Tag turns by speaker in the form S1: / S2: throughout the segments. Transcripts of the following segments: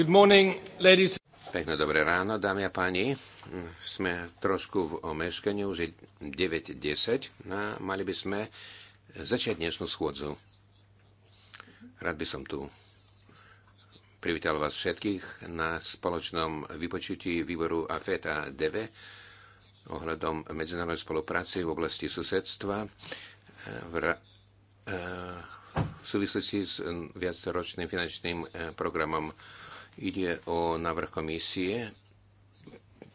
S1: Good morning, ladies. Pekné dobré ráno, dámy a páni. Sme trošku v omeškaní, už je 9.10 no a mali by sme začať dnešnú schôdzu. Rád by som tu privítal vás všetkých na spoločnom vypočutí výboru AFET a e DV ohľadom medzinárodnej spolupráce v oblasti susedstva v, ra- eh, v súvislosti s viacročným finančným eh, programom Ide o návrh komisie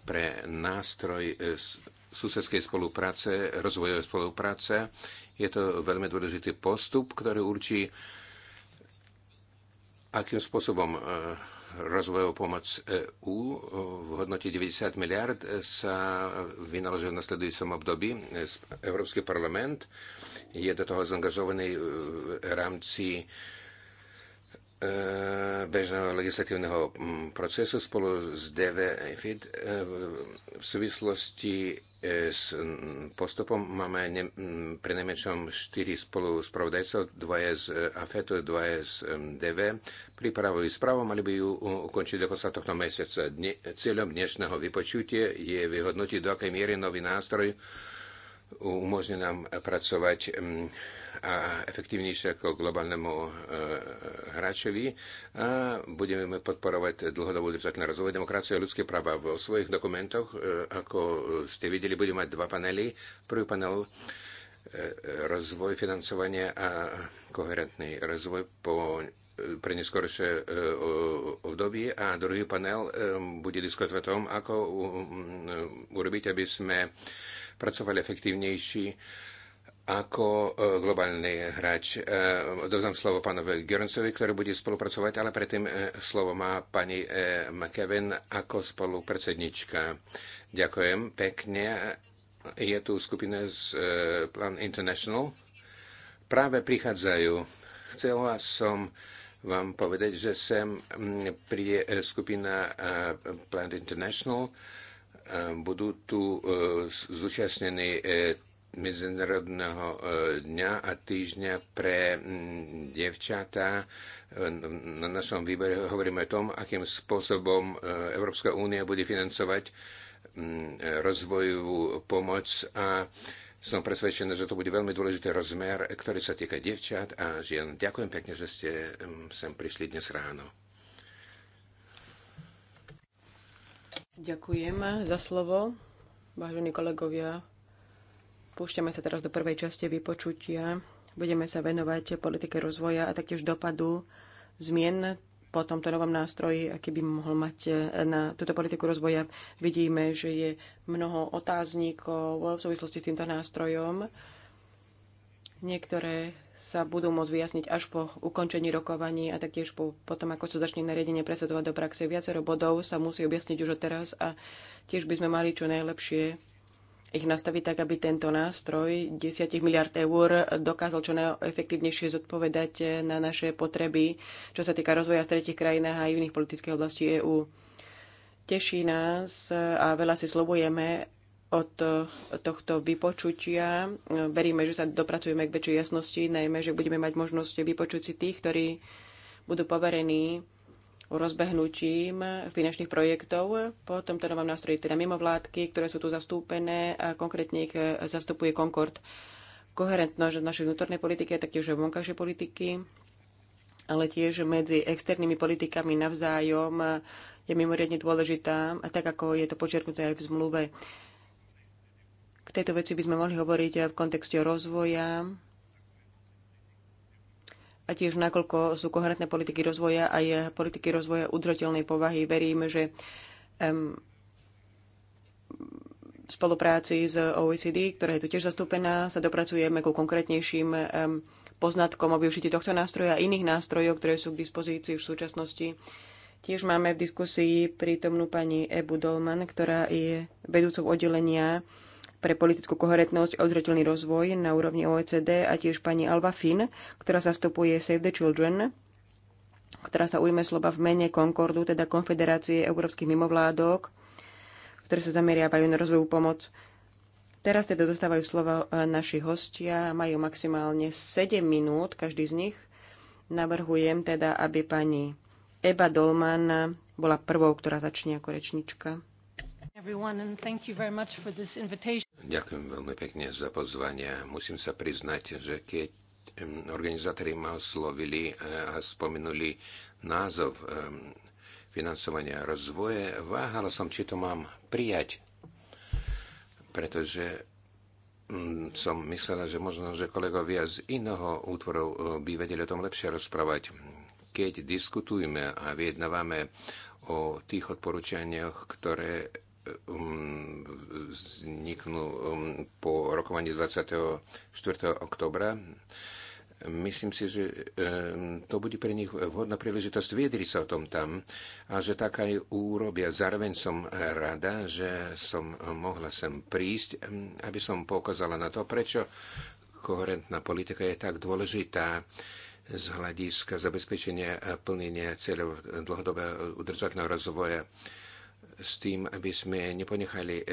S1: pre nástroj e, susedskej spolupráce, rozvojovej spolupráce. Je to veľmi dôležitý postup, ktorý určí, akým spôsobom e, rozvojovú pomoc EU e, v hodnote 90 miliard sa vynaložil v nasledujúcom období. Európsky parlament je do toho zaangažovaný v rámci E, bežného legislatívneho mm, procesu spolu s DVFID. E, v súvislosti e, s postupom máme ne, pri najmenšom 4 spolu spravodajcov, dvaje z AFETu, dvaje z DV, pripravujú správu, mali by ju ukončiť do konca tohto mesiaca. Dne, cieľom dnešného vypočutia je vyhodnotiť, do akej miery nový nástroj umožní nám pracovať a efektívnejšie ako globálnemu e, hráčovi a budeme podporovať dlhodobo udržateľný rozvoj demokracie a ľudské práva. Vo svojich dokumentoch, e, ako ste videli, budeme mať dva panely. Prvý panel e, rozvoj financovania a koherentný rozvoj po pre neskôršie obdobie a druhý panel bude diskutovať o tom, ako urobiť, aby sme pracovali efektívnejšie ako e, globálny hráč. E, Dovzám slovo pánovi Gerencovi, ktorý bude spolupracovať, ale predtým e, slovo má pani McKevin ako spolupredsednička. Ďakujem pekne. Je tu skupina z Plan International. Práve prichádzajú. Chcela som vám povedať, že sem príde skupina Plant International, budú tu zúčastnení Medzinárodného e, dňa a týždňa pre mm, devčatá. E, na našom výbore hovoríme o tom, akým spôsobom e, Európska únia bude financovať mm, rozvojovú pomoc a som presvedčený, že to bude veľmi dôležitý rozmer, ktorý sa týka devčat a žien. Ďakujem pekne, že ste mm, sem prišli dnes ráno.
S2: Ďakujem za slovo, vážení kolegovia, Púšťame sa teraz do prvej časti vypočutia. Budeme sa venovať politike rozvoja a taktiež dopadu zmien po tomto novom nástroji, aký by mohol mať na túto politiku rozvoja. Vidíme, že je mnoho otázníkov v súvislosti s týmto nástrojom. Niektoré sa budú môcť vyjasniť až po ukončení rokovaní a taktiež po, po tom, ako sa začne nariadenie presadovať do praxe. Viacero bodov sa musí objasniť už od teraz a tiež by sme mali čo najlepšie ich nastaviť tak, aby tento nástroj 10 miliard eur dokázal čo najefektívnejšie zodpovedať na naše potreby, čo sa týka rozvoja v tretich krajinách a iných politických oblastí EÚ. Teší nás a veľa si slobujeme od tohto vypočutia. Veríme, že sa dopracujeme k väčšej jasnosti, najmä, že budeme mať možnosť vypočuť si tých, ktorí budú poverení rozbehnutím mm, finančných projektov po tomto novom nástroji, teda mimovládky, ktoré sú tu zastúpené a konkrétne ich e, zastupuje Concord. Koherentnosť v našej vnútornej politike a taktiež v vonkajšej politiky, ale tiež medzi externými politikami navzájom e, je mimoriadne dôležitá, a tak ako je to počiarknuté aj v zmluve. K tejto veci by sme mohli hovoriť e, v kontexte rozvoja a tiež nakoľko sú koherentné politiky rozvoja a je politiky rozvoja udržateľnej povahy. Verím, že um, v spolupráci s OECD, ktorá je tu tiež zastúpená, sa dopracujeme ku konkrétnejším um, poznatkom o využití tohto nástroja a iných nástrojov, ktoré sú k dispozícii v súčasnosti. Tiež máme v diskusii prítomnú pani Ebu Dolman, ktorá je vedúcou oddelenia pre politickú koherentnosť a udržateľný rozvoj na úrovni OECD a tiež pani Alba Finn, ktorá zastupuje Save the Children, ktorá sa ujme slova v mene Concordu, teda Konfederácie európskych mimovládok, ktoré sa zameriavajú na rozvojú pomoc. Teraz teda dostávajú slova e, naši hostia, majú maximálne 7 minút, každý z nich. Navrhujem teda, aby pani Eba Dolman bola prvou, ktorá začne ako rečnička.
S1: Ďakujem veľmi pekne za pozvanie. Musím sa priznať, že keď organizátori ma oslovili eh, a spomenuli názov financovania rozvoje, váhala som, či to mám prijať, pretože mm, som myslela, že možno, že kolegovia z iného útvorov eh, by vedeli o tom lepšie rozprávať. Keď diskutujeme a vyjednávame o tých odporúčaniach, ktoré vzniknú um, po rokovaní 24. oktobra. Myslím si, že um, to bude pre nich vhodná príležitosť viedriť sa o tom tam a že tak aj urobia. Zároveň som rada, že som mohla sem prísť, um, aby som poukázala na to, prečo koherentná politika je tak dôležitá z hľadiska zabezpečenia a plnenia cieľov dlhodobého udržateľného rozvoja s tým, aby sme neponechali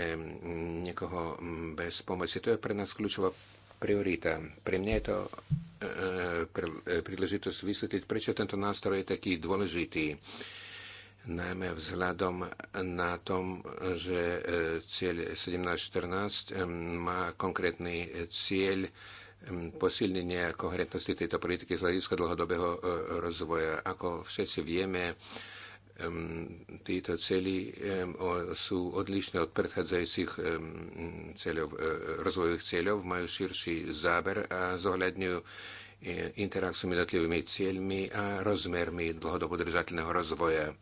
S1: niekoho bez pomoci. To je pre nás kľúčová priorita. Pre mňa je to e, e, e, príležitosť vysvetliť, prečo tento nástroj je taký dôležitý najmä vzhľadom na tom, že cieľ 1714 má konkrétny cieľ posilnenie koherentnosti tejto politiky z hľadiska dlhodobého rozvoja. Ako všetci vieme, Títo cely sú odlišné od predchádzajúcich cieľov, e, rozvojových cieľov, majú širší záber a zohľadňujú e, interakciu medzi jednotlivými cieľmi a rozmermi dlhodobo držateľného rozvoja e,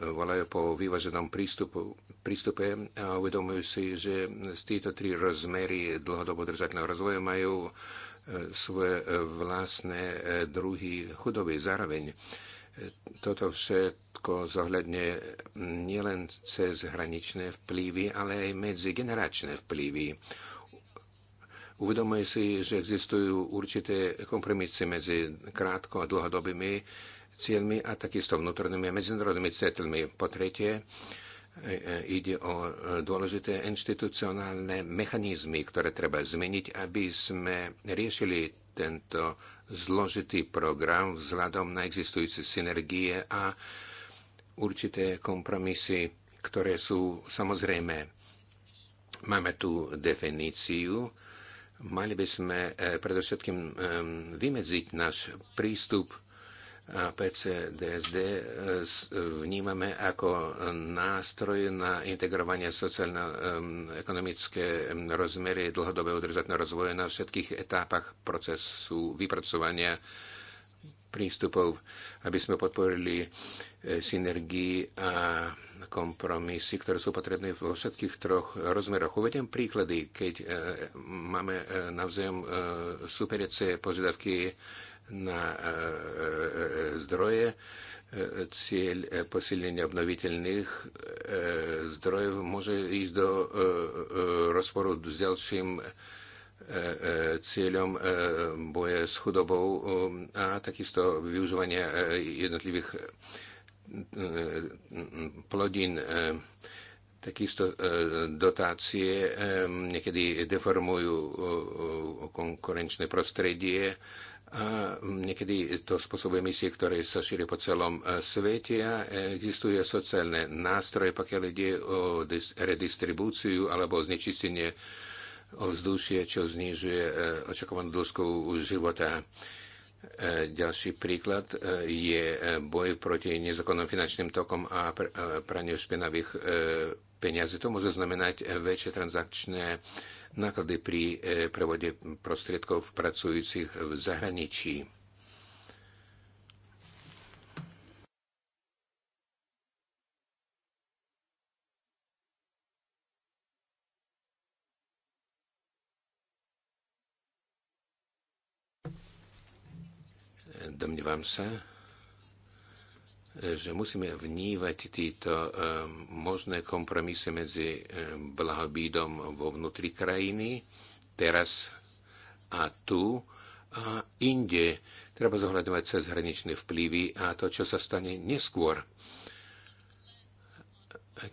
S1: volajú po vyváženom prístupu, prístupe a uvedomujú si, že z tieto tri rozmery dlhodobo držateľného rozvoja majú svoje vlastné druhy chudoby zároveň. Toto všetko zohľadne nielen cez hraničné vplyvy, ale aj medzigeneračné vplyvy. Uvedomuje si, že existujú určité kompromisy medzi krátko a dlhodobými cieľmi a takisto vnútornými a medzinárodnými cieľmi. Po tretie, ide o dôležité inštitucionálne mechanizmy, ktoré treba zmeniť, aby sme riešili tento zložitý program vzhľadom na existujúce synergie a určité kompromisy, ktoré sú samozrejme. Máme tu definíciu, mali by sme eh, predovšetkým vymedziť náš prístup PCDSD e, e, vnímame ako nástroj na integrovanie sociálno-ekonomické rozmery dlhodobého udržateľného rozvoja na všetkých etápach procesu vypracovania prístupov, aby sme podporili e, synergii a kompromisy, ktoré sú potrebné vo všetkých troch rozmeroch. Uvediem príklady, keď máme navzájom superiace požiadavky na zdroje. Cieľ posilnenia obnoviteľných zdrojov môže ísť do rozporu s ďalším cieľom boje s chudobou a takisto využívania jednotlivých plodín takisto dotácie niekedy deformujú konkurenčné prostredie Mm, niekedy to spôsobuje misie, ktoré sa šíria po celom e, svete e, existujú sociálne nástroje, pokiaľ ide o redistribúciu alebo znečistenie ovzdušie, čo znižuje e, očakovanú dĺžku života. Ďalší príklad je boj proti nezákonným finančným tokom a praniu špinavých peniazy. To môže znamenať väčšie transakčné náklady pri e, prevode prostriedkov pracujúcich v zahraničí. Domnívam sa, že musíme vnívať títo eh, možné kompromisy medzi eh, blahobídom vo vnútri krajiny, teraz a tu a inde. Treba zohľadovať cez hraničné vplyvy a to, čo sa stane neskôr.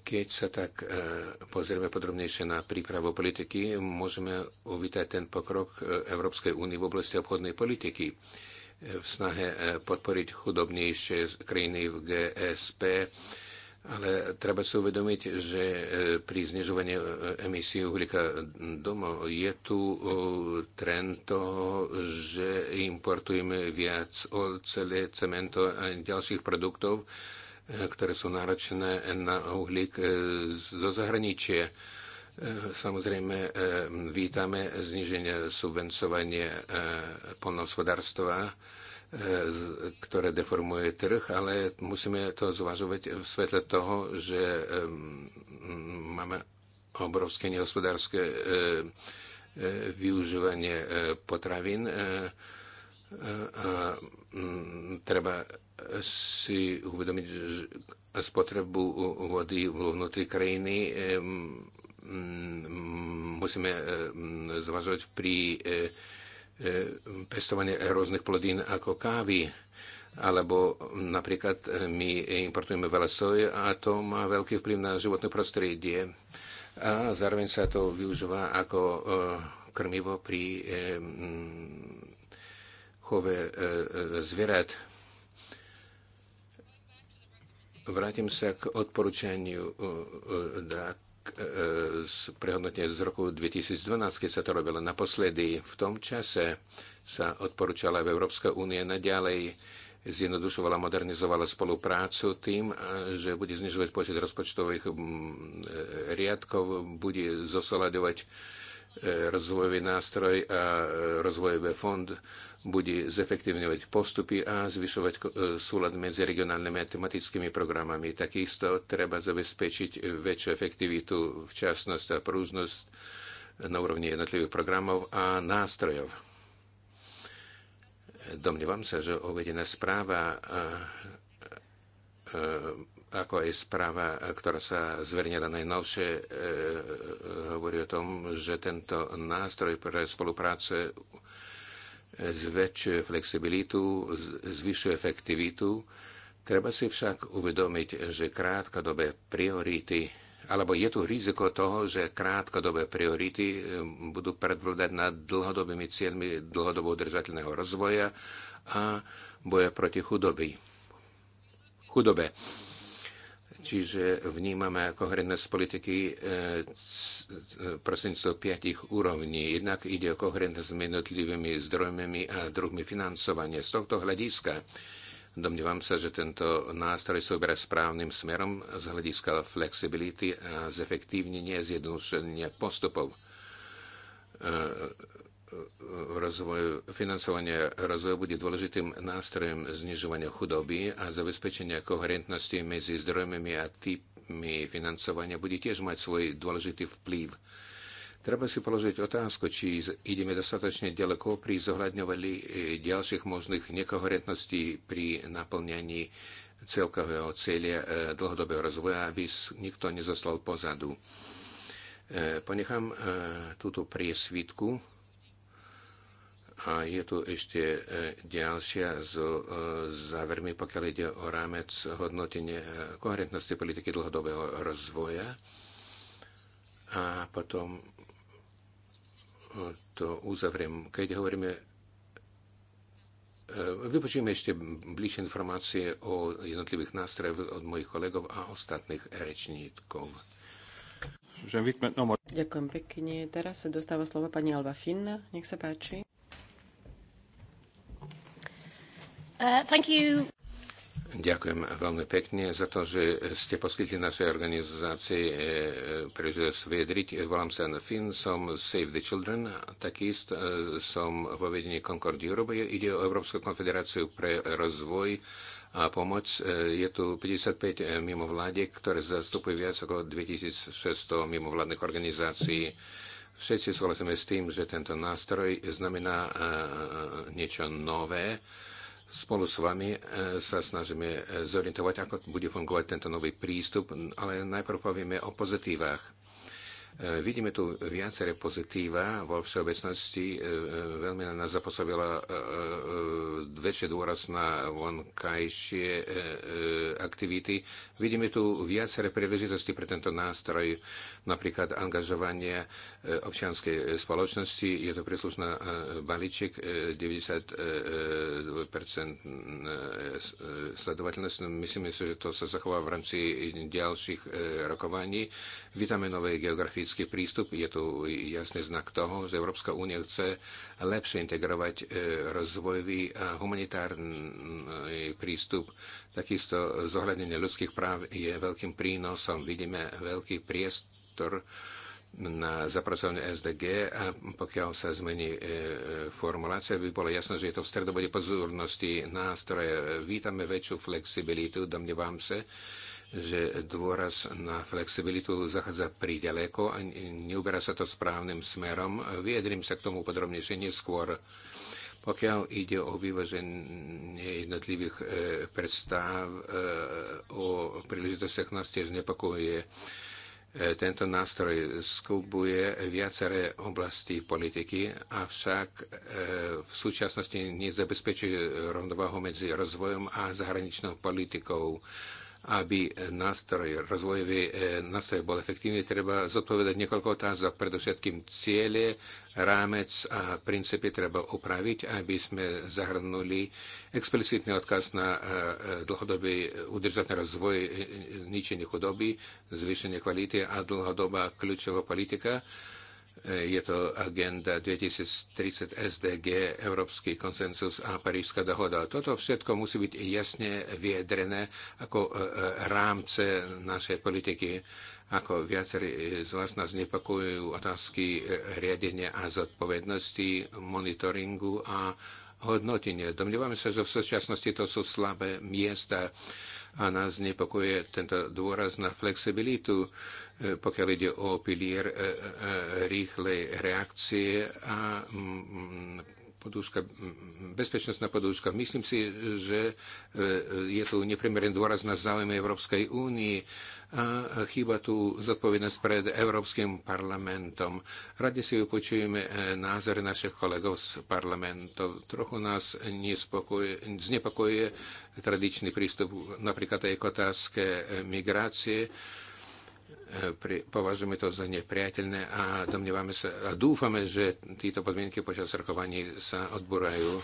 S1: Keď sa tak eh, pozrieme podrobnejšie na prípravu politiky, môžeme uvítať ten pokrok Európskej únie v oblasti obchodnej politiky v snahe e, podporiť chudobnejšie krajiny v GSP, ale treba si uvedomiť, že e, pri znižovaní e, emisí uhlíka domov je tu trend toho, že importujeme viac ocele, cementu a ďalších produktov, ktoré sú náročné na uhlík zo zahraničia E, samozrejme, e, vítame zniženie subvencovanie e, polnohospodárstva, ktoré deformuje trh, ale musíme to zvažovať v svetle toho, že máme obrovské nehospodárske využívanie potravín a treba si uvedomiť spotrebu vody vo vnútri krajiny Mm, musíme e, mm, zvažovať pri e, e, pestovaní rôznych plodín ako kávy, alebo napríklad my importujeme veľa soje a to má veľký vplyv na životné prostredie a zároveň sa to využíva ako krmivo pri mm, chove zvierat. Vrátim sa k odporúčaniu dát E, z z roku 2012, keď sa to robilo naposledy. V tom čase sa odporúčala v Európska únie naďalej zjednodušovala, modernizovala spoluprácu tým, e, že bude znižovať počet rozpočtových e, riadkov, bude zosolaďovať rozvojový nástroj a rozvojový fond bude zefektívňovať postupy a zvyšovať e, súlad medzi regionálnymi a tematickými programami. Takisto treba zabezpečiť väčšiu efektivitu, včasnosť a prúznosť na úrovni jednotlivých programov a nástrojov. Domnievam sa, že uvedená správa ako aj správa, ktorá sa zverejnila najnovšie, e, hovorí o tom, že tento nástroj pre spoluprácu zväčšuje flexibilitu, zvyšuje efektivitu. Treba si však uvedomiť, že krátkodobé priority, alebo je tu riziko toho, že krátkodobé priority eh, budú predvládať nad dlhodobými cieľmi dlhodobo udržateľného rozvoja a boja proti chudoby. chudobe. Čiže vnímame koherentnosť politiky e, e, prostredníctvom piatich úrovní. Jednak ide o koherentnosť s jednotlivými zdrojmi a druhmi financovania. Z tohto hľadiska domnievam sa, že tento nástroj sa uberá správnym smerom z hľadiska flexibility a zefektívnenia zjednodušenia postupov e, rozvoju, financovanie rozvoja bude dôležitým nástrojom znižovania chudoby a zabezpečenia koherentnosti medzi zdrojmi a typmi financovania bude tiež mať svoj dôležitý vplyv. Treba si položiť otázku, či ideme dostatočne ďaleko pri zohľadňovali e, ďalších možných nekoherentností pri naplňaní celkového cieľa e, dlhodobého rozvoja, aby nikto nezostal pozadu. E, ponechám túto priesvitku a je tu ešte e, ďalšia so e, závermi, pokiaľ ide o rámec hodnotenie koherentnosti politiky dlhodobého rozvoja. A potom e, to uzavriem. Keď hovoríme Vypočujeme ešte bližšie informácie o jednotlivých nástrojoch od mojich kolegov a ostatných rečníkov. No,
S2: Ďakujem pekne. Teraz sa dostáva slovo pani Alba Finna. Nech sa páči.
S1: Uh, thank you. Ďakujem veľmi pekne za to, že ste poskytli našej organizácii e, príležitosť vyjadriť. Eh, volám sa Anna Finn, som Save the Children, takisto eh, som vo vedení Concord Europe. Ide o Európsku konfederáciu pre rozvoj a pomoc. Je tu 55 mimovládiek, ktoré zastupujú viac ako 2600 mimovládnych organizácií. Všetci súhlasíme s tým, že tento nástroj znamená niečo nové Spolu s vami e, sa snažíme e, zorientovať, ako bude fungovať tento nový prístup, ale najprv povieme o pozitívach. E, vidíme tu viaceré pozitíva vo všeobecnosti. Veľmi nás zapôsobila väčšie dôraz na vonkajšie aktivity. Vidíme tu viaceré príležitosti pre tento nástroj, napríklad angažovanie e, občianskej e, spoločnosti. Je to príslušná e, balíček 90% sledovateľnosť. No, Myslím si, že to sa zachová v rámci ďalších rokovaní. Vítame nový geografický prístup. Je tu jasný znak toho, že Európska únia chce lepšie integrovať rozvojový a humanitárny prístup Takisto zohľadenie ľudských práv je veľkým prínosom. Vidíme veľký priestor na zapracovanie SDG a pokiaľ sa zmení e, formulácia, by bolo jasné, že je to v stredobode pozornosti nástroje. Vítame väčšiu flexibilitu, domnievam sa, že dôraz na flexibilitu zachádza priďaleko a neuberá sa to správnym smerom. Viedrim sa k tomu podrobnejšie neskôr. Pokiaľ ide o vyvaženie jednotlivých e, predstav e, o príležitostiach, nás tiež znepokojuje. E, tento nástroj skúbuje viaceré oblasti politiky, avšak e, v súčasnosti nezabezpečuje rovnováhu medzi rozvojom a zahraničnou politikou aby nástroj, rozvojový e, nástroj bol efektívny, treba zodpovedať niekoľko otázok. Predovšetkým ciele, rámec a princípy treba upraviť, aby sme zahrnuli explicitný odkaz na e, dlhodobý udržateľný rozvoj e, ničenie chudoby, zvýšenie kvality a dlhodobá kľúčová politika Eh, je to agenda 2030 SDG, Európsky konsensus a Parížská dohoda. Toto všetko musí byť jasne viedrené ako eh, eh, rámce našej politiky. Ako viacerí z vás nás nepakujú otázky riadenia a zodpovednosti, monitoringu a hodnotenia. Domnievame sa, že v súčasnosti to sú slabé miesta a nás znepokuje tento dôraz na flexibilitu, e, pokiaľ ide o pilier e, e, rýchlej reakcie a podúška, bezpečnostná podúška. Myslím si, že e, je tu neprimerený dôraz na záujmy Európskej únie a chýba tu zodpovednosť pred Európskym parlamentom. Rade si vypočujeme e, názory našich kolegov z parlamentov. Trochu nás znepokojuje tradičný prístup napríklad aj k otázke migrácie E, pri, považujeme to za nepriateľné a domnievame sa a dúfame, že títo podmienky počas rokovaní sa odborajú.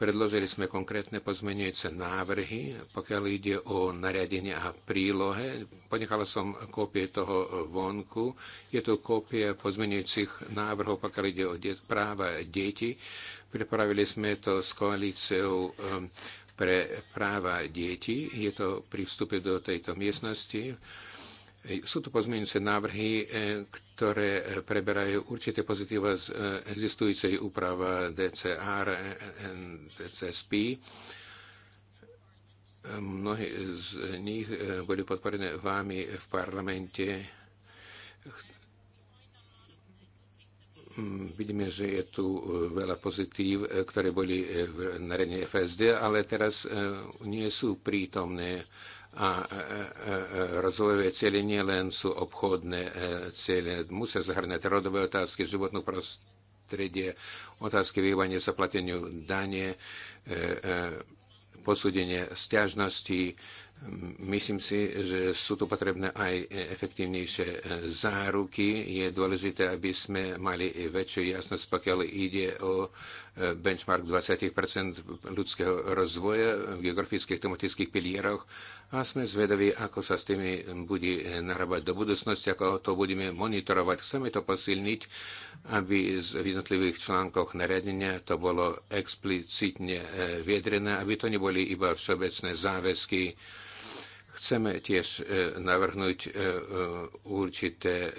S1: Predložili sme konkrétne pozmenujúce návrhy, pokiaľ ide o nariadenie a prílohe. Ponechala som kópie toho vonku. Je to kópia pozmenujúcich návrhov, pokiaľ ide o de- práva detí. Pripravili sme to s koalíciou e, pre práva detí. Je to pri vstupe do tejto miestnosti. E, sú tu pozmeňujúce návrhy, e, ktoré e, preberajú určité pozitíva z existujúcej úprava DCR, DCSP. Mnohí z nich boli podporené vámi v parlamente. Hm, vidíme, že je tu veľa pozitív, ktoré boli v narení FSD, ale teraz nie sú prítomné a rozvojové cieľe nie len sú obchodné e, cieľe, musia zahrňať rodové otázky, životnú prostredie, otázky vyhovania sa plateniu dane, e, e, posúdenie stiažnosti. Myslím si, že sú tu potrebné aj efektívnejšie záruky. Je dôležité, aby sme mali väčšiu jasnosť, pokiaľ ide o benchmark 20 ľudského rozvoja v geografických tematických pilieroch a sme zvedaví, ako sa s tými bude narábať do budúcnosti, ako to budeme monitorovať. Chceme to posilniť, aby v jednotlivých článkoch nariadenia to bolo explicitne e, viedrené, aby to neboli iba všeobecné záväzky. Chceme tiež e, navrhnúť e, určité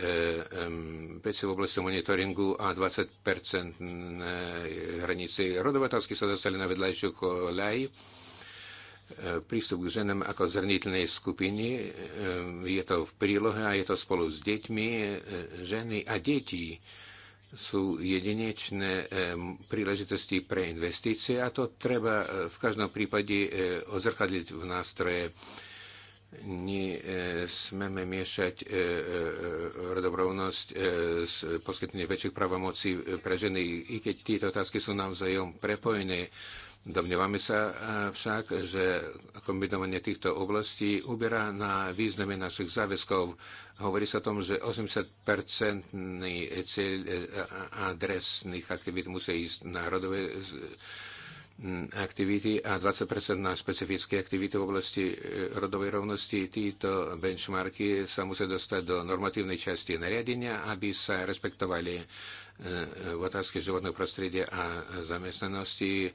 S1: veci v oblasti monitoringu a 20% hranici. Rodové sa dostali na vedľajšiu koľaj prístup k ženám ako zrniteľnej skupiny. Eh, je to v prílohe a je to spolu s deťmi. Eh, ženy a deti sú jedinečné eh, príležitosti pre investície a to treba v každom prípade ozrkadliť v nástroje. Nesmeme miešať rodobrovnosť s poskytnutím väčších pravomocí pre ženy, i keď tieto otázky sú navzájom prepojené Domnievame sa e, však, že kombinovanie týchto oblastí uberá na význame našich záväzkov. Hovorí sa o tom, že 80-percentný cieľ e, adresných aktivít musí ísť na rodové aktivity a 20% na špecifické aktivity v oblasti e, rodovej rovnosti. Títo benchmarky sa musia dostať do normatívnej časti nariadenia, aby sa respektovali E, v otázke životného prostredia a zamestnanosti.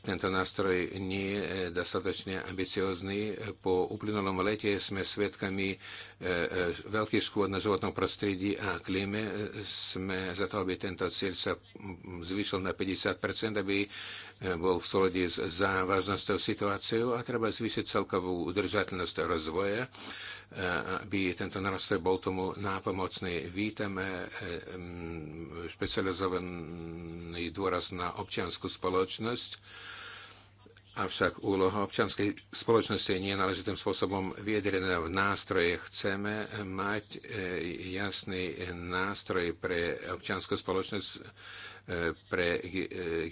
S1: Tento nástroj nie je dostatočne ambiciózny. Po uplynulom lete sme svedkami e, e, veľkých škôd na životnom prostredí a klíme. Sme za to, aby tento cieľ sa zvýšil na 50 aby bol v súlade s závažnosťou situáciou a treba zvýšiť celkovú udržateľnosť rozvoja, aby tento nástroj bol tomu nápomocný. Vítame e, špecializovaný dôraz na občianskú spoločnosť, Avšak úloha občanskej spoločnosti nie je náležitým spôsobom vyjadrená v nástroje. Chceme mať e, jasný nástroj pre občanskú spoločnosť, e, pre e,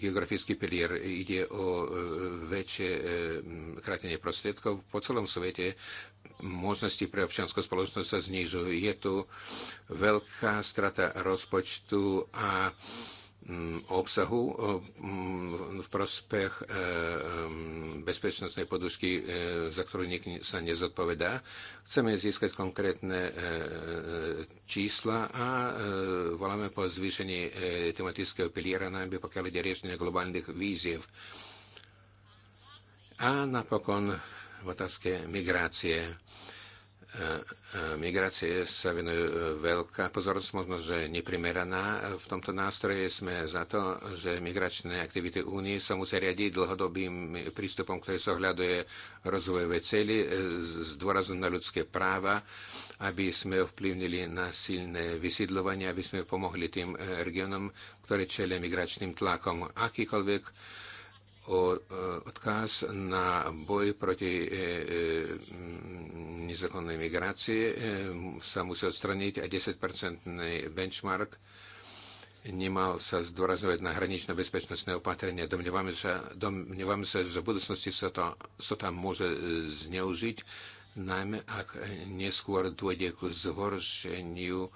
S1: geografický pilier. Ide o väčšie krátenie prostriedkov po celom svete. Možnosti pre občianskú spoločnosť sa znižujú. Je tu veľká strata rozpočtu a Mm, obsahu eh, mm, v prospech eh, mm, bezpečnostnej podušky, eh, za ktorú nik sa nezodpovedá. Chceme získať konkrétne čísla a voláme po zvýšení tematického piliera, najmä pokiaľ ide riešenie globálnych víziev. A napokon v otázke migrácie migrácie sa venuje e, veľká pozornosť, možno, že neprimeraná. V tomto nástroje sme za to, že migračné aktivity únie sa musia riadiť dlhodobým prístupom, ktorý sa ohľaduje rozvojové cely s e, dôrazom na ľudské práva, aby sme ovplyvnili silné vysídľovanie, aby sme pomohli tým e, regionom, ktoré čelia migračným tlakom. Akýkoľvek o e, odkaz na boj proti e, e, nezákonnej migrácii sa musí odstraniť a 10-percentný benchmark nemal sa zdôrazňovať na hranično bezpečnostné opatrenie. Domnievame sa, domnievame sa, že v budúcnosti sa, to, sa tam môže zneužiť, najmä ak neskôr dôjde k zhoršeniu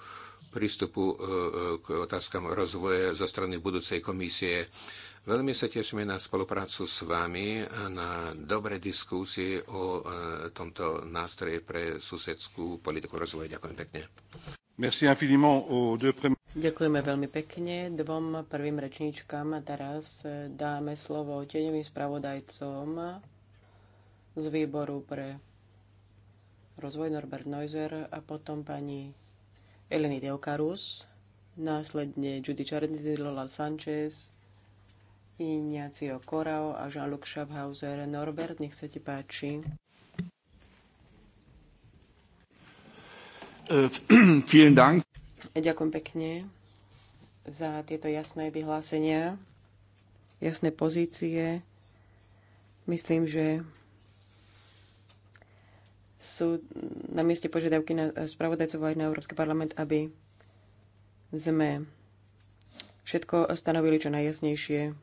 S1: prístupu k otázkam rozvoja zo strany budúcej komisie Veľmi sa tešíme na spoluprácu s vami a na dobré diskusie o e, tomto nástroje pre susedskú politiku rozvoja. Ďakujem pekne.
S2: Merci infiniment aux deux prém- Ďakujeme veľmi pekne. Dvom prvým rečníčkam A teraz e, dáme slovo tieňovým spravodajcom z výboru pre rozvoj Norbert Neuser a potom pani Eleni Deokarus, následne Judy Čarnity, Sanchez, Ignacio Corao a Jean-Luc Schaffhauser. Norbert, nech sa ti páči. Ďakujem pekne za tieto jasné vyhlásenia, jasné pozície. Myslím, že sú na mieste požiadavky na spravodajcov aj na Európsky parlament, aby sme všetko stanovili čo najjasnejšie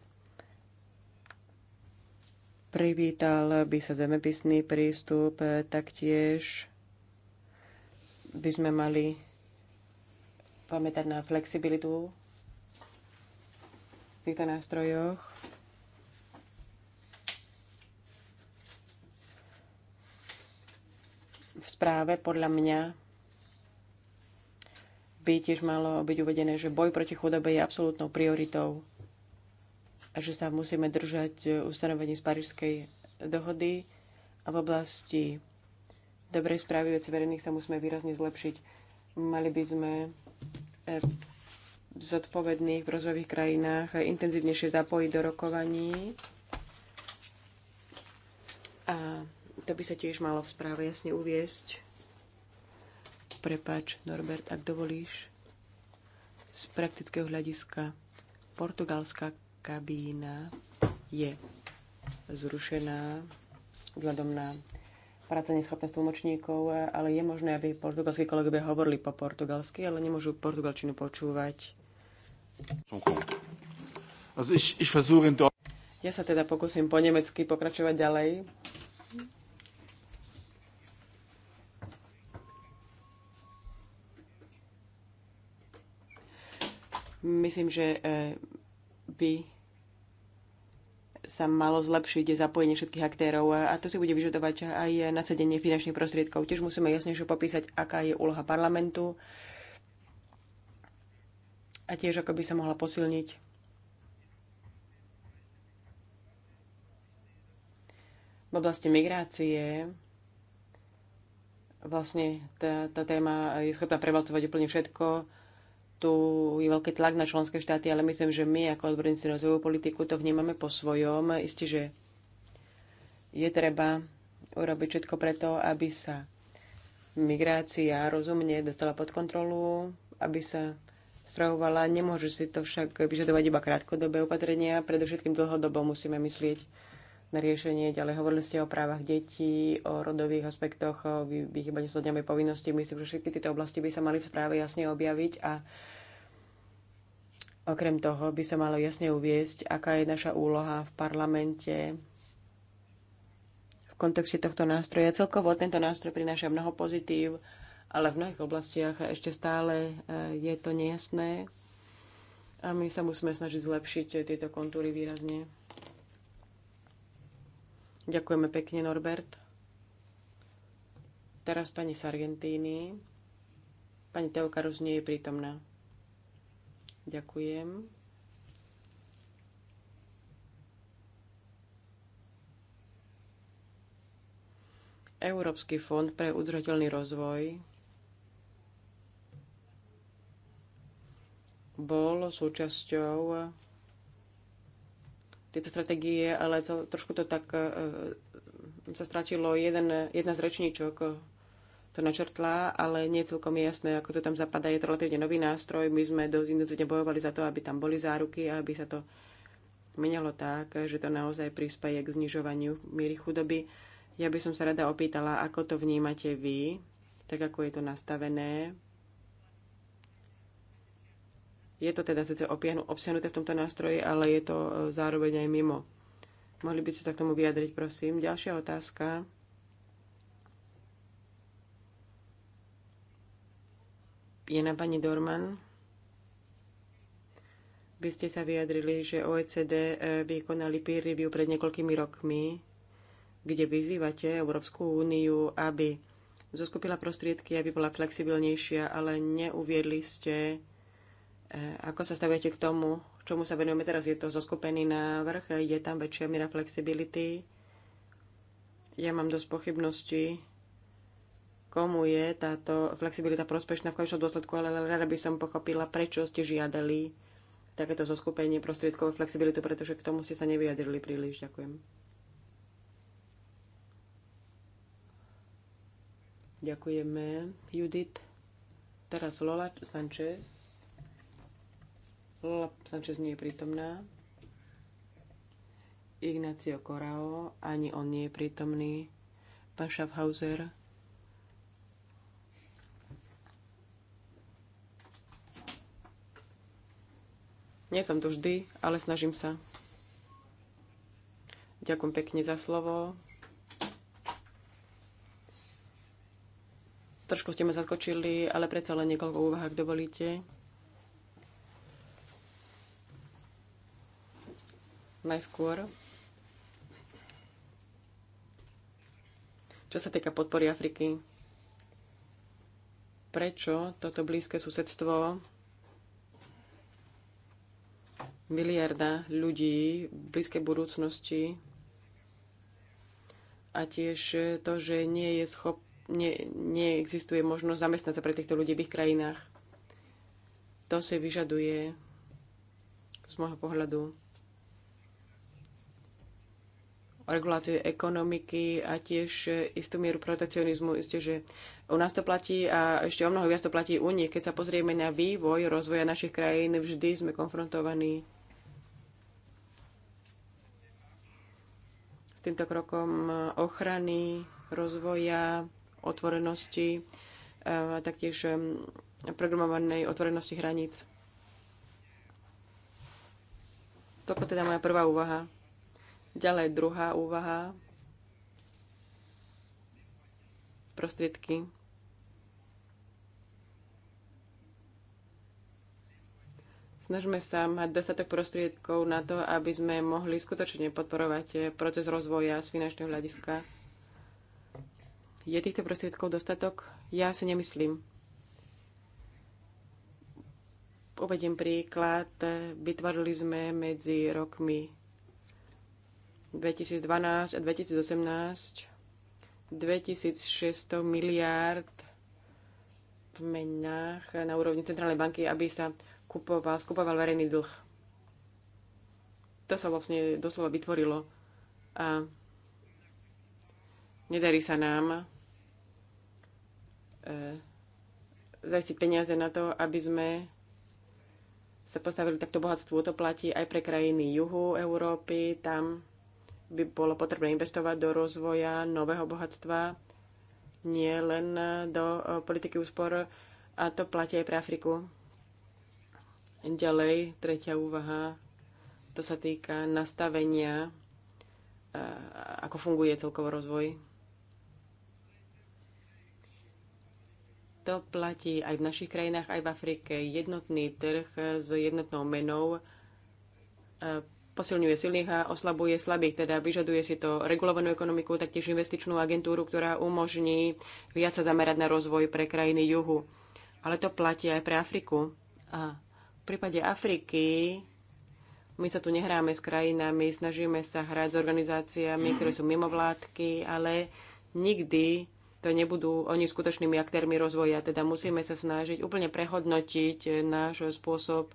S2: Privítal by sa zemepisný prístup, taktiež by sme mali pamätať na flexibilitu v týchto nástrojoch. V správe podľa mňa by tiež malo byť uvedené, že boj proti chudobe je absolútnou prioritou a že sa musíme držať e, ustanovení z Parížskej dohody a v oblasti dobrej správy veci verejných sa musíme výrazne zlepšiť. Mali by sme e, zodpovedných v rozvojových krajinách intenzívnejšie zapojiť do rokovaní. A to by sa tiež malo v správe jasne uviesť. Prepač, Norbert, ak dovolíš. Z praktického hľadiska Portugalska, kabína je zrušená vzhľadom na práce neschopnosť tlmočníkov, ale je možné, aby portugalskí kolegovia hovorili po
S3: portugalsky,
S2: ale nemôžu portugalčinu počúvať. Ja sa teda pokúsim po nemecky pokračovať ďalej. Myslím, že eh, by sa malo zlepšiť zapojenie všetkých aktérov a to si bude vyžadovať aj nasadenie finančných prostriedkov. Tiež musíme jasnejšie popísať, aká je úloha parlamentu a tiež ako by sa mohla posilniť. V oblasti migrácie vlastne tá, tá téma je schopná prevalcovať úplne všetko tu je veľký tlak na členské štáty, ale myslím, že my ako odborníci na rozvojovú politiku to vnímame po svojom. Isté, že je treba urobiť všetko preto, aby sa migrácia rozumne dostala pod kontrolu, aby sa strahovala. Nemôže si to však vyžadovať iba krátkodobé opatrenia, predovšetkým dlhodobo musíme myslieť na riešenie. Ďalej hovorili ste o právach detí, o rodových aspektoch, o vychýbaní sa dňami povinností. Myslím, že všetky tieto oblasti by sa mali v správe jasne objaviť a okrem toho by sa malo jasne uviesť, aká je naša úloha v parlamente v kontexte tohto nástroja. Celkovo tento nástroj prináša mnoho pozitív, ale v mnohých oblastiach ešte stále e, je to nejasné a my sa musíme snažiť zlepšiť tieto kontúry výrazne. Ďakujeme pekne, Norbert. Teraz pani z Argentíny. Pani Teokarus nie je prítomná. Ďakujem. Európsky fond pre udržateľný rozvoj bol súčasťou tieto stratégie, ale to, trošku to tak uh, sa stratilo. Jeden, jedna z rečníčok e, to načrtla, ale nie je celkom jasné, ako to tam zapadá. Je to relatívne nový nástroj. My sme dosť intenzívne bojovali za to, aby tam boli záruky a aby sa to menilo tak, že to naozaj prispieje k znižovaniu miery chudoby. Ja by som sa rada opýtala, ako to vnímate vy, tak ako je to nastavené je to teda sice obsiahnuté v tomto nástroji, ale je to e, zároveň aj mimo. Mohli by ste sa k tomu vyjadriť, prosím. Ďalšia otázka. Je na pani Dorman. by ste sa vyjadrili, že OECD e, vykonali peer review pred niekoľkými rokmi, kde vyzývate Európsku úniu, aby zoskupila prostriedky, aby bola flexibilnejšia, ale neuviedli ste Eh, ako sa staviate k tomu, čomu sa venujeme teraz? Je to zoskupený návrh? Je tam väčšia miera flexibility? Ja mám dosť pochybností, komu je táto flexibilita prospešná v konečnom dôsledku, ale rada by som pochopila, prečo ste žiadali takéto zoskupenie prostriedkov a flexibilitu, pretože k tomu ste sa nevyjadrili príliš. Ďakujem. Ďakujeme, Judith. Teraz Lola Sanchez. Lola Sanchez nie je prítomná. Ignacio Corao, ani on nie je prítomný. Pán Schaffhauser, Nie som tu vždy, ale snažím sa. Ďakujem pekne za slovo. Trošku ste ma zaskočili, ale predsa len niekoľko úvah, ak dovolíte. najskôr. Čo sa týka podpory Afriky, prečo toto blízke susedstvo miliarda ľudí v blízkej budúcnosti a tiež to, že nie je schop, nie, neexistuje možnosť zamestnať sa pre týchto ľudí v ich krajinách. To si vyžaduje z môjho pohľadu reguláciu ekonomiky a tiež istú mieru protekcionizmu. Isté, že u nás to platí a ešte o mnoho viac to platí u nich. Keď sa pozrieme na vývoj rozvoja našich krajín, vždy sme konfrontovaní s týmto krokom ochrany, rozvoja, otvorenosti, a taktiež um, programovanej otvorenosti hraníc. Toto teda moja prvá úvaha. Ďalej druhá úvaha. Prostriedky. Snažme sa mať dostatok prostriedkov na to, aby sme mohli skutočne podporovať proces rozvoja z finančného hľadiska. Je týchto prostriedkov dostatok? Ja si nemyslím. Uvediem príklad. Vytvorili sme medzi rokmi 2012 a 2018 2600 miliárd v menách na úrovni Centrálnej banky, aby sa kupoval, skupoval verejný dlh. To sa vlastne doslova vytvorilo a nedarí sa nám e, zajistiť peniaze na to, aby sme sa postavili takto bohatstvo, To platí aj pre krajiny juhu Európy, tam by bolo potrebné investovať do rozvoja nového bohatstva, nie len do eh, politiky úspor, a to platí aj pre Afriku. Ďalej, tretia úvaha, to sa týka nastavenia, eh, ako funguje celkovo rozvoj. To platí aj v našich krajinách, aj v Afrike. Jednotný trh s jednotnou menou eh, posilňuje silných a oslabuje slabých. Teda vyžaduje si to regulovanú ekonomiku, taktiež investičnú agentúru, ktorá umožní viac sa zamerať na rozvoj pre krajiny juhu. Ale to platí aj pre Afriku. A v prípade Afriky my sa tu nehráme s krajinami, snažíme sa hrať s organizáciami, ktoré sú mimovládky, ale nikdy to nebudú oni skutočnými aktérmi rozvoja. Teda musíme sa snažiť úplne prehodnotiť náš spôsob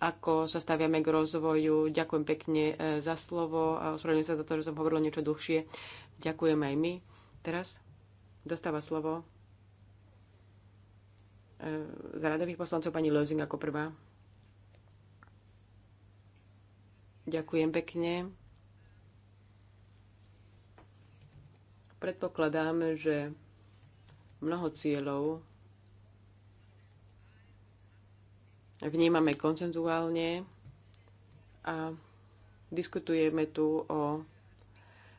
S2: ako sa staviame k rozvoju. Ďakujem pekne e, za slovo a ospravedlňujem sa za to, že som hovorila niečo dlhšie. Ďakujem aj my. Teraz dostáva slovo e, za radových poslancov pani Lozing ako prvá. Ďakujem pekne. Predpokladám, že mnoho cieľov vnímame koncenzuálne a diskutujeme tu o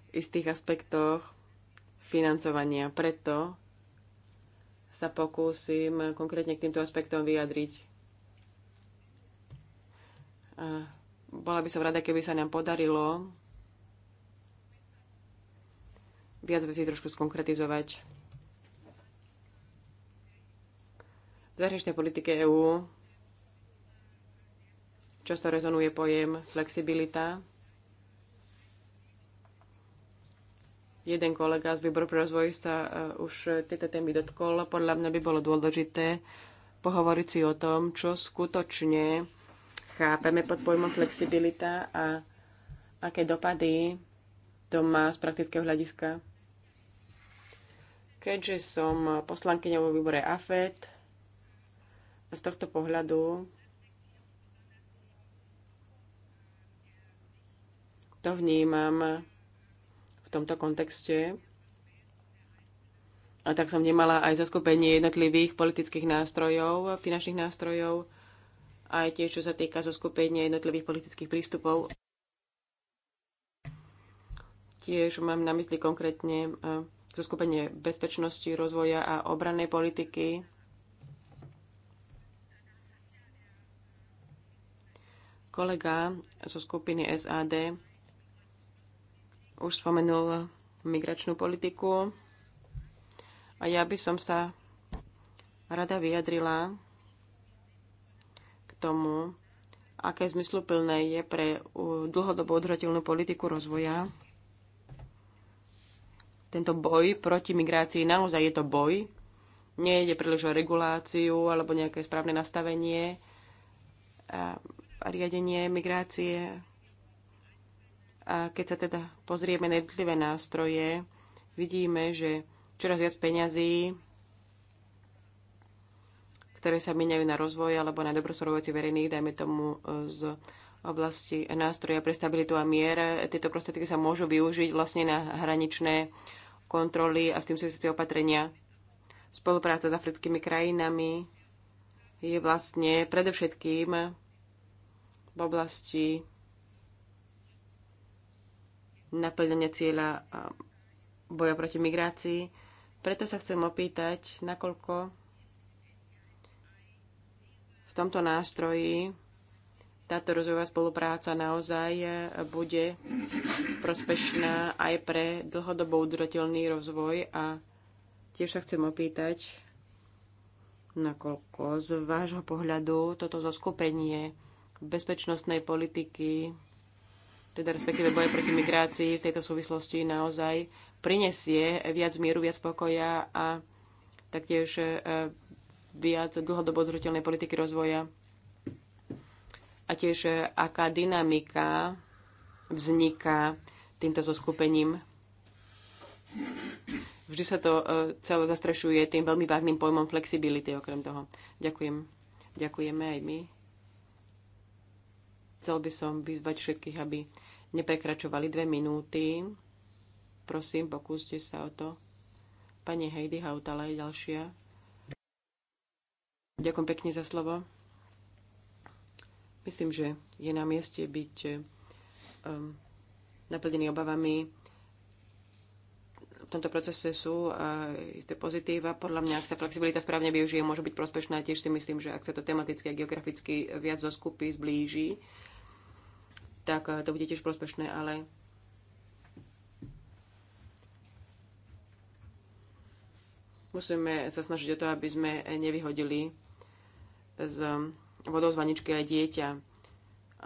S2: istých aspektoch financovania. Preto sa pokúsim konkrétne k týmto aspektom vyjadriť. A bola by som rada, keby sa nám podarilo viac vecí trošku skonkretizovať. V zahraničnej politike EÚ Často rezonuje pojem flexibilita. Jeden kolega z výboru pre rozvoj sa e, už tieto témy dotkol. Podľa mňa by bolo dôležité pohovoriť si o tom, čo skutočne chápeme pod pojmom flexibilita a aké dopady to má z praktického hľadiska. Keďže som poslankyňou vo výbore AFET, z tohto pohľadu To vnímam v tomto kontexte. A tak som nemala aj zaskupenie jednotlivých politických nástrojov, finančných nástrojov, aj tiež čo sa týka zoskupenia jednotlivých politických prístupov. Tiež mám na mysli konkrétne e, zoskupenie bezpečnosti, rozvoja a obrannej politiky. Kolega zo skupiny SAD už spomenul migračnú politiku a ja by som sa rada vyjadrila k tomu, aké zmysluplné je pre dlhodobo odhratilnú politiku rozvoja tento boj proti migrácii. Naozaj je to boj. nie je príliš o reguláciu alebo nejaké správne nastavenie a riadenie migrácie a keď sa teda pozrieme na jednotlivé nástroje, vidíme, že čoraz viac peňazí, ktoré sa míňajú na rozvoj alebo na dobrosoroveci verejných, dajme tomu z oblasti nástroja pre stabilitu a mier. Tieto prostriedky sa môžu využiť vlastne na hraničné kontroly a s tým súvisiace opatrenia. Spolupráca s africkými krajinami je vlastne predovšetkým v oblasti naplnenie cieľa boja proti migrácii. Preto sa chcem opýtať, nakoľko v tomto nástroji táto rozvojová spolupráca naozaj bude prospešná aj pre dlhodobo udržateľný rozvoj a tiež sa chcem opýtať, nakoľko z vášho pohľadu toto zoskupenie bezpečnostnej politiky teda respektíve boje proti migrácii v tejto súvislosti naozaj prinesie viac mieru, viac pokoja a taktiež e, viac dlhodobo zruteľnej politiky rozvoja a tiež e, aká dynamika vzniká týmto zoskupením. Vždy sa to e, celé zastrešuje tým veľmi vágným pojmom flexibility okrem toho. Ďakujem. Ďakujeme aj my. Chcel by som vyzvať všetkých, aby neprekračovali dve minúty. Prosím, pokúste sa o to. Pani Heidi Hautala je ďalšia. Ďakujem pekne za slovo. Myslím, že je na mieste byť um, naplnený obavami. V tomto procese sú uh, isté pozitíva. Podľa mňa, ak sa flexibilita správne využije, môže byť prospešná. Tiež si myslím, že ak sa to tematicky a geograficky viac zoskupí, zblíži, tak eh, to bude tiež prospešné, ale musíme sa snažiť o to, aby sme nevyhodili z vodou z vaničky aj dieťa.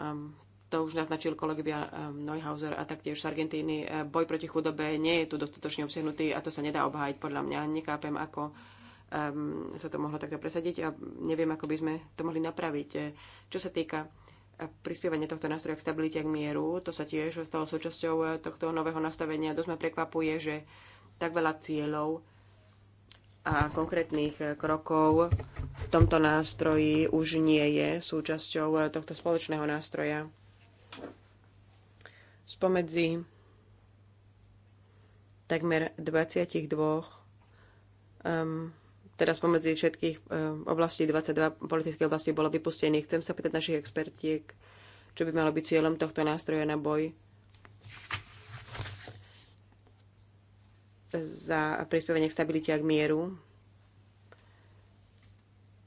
S2: Ehm, to už naznačil kolegovia ehm, Neuhauser a taktiež z Argentíny. Eh, boj proti chudobe nie je tu dostatočne obsiahnutý a to sa nedá obhájiť podľa mňa. Nekápem, ako um, sa to mohlo takto presadiť a neviem, ako by sme to mohli napraviť. Eh, čo sa týka a prispievanie tohto nástroja k stabilite, k mieru. To sa tiež stalo súčasťou eh, tohto nového nastavenia. Dosť ma prekvapuje, že tak veľa cieľov a konkrétnych eh, krokov v tomto nástroji už nie je súčasťou eh, tohto spoločného nástroja. Spomedzi takmer 22 um, teda spomedzi všetkých eh, oblastí 22 politických oblastí bolo vypustených. Chcem sa pýtať našich expertiek, čo by malo byť cieľom tohto nástroja na boj za prispievanie k stabilite a k mieru.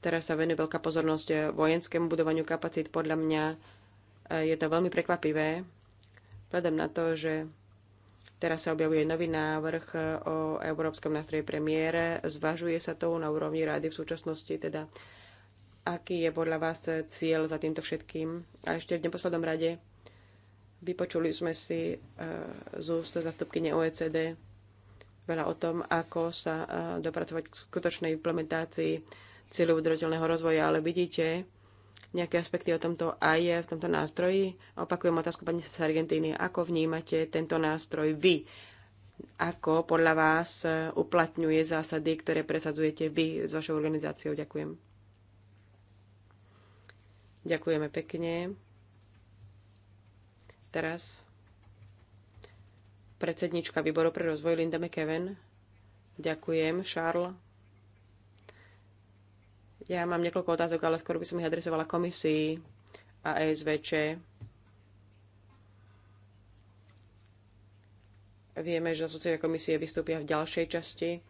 S2: Teraz sa venuje veľká pozornosť vojenskému budovaniu kapacít. Podľa mňa eh, je to veľmi prekvapivé, vzhľadom na to, že Teraz sa objavuje nový návrh e, o Európskom nástroji premiére. Zvažuje sa to na úrovni rady v súčasnosti, teda aký je podľa vás cieľ za týmto všetkým. A ešte v neposlednom rade vypočuli sme si e, z úst zastupkyne OECD veľa o tom, ako sa e, dopracovať k skutočnej implementácii cieľov udržateľného rozvoja, ale vidíte, nejaké aspekty o tomto aj v tomto nástroji. Opakujem otázku pani z Argentíny. Ako vnímate tento nástroj vy? Ako podľa vás uplatňuje zásady, ktoré presadzujete vy s vašou organizáciou? Ďakujem. Ďakujeme pekne. Teraz predsednička výboru pre rozvoj Linda McKeven. Ďakujem, Charles. Ja mám niekoľko otázok, ale skôr by som ich adresovala komisii a ESVČ. Vieme, že zastupcovia komisie vystúpia v ďalšej časti.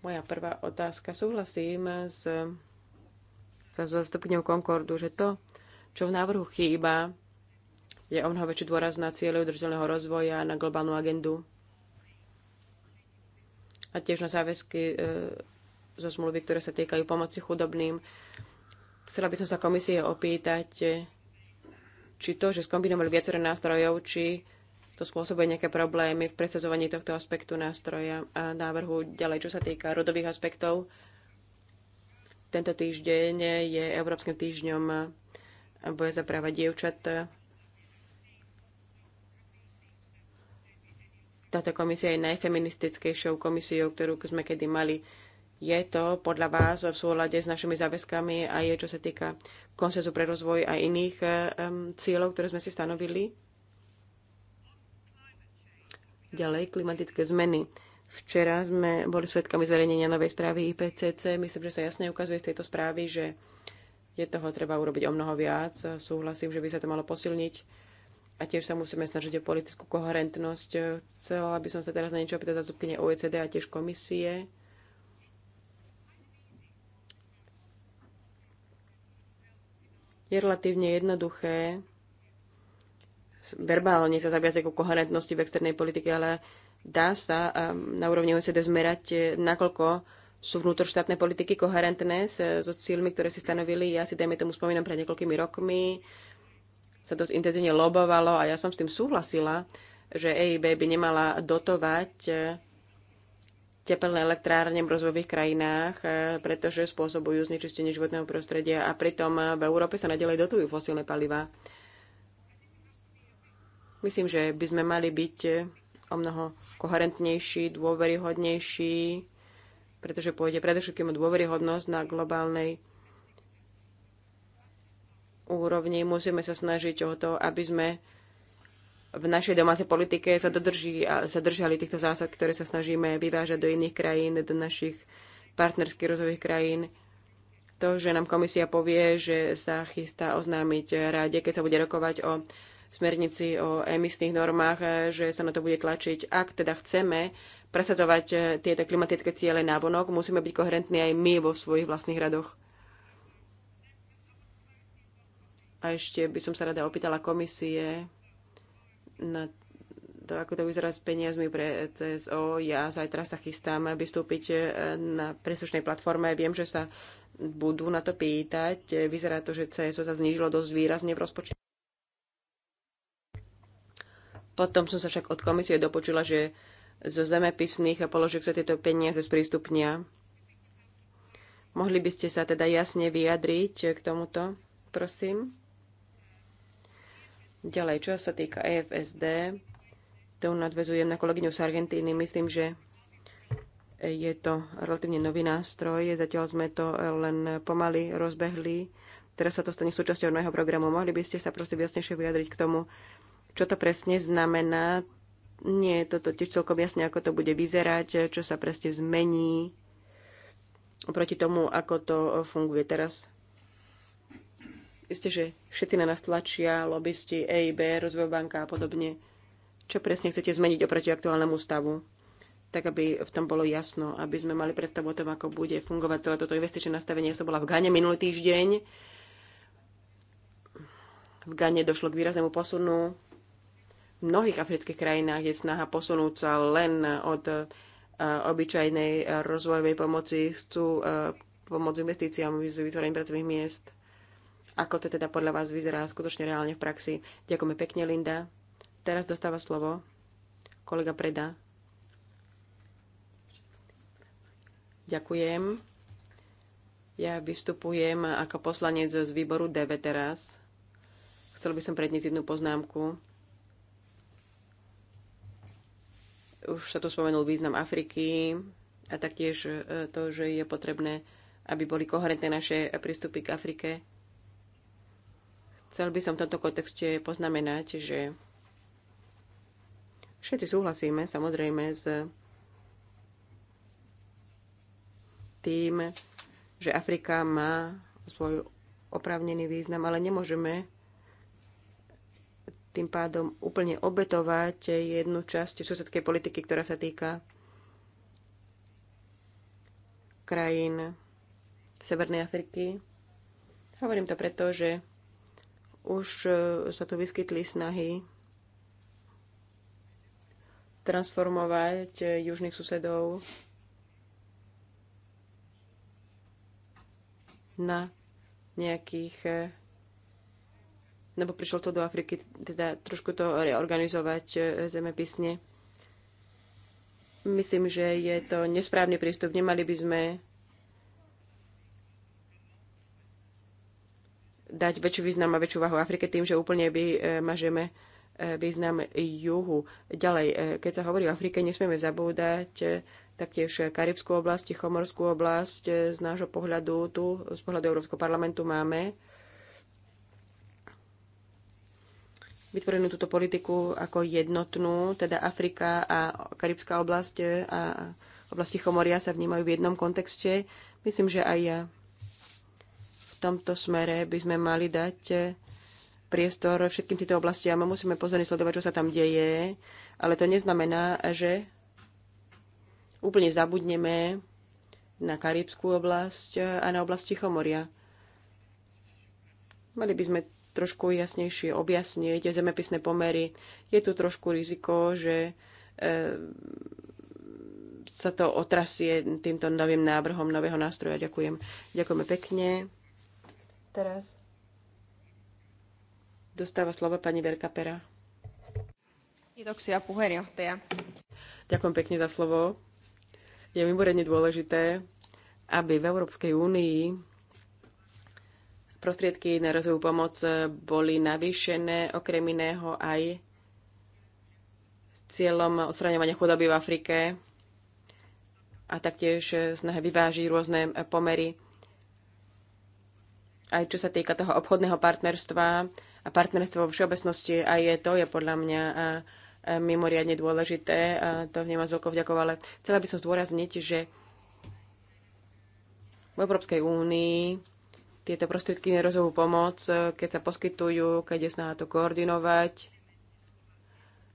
S2: Moja prvá otázka. Súhlasím s, sa zastupňou Concordu, že to, čo v návrhu chýba, je o mnoho väčší dôraz na cieľe udržateľného rozvoja, na globálnu agendu a tiež na záväzky e, zo zmluvy, ktoré sa týkajú pomoci chudobným. Chcela by som sa komisie opýtať, či to, že skombinovali viacero nástrojov, či to spôsobuje nejaké problémy v presadzovaní tohto aspektu nástroja a návrhu ďalej, čo sa týka rodových aspektov. Tento týždeň je Európskym týždňom boja za práva dievčat. Táto komisia je najfeministickejšou komisiou, ktorú sme kedy mali. Je to podľa vás v súlade s našimi záväzkami a je, čo sa týka konsenzu pre rozvoj a iných um, cieľov, ktoré sme si stanovili? Ďalej, klimatické zmeny. Včera sme boli svedkami zverejnenia novej správy IPCC. Myslím, že sa jasne ukazuje z tejto správy, že je toho treba urobiť o mnoho viac. Súhlasím, že by sa to malo posilniť a tiež sa musíme snažiť o politickú koherentnosť. Chcela by som sa teraz na niečo opýtať zastupkyne OECD a tiež komisie je relatívne jednoduché verbálne sa zaviazať ku koherentnosti v externej politike, ale dá sa ehm, na úrovni OECD zmerať, eh, nakoľko sú vnútroštátne politiky koherentné eh, so cieľmi, ktoré si stanovili. Ja si, dajme tomu, spomínam, pred niekoľkými rokmi sa dosť intenzívne lobovalo a ja som s tým súhlasila, že EIB by nemala dotovať eh, tepelné elektrárne v rozvojových krajinách, e, pretože spôsobujú znečistenie životného prostredia a pritom v Európe sa nadalej dotujú fosílne paliva. Myslím, že by sme mali byť e, o mnoho koherentnejší, dôveryhodnejší, pretože pôjde predovšetkým o dôveryhodnosť na globálnej úrovni. Musíme sa snažiť o to, aby sme v našej domácej politike sa, dodrží, sa držali týchto zásad, ktoré sa snažíme vyvážať do iných krajín, do našich partnerských rozvojových krajín. To, že nám komisia povie, že sa chystá oznámiť rade, keď sa bude rokovať o smernici o emisných normách, že sa na to bude tlačiť. Ak teda chceme presadzovať tieto klimatické ciele Vonok, musíme byť koherentní aj my vo svojich vlastných radoch. A ešte by som sa rada opýtala komisie, na to, ako to vyzerá s peniazmi pre CSO. Ja zajtra sa chystám vystúpiť e, na príslušnej platforme. Viem, že sa budú na to pýtať. Vyzerá to, že CSO sa znížilo dosť výrazne v rozpočte. Potom som sa však od komisie dopočula, že zo zemepisných položiek sa tieto peniaze sprístupnia. Mohli by ste sa teda jasne vyjadriť k tomuto, prosím? Ďalej, čo sa týka EFSD, to nadvezujem na kolegyňu z Argentíny. Myslím, že je to relatívne nový nástroj, zatiaľ sme to len pomaly rozbehli. Teraz sa to stane súčasťou nového programu. Mohli by ste sa proste jasnejšie vyjadriť k tomu, čo to presne znamená. Nie je to totiž celkom jasne, ako to bude vyzerať, čo sa presne zmení oproti tomu, ako to funguje teraz. Isté, že všetci na nás tlačia, lobbysti, EIB, Rozvoj banka a podobne. Čo presne chcete zmeniť oproti aktuálnemu stavu? Tak, aby v tom bolo jasno, aby sme mali predstavu o tom, ako bude fungovať celé toto investičné nastavenie. Ja som bola v Gane minulý týždeň. V Gane došlo k výraznému posunu. V mnohých afrických krajinách je snaha posunúť sa len od e, obyčajnej rozvojovej pomoci. Chcú e, pomôcť investíciám s vytvorením pracovných miest ako to teda podľa vás vyzerá skutočne reálne v praxi? Ďakujeme pekne, Linda. Teraz dostáva slovo kolega Preda. Ďakujem. Ja vystupujem ako poslanec z výboru DV teraz. Chcel by som predniesť jednu poznámku. Už sa tu spomenul význam Afriky a taktiež e, to, že je potrebné, aby boli koherentné naše prístupy k Afrike. Chcel by som v tomto kontexte poznamenať, že všetci súhlasíme samozrejme s tým, že Afrika má svoj oprávnený význam, ale nemôžeme tým pádom úplne obetovať jednu časť susedskej politiky, ktorá sa týka krajín Severnej Afriky. Hovorím to preto, že už e, sa tu vyskytli snahy transformovať e, južných susedov na nejakých e, nebo prišlo to do Afriky, teda trošku to reorganizovať zemepisne. Myslím, že je to nesprávny prístup. Nemali by sme dať väčší význam a väčšiu váhu Afrike tým, že úplne vymažeme e, e, význam juhu. Ďalej, e, keď sa hovorí o Afrike, nesmieme zabúdať taktiež Karibskú oblasť, Tichomorskú oblasť. Z nášho pohľadu tu, z pohľadu Európskeho parlamentu máme vytvorenú túto politiku ako jednotnú, teda Afrika a Karibská oblasť a oblasti Chomoria sa vnímajú v jednom kontexte. Myslím, že aj tomto smere by sme mali dať eh, priestor všetkým týmto oblastiam. Musíme pozorne sledovať, čo sa tam deje, ale to neznamená, že úplne zabudneme na Karibskú oblasť a na oblasti Chomoria. Mali by sme trošku jasnejšie objasniť zemepisné pomery. Je tu trošku riziko, že eh, sa to otrasie týmto novým návrhom nového nástroja. Ďakujem. Ďakujeme pekne. Teraz dostáva slovo pani Verka Pera. Ďakujem pekne za slovo. Je mimoriadne dôležité, aby v Európskej únii prostriedky na rozvojovú pomoc boli navýšené okrem iného aj s cieľom odstraňovania chudoby v Afrike a taktiež snahe vyvážiť rôzne pomery aj čo sa týka toho obchodného partnerstva a partnerstva vo všeobecnosti, aj je to je podľa mňa a, a mimoriadne dôležité. A to vnímam z vďakov, ale chcela by som zdôrazniť, že v Európskej únii tieto prostriedky na pomoc, keď sa poskytujú, keď je snaha to koordinovať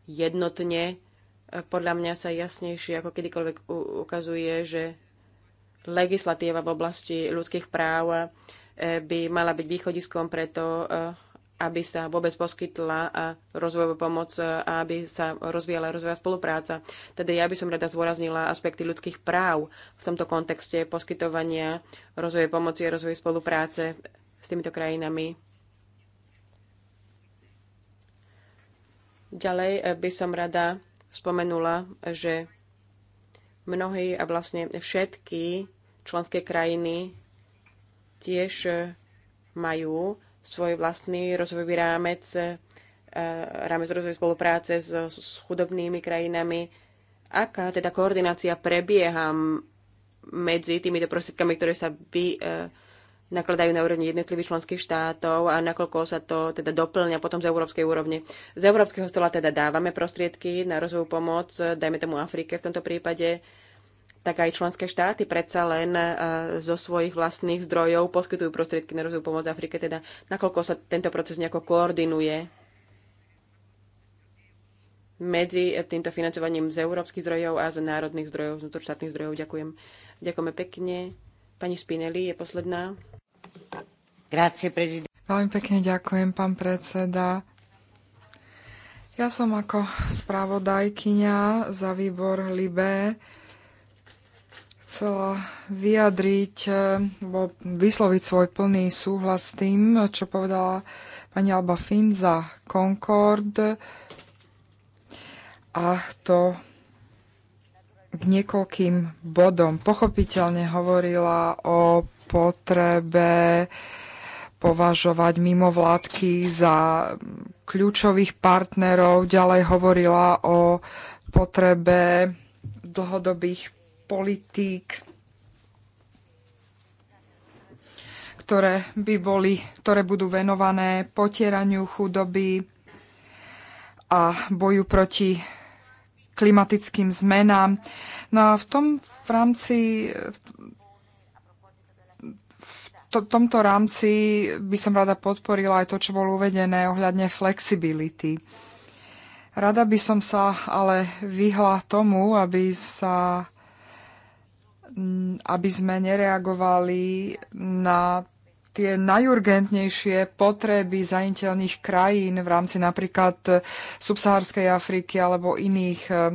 S2: jednotne, podľa mňa sa jasnejšie ako kedykoľvek ukazuje, že legislatíva v oblasti ľudských práv by mala byť východiskom preto, eh, aby sa vôbec poskytla eh, rozvojová pomoc eh, a aby sa rozvíjala rozvojová spolupráca. Teda ja by som rada zdôraznila aspekty ľudských práv v tomto kontexte poskytovania rozvojovej pomoci a rozvojovej spolupráce s týmito krajinami. Ďalej by som rada spomenula, že mnohí a vlastne všetky členské krajiny tiež e, majú svoj vlastný rozvojový rámec, e, rámec rozvoju spolupráce s, s chudobnými krajinami. Aká teda koordinácia prebieha medzi týmito prostriedkami, ktoré sa by e, nakladajú na úrovni jednotlivých členských štátov a nakoľko sa to teda doplňa potom z európskej úrovne. Z európskeho stola teda dávame prostriedky na rozvoju pomoc, dajme tomu Afrike v tomto prípade, tak aj členské štáty predsa len e, zo svojich vlastných zdrojov poskytujú prostriedky na rozvoj pomoc Afrike, teda nakoľko sa tento proces nejako koordinuje medzi týmto financovaním z európskych zdrojov a z národných zdrojov, z vnútroštátnych zdrojov. Ďakujem. Ďakujeme pekne. Pani Spinelli je posledná. Grazie, prezident.
S3: Veľmi pekne ďakujem, pán predseda. Ja som ako spravodajkyňa za výbor Libé chcela vyjadriť, eh, bo vysloviť svoj plný súhlas s tým, čo povedala pani Alba Fin za Concord a to k niekoľkým bodom. Pochopiteľne hovorila o potrebe považovať mimovládky za kľúčových partnerov. Ďalej hovorila o potrebe dlhodobých politík, ktoré by boli, ktoré budú venované potieraniu chudoby a boju proti klimatickým zmenám. No a v tom v rámci v tomto rámci by som rada podporila aj to, čo bolo uvedené ohľadne flexibility. Rada by som sa ale vyhla tomu, aby sa Mm, aby sme nereagovali na tie najurgentnejšie potreby zaniteľných krajín v rámci napríklad subsahárskej Afriky alebo iných eh,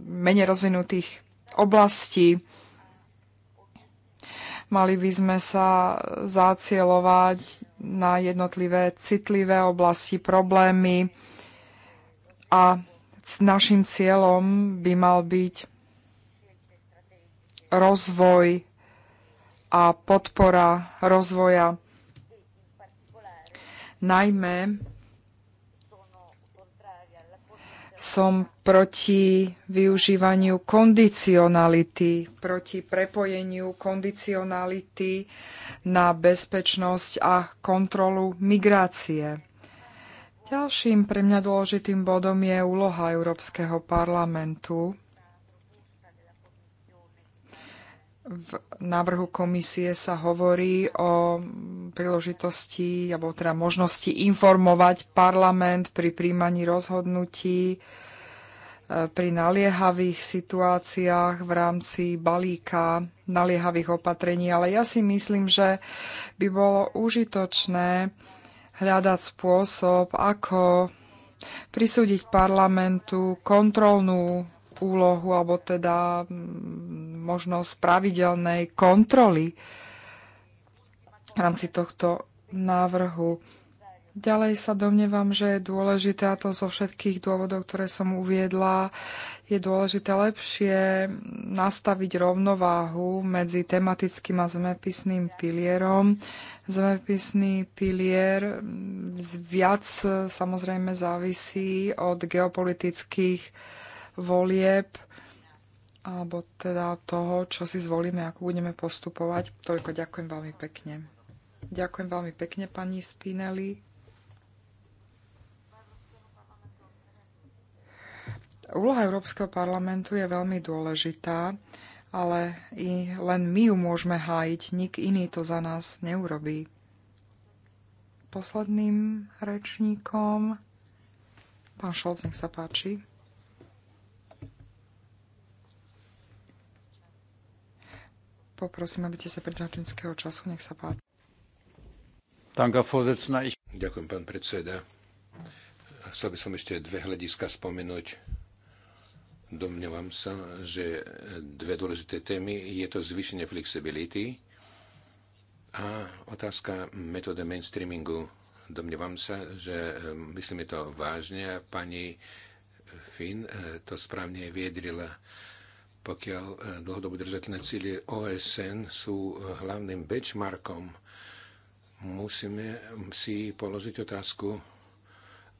S3: menej rozvinutých oblastí. Mali by sme sa zacielovať na jednotlivé citlivé oblasti, problémy a s našim cieľom by mal byť rozvoj a podpora rozvoja. Najmä som proti využívaniu kondicionality, proti prepojeniu kondicionality na bezpečnosť a kontrolu migrácie. Ďalším pre mňa dôležitým bodom je úloha Európskeho parlamentu v návrhu komisie sa hovorí o príležitosti, alebo teda možnosti informovať parlament pri príjmaní rozhodnutí e, pri naliehavých situáciách v rámci balíka naliehavých opatrení, ale ja si myslím, že by bolo užitočné hľadať spôsob, ako prisúdiť parlamentu kontrolnú úlohu, alebo teda mm, možnosť pravidelnej kontroly v rámci tohto návrhu. Ďalej sa domnievam, že je dôležité, a to zo všetkých dôvodov, ktoré som uviedla, je dôležité lepšie nastaviť rovnováhu medzi tematickým a zemepisným pilierom. Zemepisný pilier viac samozrejme závisí od geopolitických volieb alebo teda toho, čo si zvolíme, ako budeme postupovať. Toľko ďakujem veľmi pekne. Ďakujem veľmi pekne, pani Spinelli. Úloha Európskeho parlamentu je veľmi dôležitá, ale i len my ju môžeme hájiť, nik iný to za nás neurobí. Posledným rečníkom, pán Šolc, nech sa páči. Poprosím, aby ste sa pridali času. Nech sa páči.
S1: Ďakujem, pán predseda. Chcel by som ešte dve hľadiska spomenúť. Domňovám sa, že dve dôležité témy. Je to zvýšenie flexibility a otázka metóda mainstreamingu. Domňovám sa, že eh, myslím je to vážne. Pani Finn eh, to správne viedrila pokiaľ e, dlhodobo držateľné cíle OSN sú e, hlavným benchmarkom, musíme si položiť otázku,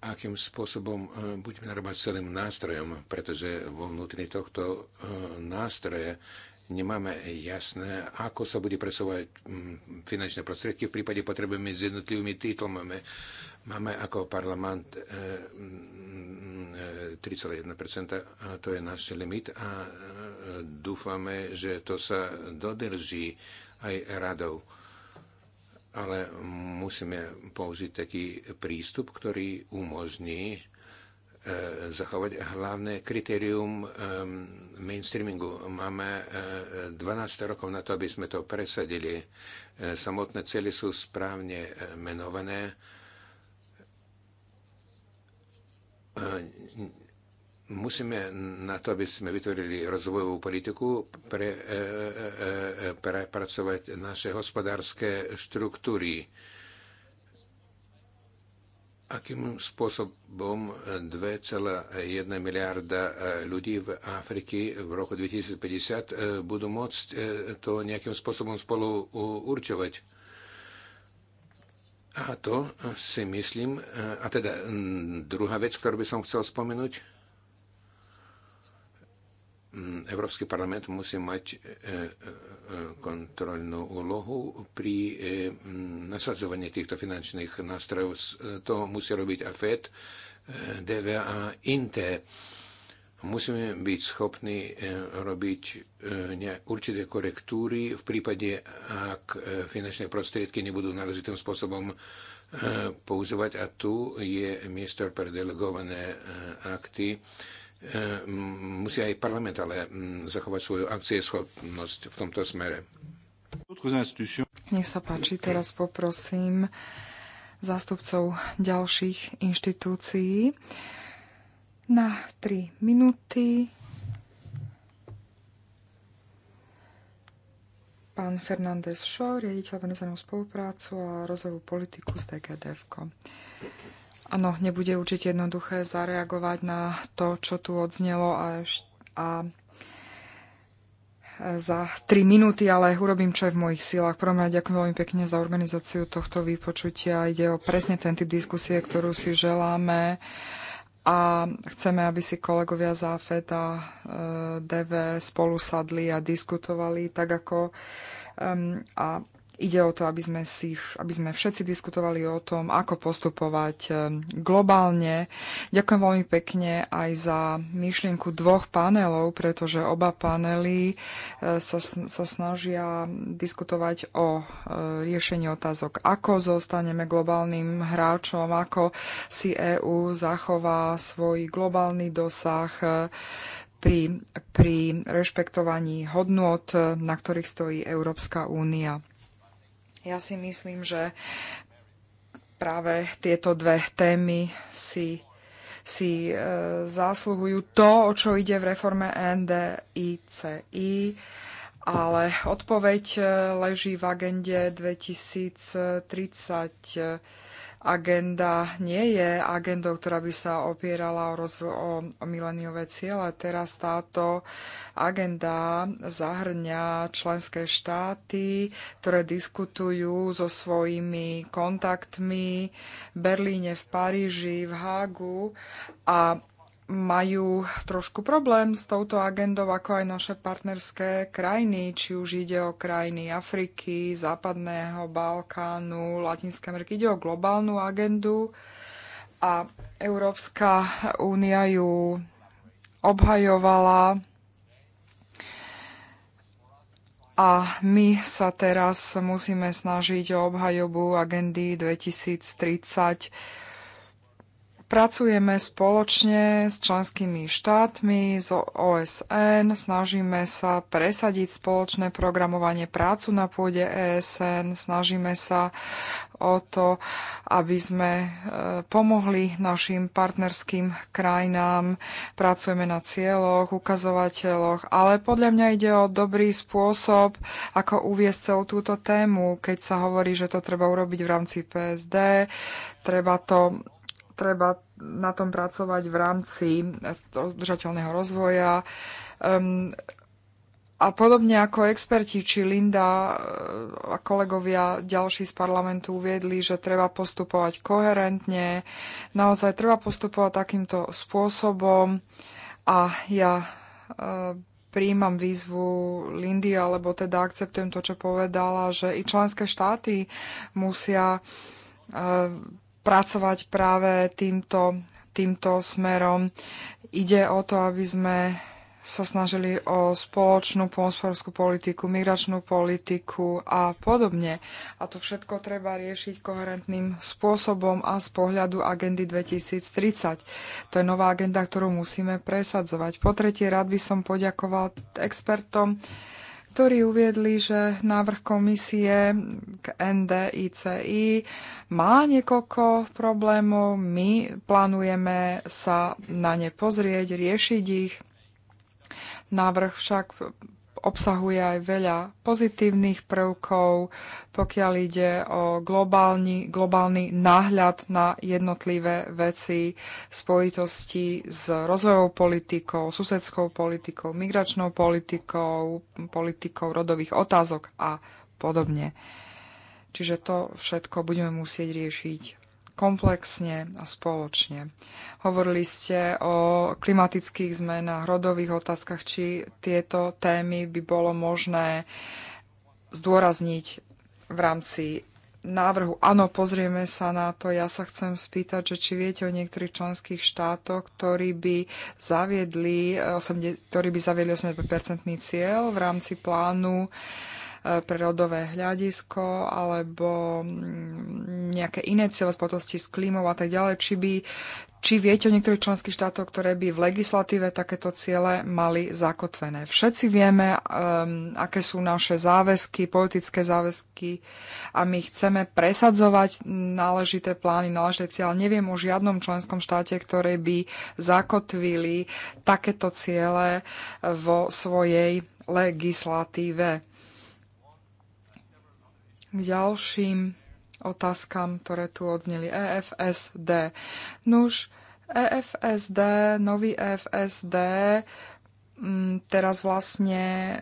S1: akým spôsobom e, budeme narábať celým nástrojom, pretože vo vnútri tohto nástroje nemáme jasné, ako sa bude presovať finančné prostriedky v prípade potreby medzi jednotlivými titulmi Máme ako parlament 3,1%, e, to je náš limit a e, dúfame, že to sa dodrží aj radou. Ale musíme použiť taký prístup, ktorý umožní e, zachovať hlavné kritérium mainstreamingu. Máme 12 rokov na to, aby sme to presadili. Samotné cely sú správne menované Ehm, musíme na to, aby sme vytvorili rozvojovú politiku, pre, e, e, e, prepracovať naše hospodárske štruktúry. Akým spôsobom 2,1 miliarda ľudí v Afrike v roku 2050 budú môcť to nejakým spôsobom spolu určovať? A to si myslím, a teda mm, druhá vec, ktorú by som chcel spomenúť, mm, Európsky parlament musí mať e, e, kontrolnú úlohu pri e, mm, nasadzovaní týchto finančných nástrojov. To musí robiť AFED, DVA, INTE. Musíme byť schopní eh, robiť eh, určité korektúry v prípade, ak eh, finančné prostriedky nebudú náležitým spôsobom používať. A tu je miesto pre delegované akty. Musí aj parlament ale zachovať svoju akcieschopnosť v tomto smere.
S3: Nech sa páči, teraz poprosím zástupcov ďalších inštitúcií na 3 minúty. Pán Fernández Šo, riaditeľ venezenú spoluprácu a rozvojovú politiku z DGDF. -ko. Áno, nebude určite jednoduché zareagovať na to, čo tu odznelo a, a za 3 minúty, ale urobím, čo je v mojich silách. Prvom rade ďakujem veľmi pekne za organizáciu tohto vypočutia. Ide o presne ten typ diskusie, ktorú si želáme a chceme, aby si kolegovia z a e, DV spolu sadli a diskutovali, tak ako a Ide o to, aby sme, si, aby sme všetci diskutovali o tom, ako postupovať eh, globálne. Ďakujem veľmi pekne aj za myšlienku dvoch panelov, pretože oba panely eh, sa, sa snažia diskutovať o eh, riešení otázok, ako zostaneme globálnym hráčom, ako si EÚ zachová svoj globálny dosah pri, pri rešpektovaní hodnot, na ktorých stojí Európska únia. Ja si myslím, že práve tieto dve témy si, si e, zásluhujú to, o čo ide v reforme NDICI, ale odpoveď e, leží v agende 2030 agenda nie je agendou, ktorá by sa opierala o, rozvoj o, o mileniové ciele. Teraz táto agenda zahrňa členské štáty, ktoré diskutujú so svojimi kontaktmi v Berlíne, v Paríži, v Hágu a majú trošku problém s touto agendou, ako aj naše partnerské krajiny, či už ide o krajiny Afriky, Západného Balkánu, Latinskej Ameriky. Ide o globálnu agendu a Európska únia ju obhajovala a my sa teraz musíme snažiť o obhajobu agendy 2030 Pracujeme spoločne s členskými štátmi, z OSN, snažíme sa presadiť spoločné programovanie prácu na pôde ESN, snažíme sa o to, aby sme e, pomohli našim partnerským krajinám, pracujeme na cieľoch, ukazovateľoch, ale podľa mňa ide o dobrý spôsob, ako uviesť celú túto tému, keď sa hovorí, že to treba urobiť v rámci PSD, treba to treba na tom pracovať v rámci udržateľného rozvoja. Um, a podobne ako experti či Linda eh, a kolegovia ďalší z parlamentu uviedli, že treba postupovať koherentne, naozaj treba postupovať takýmto spôsobom a ja e, eh, príjmam výzvu Lindy, alebo teda akceptujem to, čo povedala, že i členské štáty musia e, pracovať práve týmto, týmto smerom. Ide o to, aby sme sa snažili o spoločnú pomospodárskú politiku, migračnú politiku a podobne. A to všetko treba riešiť koherentným spôsobom a z pohľadu agendy 2030. To je nová agenda, ktorú musíme presadzovať. Po tretie, rád by som poďakoval expertom, ktorí uviedli, že návrh komisie k NDICI má niekoľko problémov. My plánujeme sa na ne pozrieť, riešiť ich. Návrh však obsahuje aj veľa pozitívnych prvkov, pokiaľ ide o globálny, globálny náhľad na jednotlivé veci v spojitosti s rozvojovou politikou, susedskou politikou, migračnou politikou, politikou rodových otázok a podobne. Čiže to všetko budeme musieť riešiť komplexne a spoločne. Hovorili ste o klimatických zmenách, rodových otázkach, či tieto témy by bolo možné zdôrazniť v rámci návrhu. Áno, pozrieme sa na to. Ja sa chcem spýtať, že či viete o niektorých členských štátoch, ktorí by zaviedli, 80, ktorí by zaviedli cieľ v rámci plánu uh, Eh, pre rodové hľadisko alebo mm, nejaké iné cieľe spotosti s klímou a tak ďalej, či by či viete o niektorých členských štátoch, ktoré by v legislatíve takéto ciele mali zakotvené? Všetci vieme, um, aké sú naše záväzky, politické záväzky a my chceme presadzovať náležité plány, náležité cieľe. Neviem o žiadnom členskom štáte, ktoré by zakotvili takéto ciele vo svojej legislatíve k ďalším otázkam, ktoré tu odzneli. EFSD. Nuž, EFSD, nový EFSD mm, teraz vlastne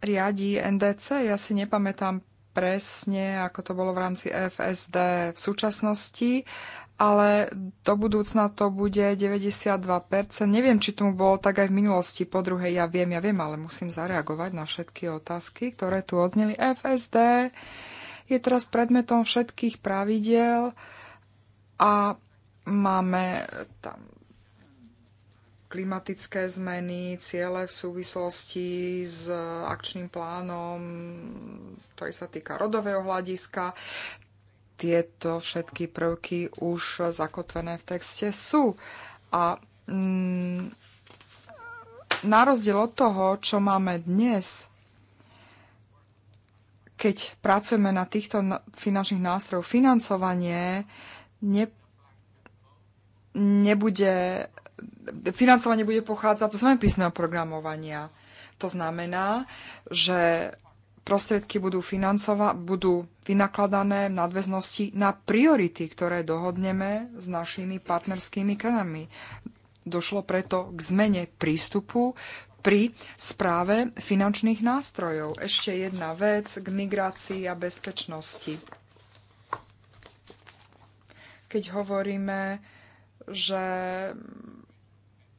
S3: riadi NDC. Ja si nepamätám presne, ako to bolo v rámci EFSD v súčasnosti, ale do budúcna to bude 92%. Neviem, či tomu bolo tak aj v minulosti. Po druhej, ja viem, ja viem, ale musím zareagovať na všetky otázky, ktoré tu odzneli. E FSD je teraz predmetom všetkých pravidel a máme tam klimatické zmeny, ciele v súvislosti s akčným plánom, ktorý sa týka rodového hľadiska. Tieto všetky prvky už zakotvené v texte sú. A mm, na rozdiel od toho, čo máme dnes, keď pracujeme na týchto no- finančných nástrojov, financovanie ne, nebude, financovanie bude pochádzať z písneho programovania. To znamená, že prostriedky budú, financova- budú vynakladané v nadväznosti na priority, ktoré dohodneme s našimi partnerskými krajinami. Došlo preto k zmene prístupu pri správe finančných nástrojov. Ešte jedna vec k migrácii a bezpečnosti. Keď hovoríme, že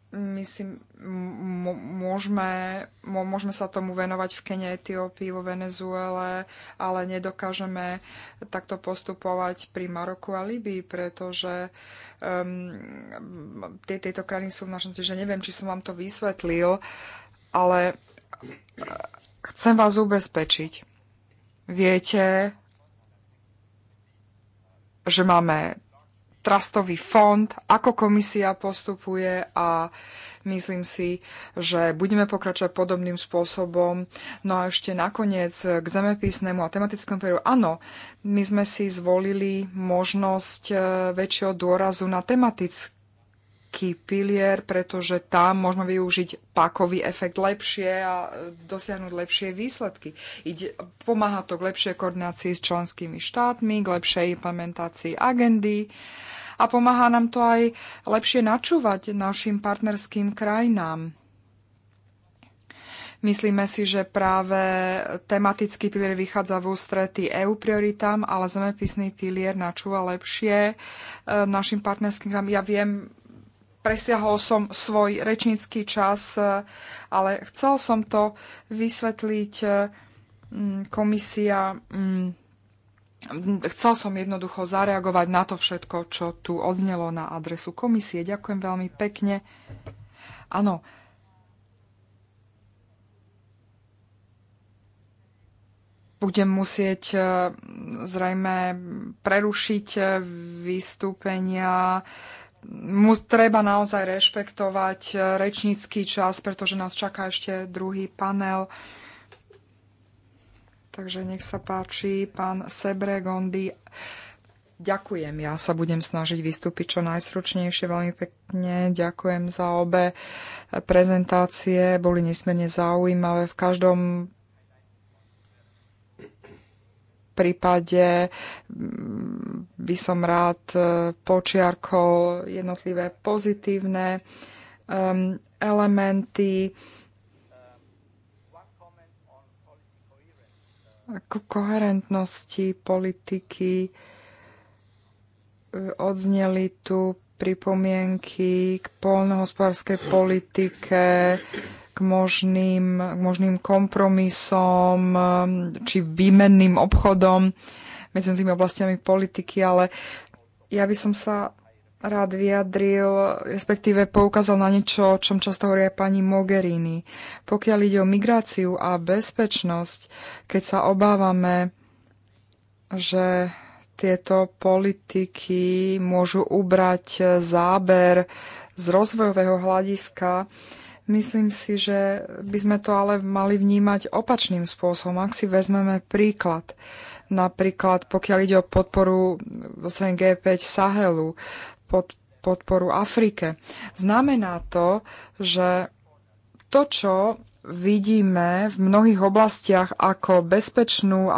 S3: my si môžeme, môžeme sa tomu venovať v Kene, Etiópii, vo Venezuele, ale nedokážeme takto postupovať pri Maroku a Libii, pretože um, tie, tieto krajiny sú v našom že neviem, či som vám to vysvetlil, ale chcem vás ubezpečiť. Viete, že máme trastový fond, ako komisia postupuje a myslím si, že budeme pokračovať podobným spôsobom. No a ešte nakoniec k zemepísnemu a tematickému periodu. Áno, my sme si zvolili možnosť eh, väčšieho dôrazu na tematické taký pilier, pretože tam môžeme využiť pákový efekt lepšie a e, dosiahnuť lepšie výsledky. Ide, pomáha to k lepšej koordinácii s členskými štátmi, k lepšej implementácii agendy a pomáha nám to aj lepšie načúvať našim partnerským krajinám. Myslíme si, že práve tematický pilier vychádza v ústretí EU prioritám, ale zemepisný pilier načúva lepšie e, našim partnerským krajinám. Ja viem, presiahol som svoj rečnícky čas, e, ale chcel som to vysvetliť. E, komisia, chcel som jednoducho zareagovať na to všetko, čo tu odznelo na adresu komisie. Ďakujem veľmi pekne. Áno. Budem musieť e, zrejme prerušiť vystúpenia mu treba naozaj rešpektovať eh, rečnícky čas, pretože nás čaká ešte druhý panel. Takže nech sa páči, pán Sebre Gondy. Ďakujem, ja sa budem snažiť vystúpiť čo najstručnejšie, veľmi pekne. Ďakujem za obe prezentácie, boli nesmierne zaujímavé. V každom prípade mm, by som rád e, počiarkol jednotlivé pozitívne um, elementy. Ako koherentnosti politiky e, odzneli tu pripomienky k polnohospodárskej politike, k možným, k možným kompromisom um, či výmenným obchodom medzi tými oblastiami politiky, ale ja by som sa rád vyjadril, respektíve poukázal na niečo, o čom často hovorí aj pani Mogherini. Pokiaľ ide o migráciu a bezpečnosť, keď sa obávame, že tieto politiky môžu ubrať záber z rozvojového hľadiska, Myslím si, že by sme to ale mali vnímať opačným spôsobom. Ak si vezmeme príklad, napríklad pokiaľ ide o podporu G5 Sahelu, pod, podporu Afrike, znamená to, že to, čo vidíme v mnohých oblastiach ako bezpečnú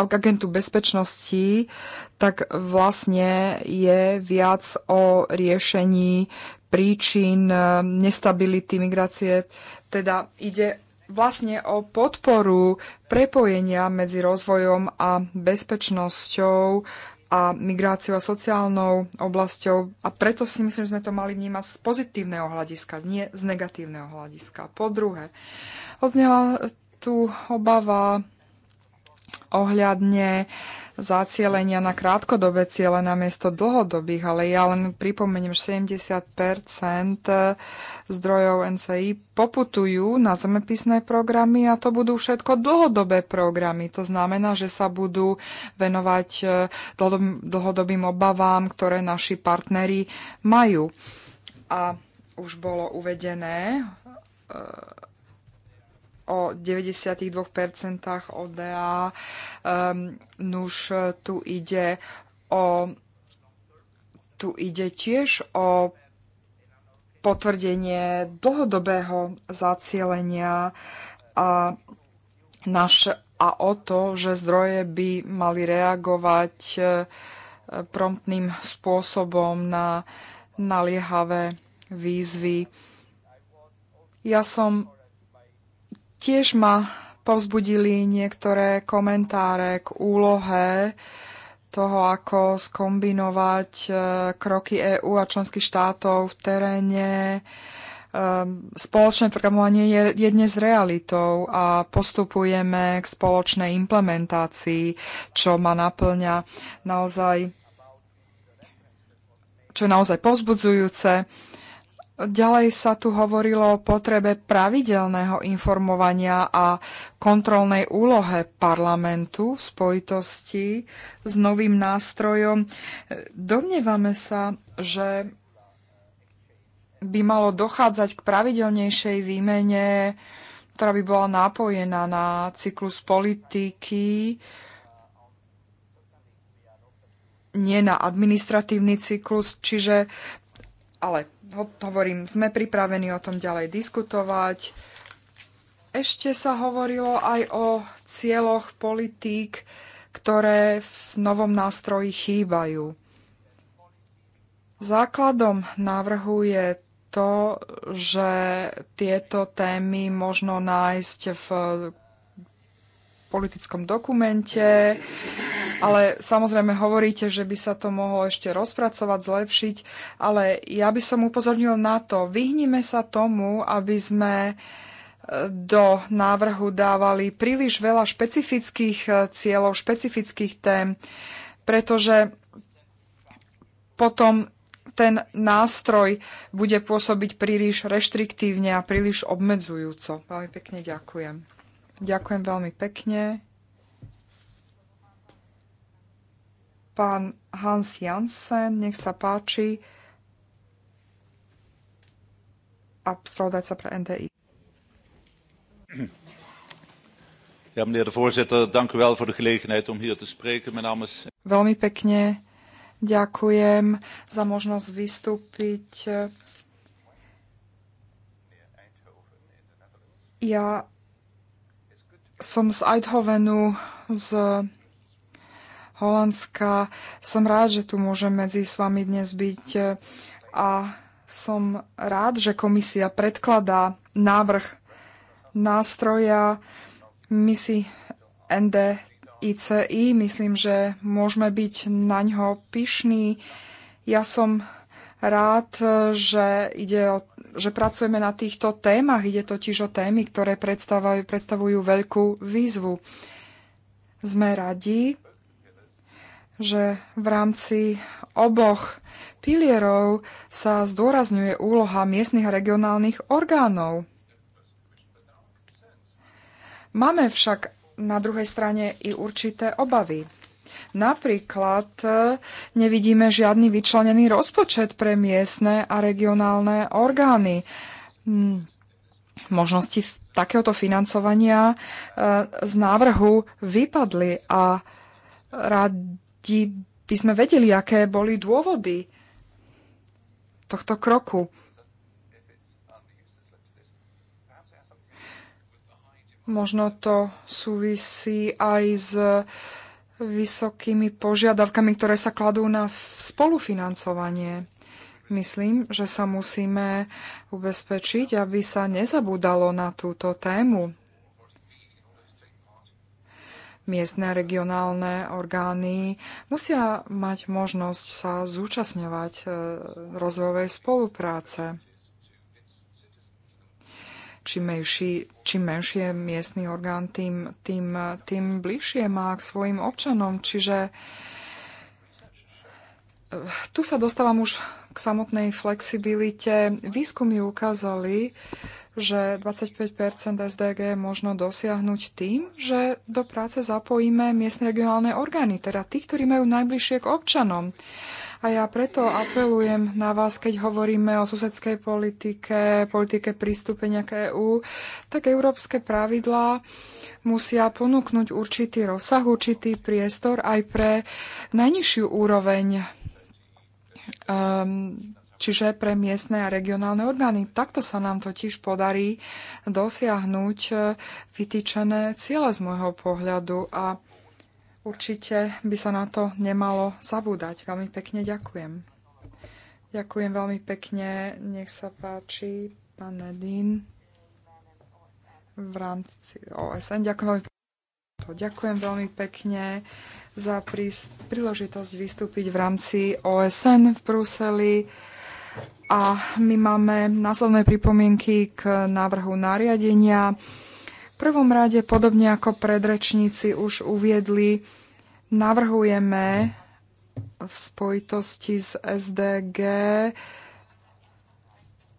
S3: agentu bezpečnosti, tak vlastne je viac o riešení príčin e, nestability migrácie. Teda ide vlastne o podporu prepojenia medzi rozvojom a bezpečnosťou a migráciou a sociálnou oblasťou. A preto si myslím, že sme to mali vnímať z pozitívneho hľadiska, nie z negatívneho hľadiska. Po druhé, odznela tu obava ohľadne zacielenia na krátkodobé ciele miesto dlhodobých, ale ja len pripomeniem, že 70 zdrojov NCI poputujú na zemepisné programy a to budú všetko dlhodobé programy. To znamená, že sa budú venovať e, dlhodobým obavám, ktoré naši partneri majú. A už bolo uvedené, e, o 92% ODA. Um, nuž tu ide o tu ide tiež o potvrdenie dlhodobého zacielenia a, naš, a o to, že zdroje by mali reagovať e, promptným spôsobom na naliehavé výzvy. Ja som Tiež ma povzbudili niektoré komentáre k úlohe toho, ako skombinovať e, kroky EÚ a členských štátov v teréne. E, spoločné programovanie je, je dnes realitou a postupujeme k spoločnej implementácii, čo ma naplňa naozaj, čo je naozaj povzbudzujúce. Ďalej sa tu hovorilo o potrebe pravidelného informovania a kontrolnej úlohe parlamentu v spojitosti s novým nástrojom. Domnievame sa, že by malo dochádzať k pravidelnejšej výmene, ktorá by bola nápojená na cyklus politiky, nie na administratívny cyklus, čiže ale hovorím, sme pripravení o tom ďalej diskutovať. Ešte sa hovorilo aj o cieľoch politík, ktoré v novom nástroji chýbajú. Základom návrhu je to, že tieto témy možno nájsť v politickom dokumente, ale samozrejme hovoríte, že by sa to mohlo ešte rozpracovať, zlepšiť, ale ja by som upozornil na to, vyhnime sa tomu, aby sme e, do návrhu dávali príliš veľa špecifických e, cieľov, špecifických tém, pretože potom ten nástroj bude pôsobiť príliš reštriktívne a príliš obmedzujúco. Veľmi pekne ďakujem. Ďakujem veľmi pekne. Pán Hans Jansen, nech sa páči. A sa pre NDI. Ja, meneer de voorzitter, dank u wel voor de gelegenheid om hier te spreken. Mijn naam is... Veľmi pekne ďakujem za možnosť vystúpiť. Ja som z Eidhovenu, z Holandska. Som rád, že tu môžem medzi s vami dnes byť eh, a som rád, že komisia predkladá návrh nástroja misi NDICI. Myslím, že môžeme byť na ňo pyšní. Ja som rád, eh, že ide o že pracujeme na týchto témach. Ide totiž o témy, ktoré predstavujú, predstavujú veľkú výzvu. Sme radi, že v rámci oboch pilierov sa zdôrazňuje úloha miestnych a regionálnych orgánov. Máme však na druhej strane i určité obavy. Napríklad e, nevidíme žiadny vyčlenený rozpočet pre miestne a regionálne orgány. Hm, možnosti takéhoto financovania e, z návrhu vypadli a radi by sme vedeli, aké boli dôvody tohto kroku. Možno to súvisí aj s vysokými požiadavkami, ktoré sa kladú na spolufinancovanie. Myslím, že sa musíme ubezpečiť, aby sa nezabúdalo na túto tému. Miestne a regionálne orgány musia mať možnosť sa zúčastňovať eh, rozvojovej spolupráce. Čím, menší, čím menšie miestny orgán, tým, tým, tým bližšie má k svojim občanom. Čiže eh, tu sa dostávam už k samotnej flexibilite. Výskumy ukázali, že 25 SDG možno dosiahnuť tým, že do práce zapojíme miestne regionálne orgány, teda tých, ktorí majú najbližšie k občanom. A ja preto apelujem na vás, keď hovoríme o susedskej politike, politike prístupenia k EÚ, tak európske pravidlá musia ponúknuť určitý rozsah, určitý priestor aj pre najnižšiu úroveň um, čiže pre miestne a regionálne orgány. Takto sa nám totiž podarí dosiahnuť e, vytýčené ciele z môjho pohľadu a Určite by sa na to nemalo zabúdať. Veľmi pekne ďakujem. Ďakujem veľmi pekne. Nech sa páči, pán Nedín. v rámci OSN. Ďakujem veľmi pekne. Ďakujem veľmi pekne za príležitosť vystúpiť v rámci OSN v Bruseli. A my máme následné pripomienky k návrhu nariadenia prvom rade, podobne ako predrečníci už uviedli, navrhujeme v spojitosti s SDG,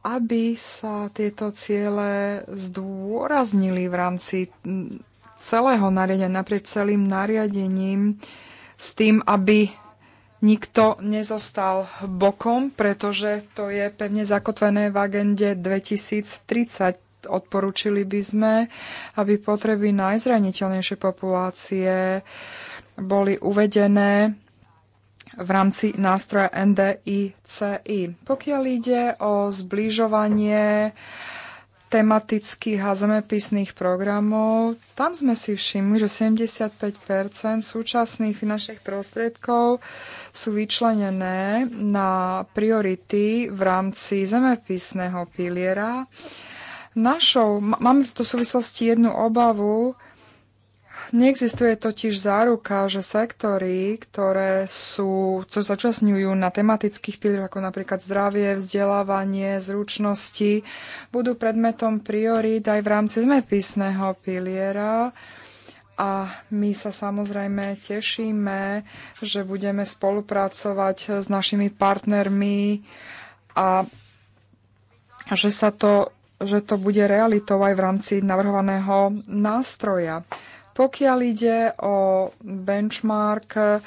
S3: aby sa tieto ciele zdôraznili v rámci celého nariadenia, naprieč celým nariadením, s tým, aby nikto nezostal bokom, pretože to je pevne zakotvené v agende 2030 odporúčili by sme, aby potreby najzraniteľnejšej populácie boli uvedené v rámci nástroja NDICI. Pokiaľ ide o zbližovanie tematických a zemepisných programov, tam sme si všimli, že 75 súčasných finančných prostriedkov sú vyčlenené na priority v rámci zemepisného piliera Našou, máme v tu súvislosti jednu obavu, Neexistuje totiž záruka, že sektory, ktoré sú, čo začasňujú na tematických pilieroch, ako napríklad zdravie, vzdelávanie, zručnosti, budú predmetom priorít aj v rámci zmepisného piliera. A my sa samozrejme tešíme, že budeme spolupracovať s našimi partnermi a že sa to že to bude realitou aj v rámci navrhovaného nástroja. Pokiaľ ide o benchmark,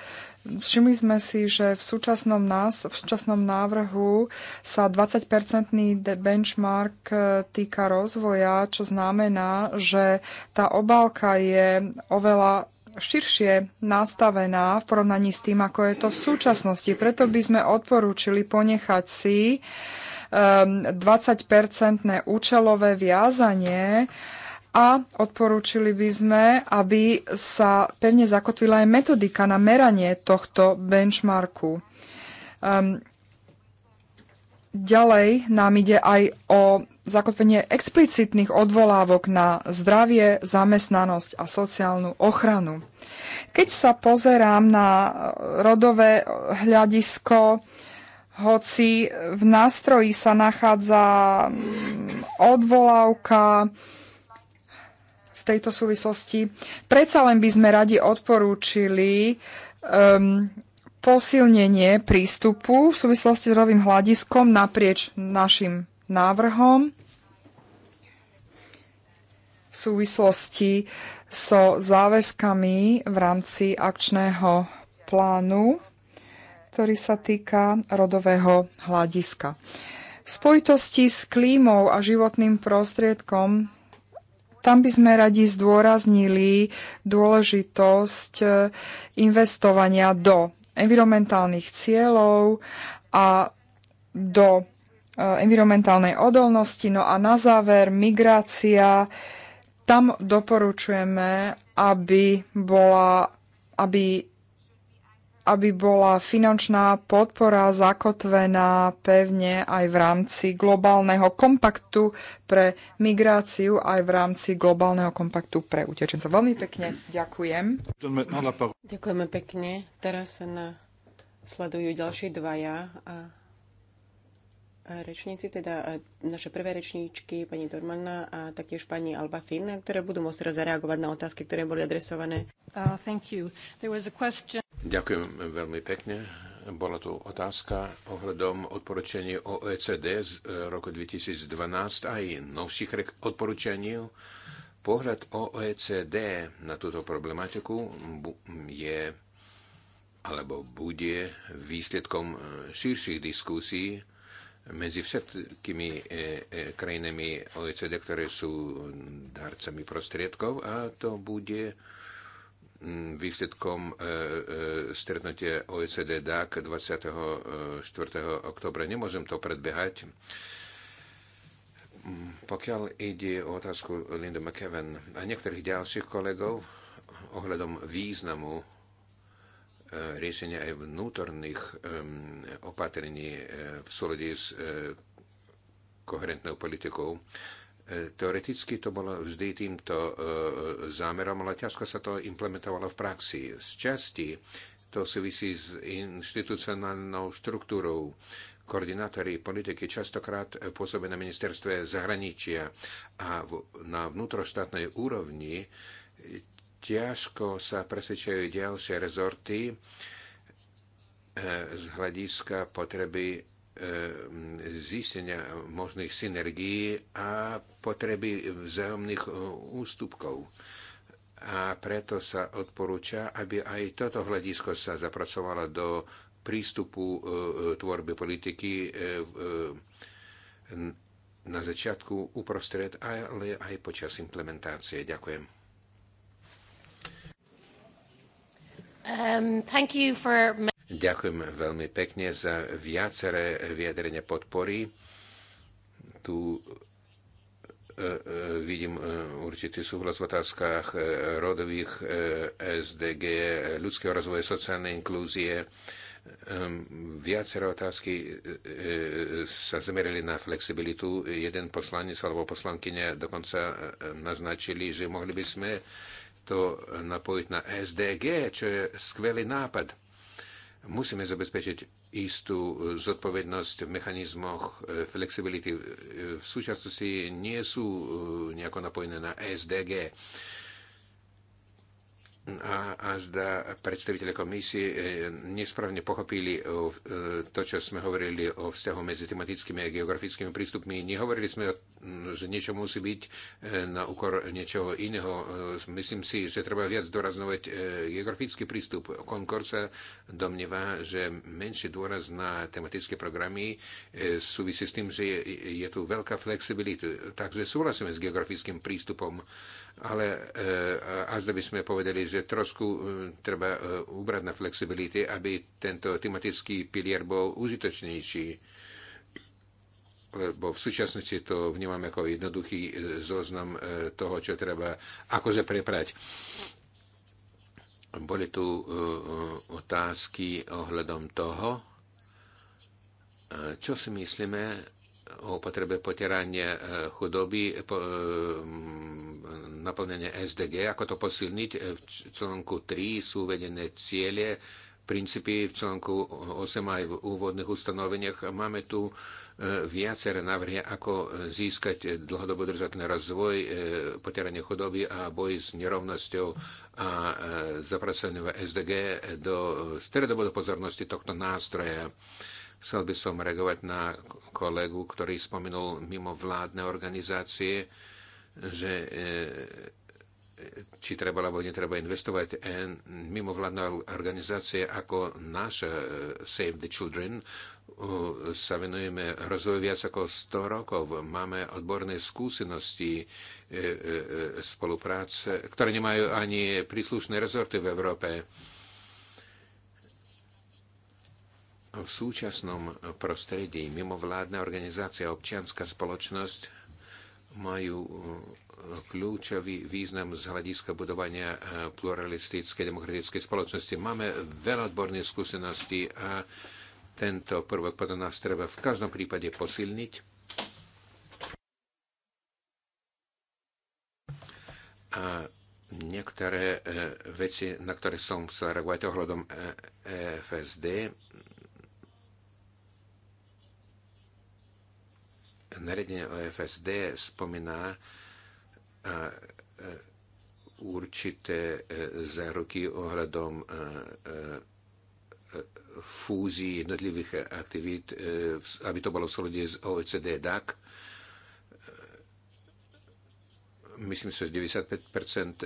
S3: Všimli sme si, že v súčasnom, nás, v súčasnom návrhu sa 20-percentný benchmark e, týka rozvoja, čo znamená, že tá obálka je oveľa širšie nastavená v porovnaní s tým, ako je to v súčasnosti. Preto by sme odporúčili ponechať si uh, 20-percentné um, účelové viazanie a odporúčili by sme, aby sa pevne zakotvila aj metodika na meranie tohto benchmarku. Um, ďalej nám ide aj o zakotvenie explicitných odvolávok na zdravie, zamestnanosť a sociálnu ochranu. Keď sa pozerám na rodové hľadisko, hoci v nástroji sa nachádza mm, odvolávka v tejto súvislosti. Predsa len by sme radi odporúčili um, posilnenie prístupu v súvislosti s rovým hľadiskom naprieč našim návrhom v súvislosti so záväzkami v rámci akčného plánu ktorý sa týka rodového hľadiska. V spojitosti s klímou a životným prostriedkom tam by sme radi zdôraznili dôležitosť e, investovania do environmentálnych cieľov a do e, environmentálnej odolnosti. No a na záver migrácia. Tam doporučujeme, aby bola aby aby bola finančná podpora zakotvená pevne aj v rámci globálneho kompaktu pre migráciu, aj v rámci globálneho kompaktu pre utečencov. Veľmi pekne
S2: ďakujem. Ďakujeme pekne. Teraz sa na sledujú ďalšie dvaja a rečníci, teda naše prvé rečníčky, pani Dormanna a taktiež pani Alba Finn, ktoré budú môcť teraz zareagovať na otázky, ktoré boli adresované. Uh, thank you. There was a question...
S1: Ďakujem veľmi pekne. Bola tu otázka ohľadom odporúčaní OECD z e, roku 2012 aj novších odporúčaní. Pohľad OECD na túto problematiku je alebo bude výsledkom e, širších diskusí medzi všetkými e, krajinami OECD, ktoré sú darcami prostriedkov a to bude výsledkom e, e, stretnutia OECD DAC 24. E, oktobra. Nemôžem to predbiehať. Pokiaľ ide o otázku Linda McKeven a niektorých ďalších kolegov ohľadom významu riešenia aj vnútorných opatrení v súlade s koherentnou politikou, E, teoreticky to bolo vždy týmto e, zámerom, ale ťažko sa to implementovalo v praxi. Z časti to súvisí s inštitucionálnou štruktúrou. Koordinátori politiky častokrát pôsobia na ministerstve zahraničia a na vnútroštátnej úrovni ťažko sa presvedčajú ďalšie rezorty e, z hľadiska potreby E, zistenia možných synergií a potreby vzájomných e, ústupkov. A preto sa odporúča, aby aj toto hľadisko sa zapracovalo do prístupu e, tvorby politiky na začiatku, uprostred, ale aj počas implementácie. Ďakujem. Um, thank you for... Ďakujem veľmi pekne za viaceré vyjadrenia podpory. Tu e, e, vidím e, určitý súhlas v otázkach rodových SDG, ľudského rozvoja, sociálnej inklúzie. Viaceré otázky sa zamerali na flexibilitu. Jeden poslanec alebo poslankyňa dokonca naznačili, že mohli by sme to napojiť na SDG, čo je skvelý nápad Musíme zabezpečiť istú zodpovednosť v mechanizmoch e, flexibility. E, v súčasnosti nie sú e, nejako napojené na SDG a, a zda predstaviteľe komisie e, nesprávne pochopili o, e, to, čo sme hovorili o vzťahu medzi tematickými a geografickými prístupmi. Nehovorili sme, že niečo musí byť e, na úkor niečoho iného. Myslím si, že treba viac doraznovať geografický prístup. Konkord domnieva, že menší dôraz na tematické programy súvisí s tým, že je, je tu veľká flexibilita. Takže súhlasíme s geografickým prístupom ale eh, a zda by sme povedali, že trošku hm, treba eh, ubrať na flexibility, aby tento tematický pilier bol užitočnejší. Lebo v súčasnosti to vnímam ako jednoduchý eh, zoznam toho, čo treba akože preprať. Boli tu otázky ohľadom toho, čo si myslíme o potrebe potierania e, chudoby, e, po, e, naplnenie SDG, ako to posilniť. V článku 3 sú uvedené ciele, princípy v článku 8 aj v úvodných ustanoveniach. Máme tu viaceré návrhy, ako získať dlhodobo držateľný rozvoj, potieranie chudoby a boj s nerovnosťou a zapracovanie SDG do stredobodu pozornosti tohto nástroja. Chcel by som reagovať na kolegu, ktorý spomenul mimo vládne organizácie, že e, či treba alebo netreba investovať. Mimo vládne organizácie ako naša e, Save the Children sa venujeme rozvoju viac ako 100 rokov. Máme odborné skúsenosti e, spolupráce, ktoré nemajú ani príslušné rezorty v Európe v súčasnom prostredí mimovládna organizácia občianská spoločnosť majú eh, kľúčový význam z hľadiska budovania eh, pluralistickej demokratickej spoločnosti. Máme veľa odborných skúseností a tento prvok podľa nás treba v každom prípade posilniť. A niektoré eh, veci, na ktoré som chcel reagovať ohľadom e FSD, nariadenie o FSD spomína e, e, určité e, záruky ohľadom fúzii jednotlivých aktivít, aby to bolo v súlade s OECD DAC. Myslím, že 95%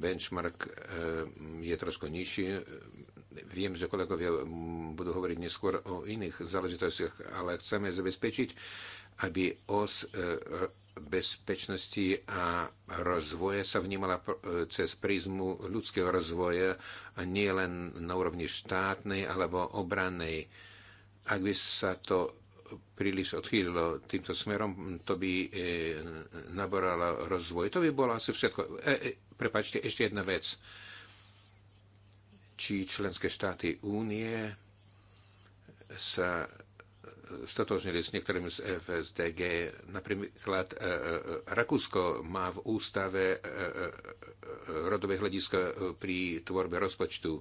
S1: benchmark je trošku nižší, Viem, že kolegovia budú hovoriť neskôr o iných záležitostiach, ale chceme zabezpečiť, aby os e, e, bezpečnosti a rozvoja sa vnímala e, cez prízmu ľudského rozvoja a nie len na úrovni štátnej alebo obrannej. Ak by sa to príliš odchýlilo týmto smerom, to by naboralo rozvoj. To by bolo asi všetko. E, e, prepačte, ešte jedna vec. E, či členské štáty únie sa stotožnili s niektorými z FSDG. Napríklad e, e, Rakúsko má v ústave e, rodové hľadisko pri tvorbe rozpočtu.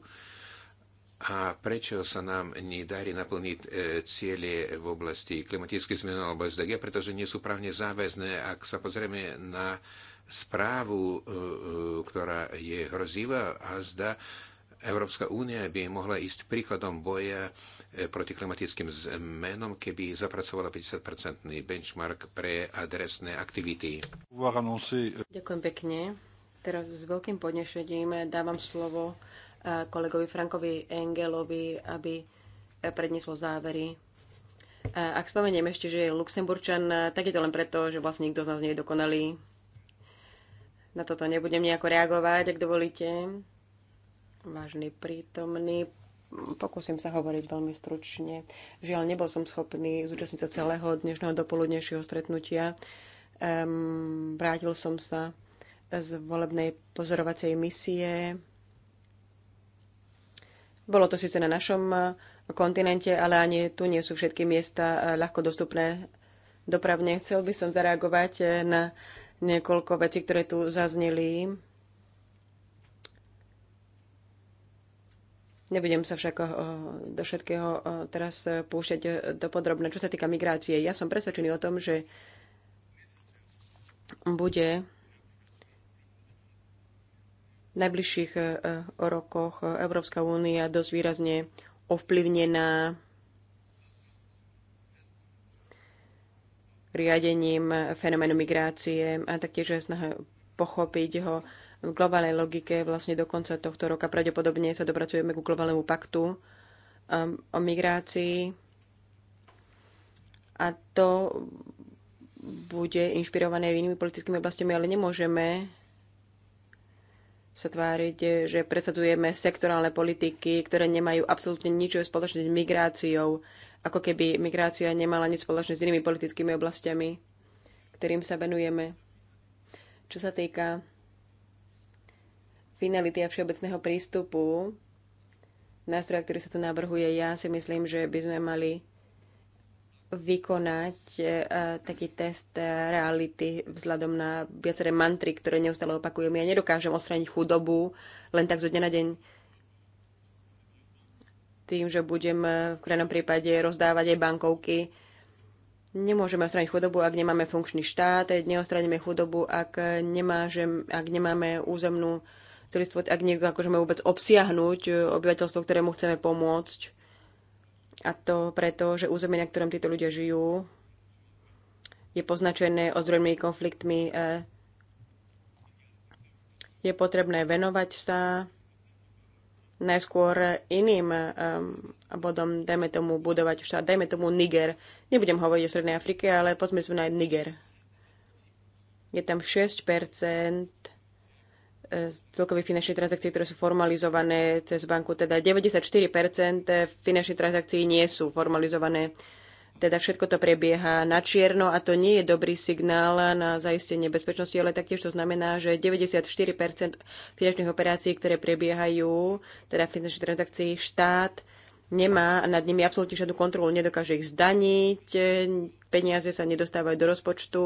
S1: A prečo sa nám nedarí naplniť cieľe v oblasti klimatických zmien alebo SDG? Pretože nie sú právne záväzné. Ak sa pozrieme na správu, ktorá je hrozivá a zda Európska únia by mohla ísť príkladom boja e, proti klimatickým zmenom, keby zapracovala 50-percentný benchmark pre adresné aktivity.
S2: Ďakujem pekne. Teraz s veľkým podnešením dávam slovo e, kolegovi Frankovi Engelovi, aby e, predniesol závery. Ak spomeniem ešte, že je Luxemburčan, tak je to len preto, že vlastne nikto z nás nie je dokonalý. Na toto nebudem nejako reagovať, ak dovolíte vážny prítomný. Pokúsim sa hovoriť veľmi stručne. Žiaľ, nebol som schopný zúčastniť sa celého dnešného dopoludnejšieho stretnutia. Um, vrátil som sa z volebnej pozorovacej misie. Bolo to síce na našom eh, kontinente, ale ani tu nie sú všetky miesta eh, ľahko dostupné dopravne. Chcel by som zareagovať eh, na niekoľko vecí, ktoré tu zazneli. Nebudem sa však eh, do všetkého eh, teraz eh, púšťať do podrobne. Čo sa týka migrácie, ja som presvedčený o tom, že bude v najbližších rokoch Európska únia dosť výrazne ovplyvnená riadením fenoménu migrácie a taktiež snaha pochopiť ho v globálnej logike vlastne do konca tohto roka pravdepodobne sa dopracujeme ku globálnemu paktu um, o migrácii a to bude inšpirované inými politickými oblastiami, ale nemôžeme sa tváriť, že predsadzujeme sektorálne politiky, ktoré nemajú absolútne nič spoločné s migráciou, ako keby migrácia nemala nič spoločné s inými politickými oblastiami, ktorým sa venujeme. Čo sa týka finality a všeobecného prístupu nástroja, ktorý sa tu navrhuje, ja si myslím, že by sme mali vykonať uh, taký test uh, reality vzhľadom na viaceré mantry, ktoré neustále opakujem. Ja nedokážem osraniť chudobu len tak zo dňa na deň tým, že budem uh, v krajnom prípade rozdávať aj bankovky. Nemôžeme osraniť chudobu, ak nemáme funkčný štát, neostraníme chudobu, ak, nemážem, ak nemáme územnú celistvo, ak niekto akože má vôbec obsiahnuť e, obyvateľstvo, ktorému chceme pomôcť. A to preto, že územie, na ktorom títo ľudia žijú, je poznačené ozdrojnými konfliktmi. E, je potrebné venovať sa najskôr iným um, bodom, dajme tomu budovať štát, dajme tomu Niger. Nebudem hovoriť o Strednej Afrike, ale poďme sa na Niger. Je tam 6 celkových finančné transakcie, ktoré sú formalizované cez banku, teda 94% finančných transakcií nie sú formalizované. Teda všetko to prebieha na čierno a to nie je dobrý signál na zaistenie bezpečnosti, ale taktiež to znamená, že 94% finančných operácií, ktoré prebiehajú, teda finančných transakcií, štát nemá nad nimi absolútne žiadnu kontrolu, nedokáže ich zdaniť, peniaze sa nedostávajú do rozpočtu,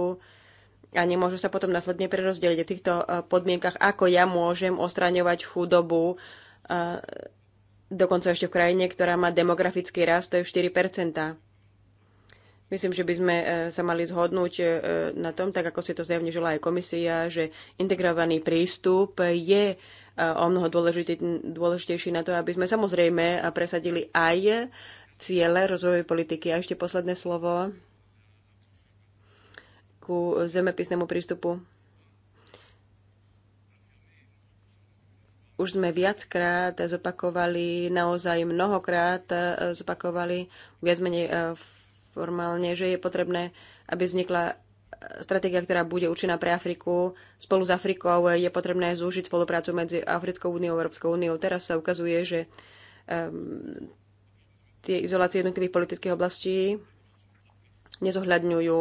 S2: a nemôžu sa potom následne prerozdeliť v týchto e, podmienkach, ako ja môžem ostraňovať chudobu e, dokonca ešte v krajine, ktorá má demografický rast, to je 4 Myslím, že by sme e, sa mali zhodnúť na tom, tak ako si to zjavne žila aj komisia, že integrovaný prístup je o mnoho dôležitejší na to, aby sme samozrejme presadili aj ciele rozvojovej politiky. A ešte posledné slovo ku zemepisnému prístupu. Už sme viackrát zopakovali, naozaj mnohokrát e, zopakovali, viac menej e, formálne, že je potrebné, aby vznikla e, stratégia, ktorá bude určená pre Afriku. Spolu s Afrikou je potrebné zúžiť spoluprácu medzi Africkou úniou a Európskou úniou. Teraz sa ukazuje, že um, tie izolácie jednotlivých politických oblastí nezohľadňujú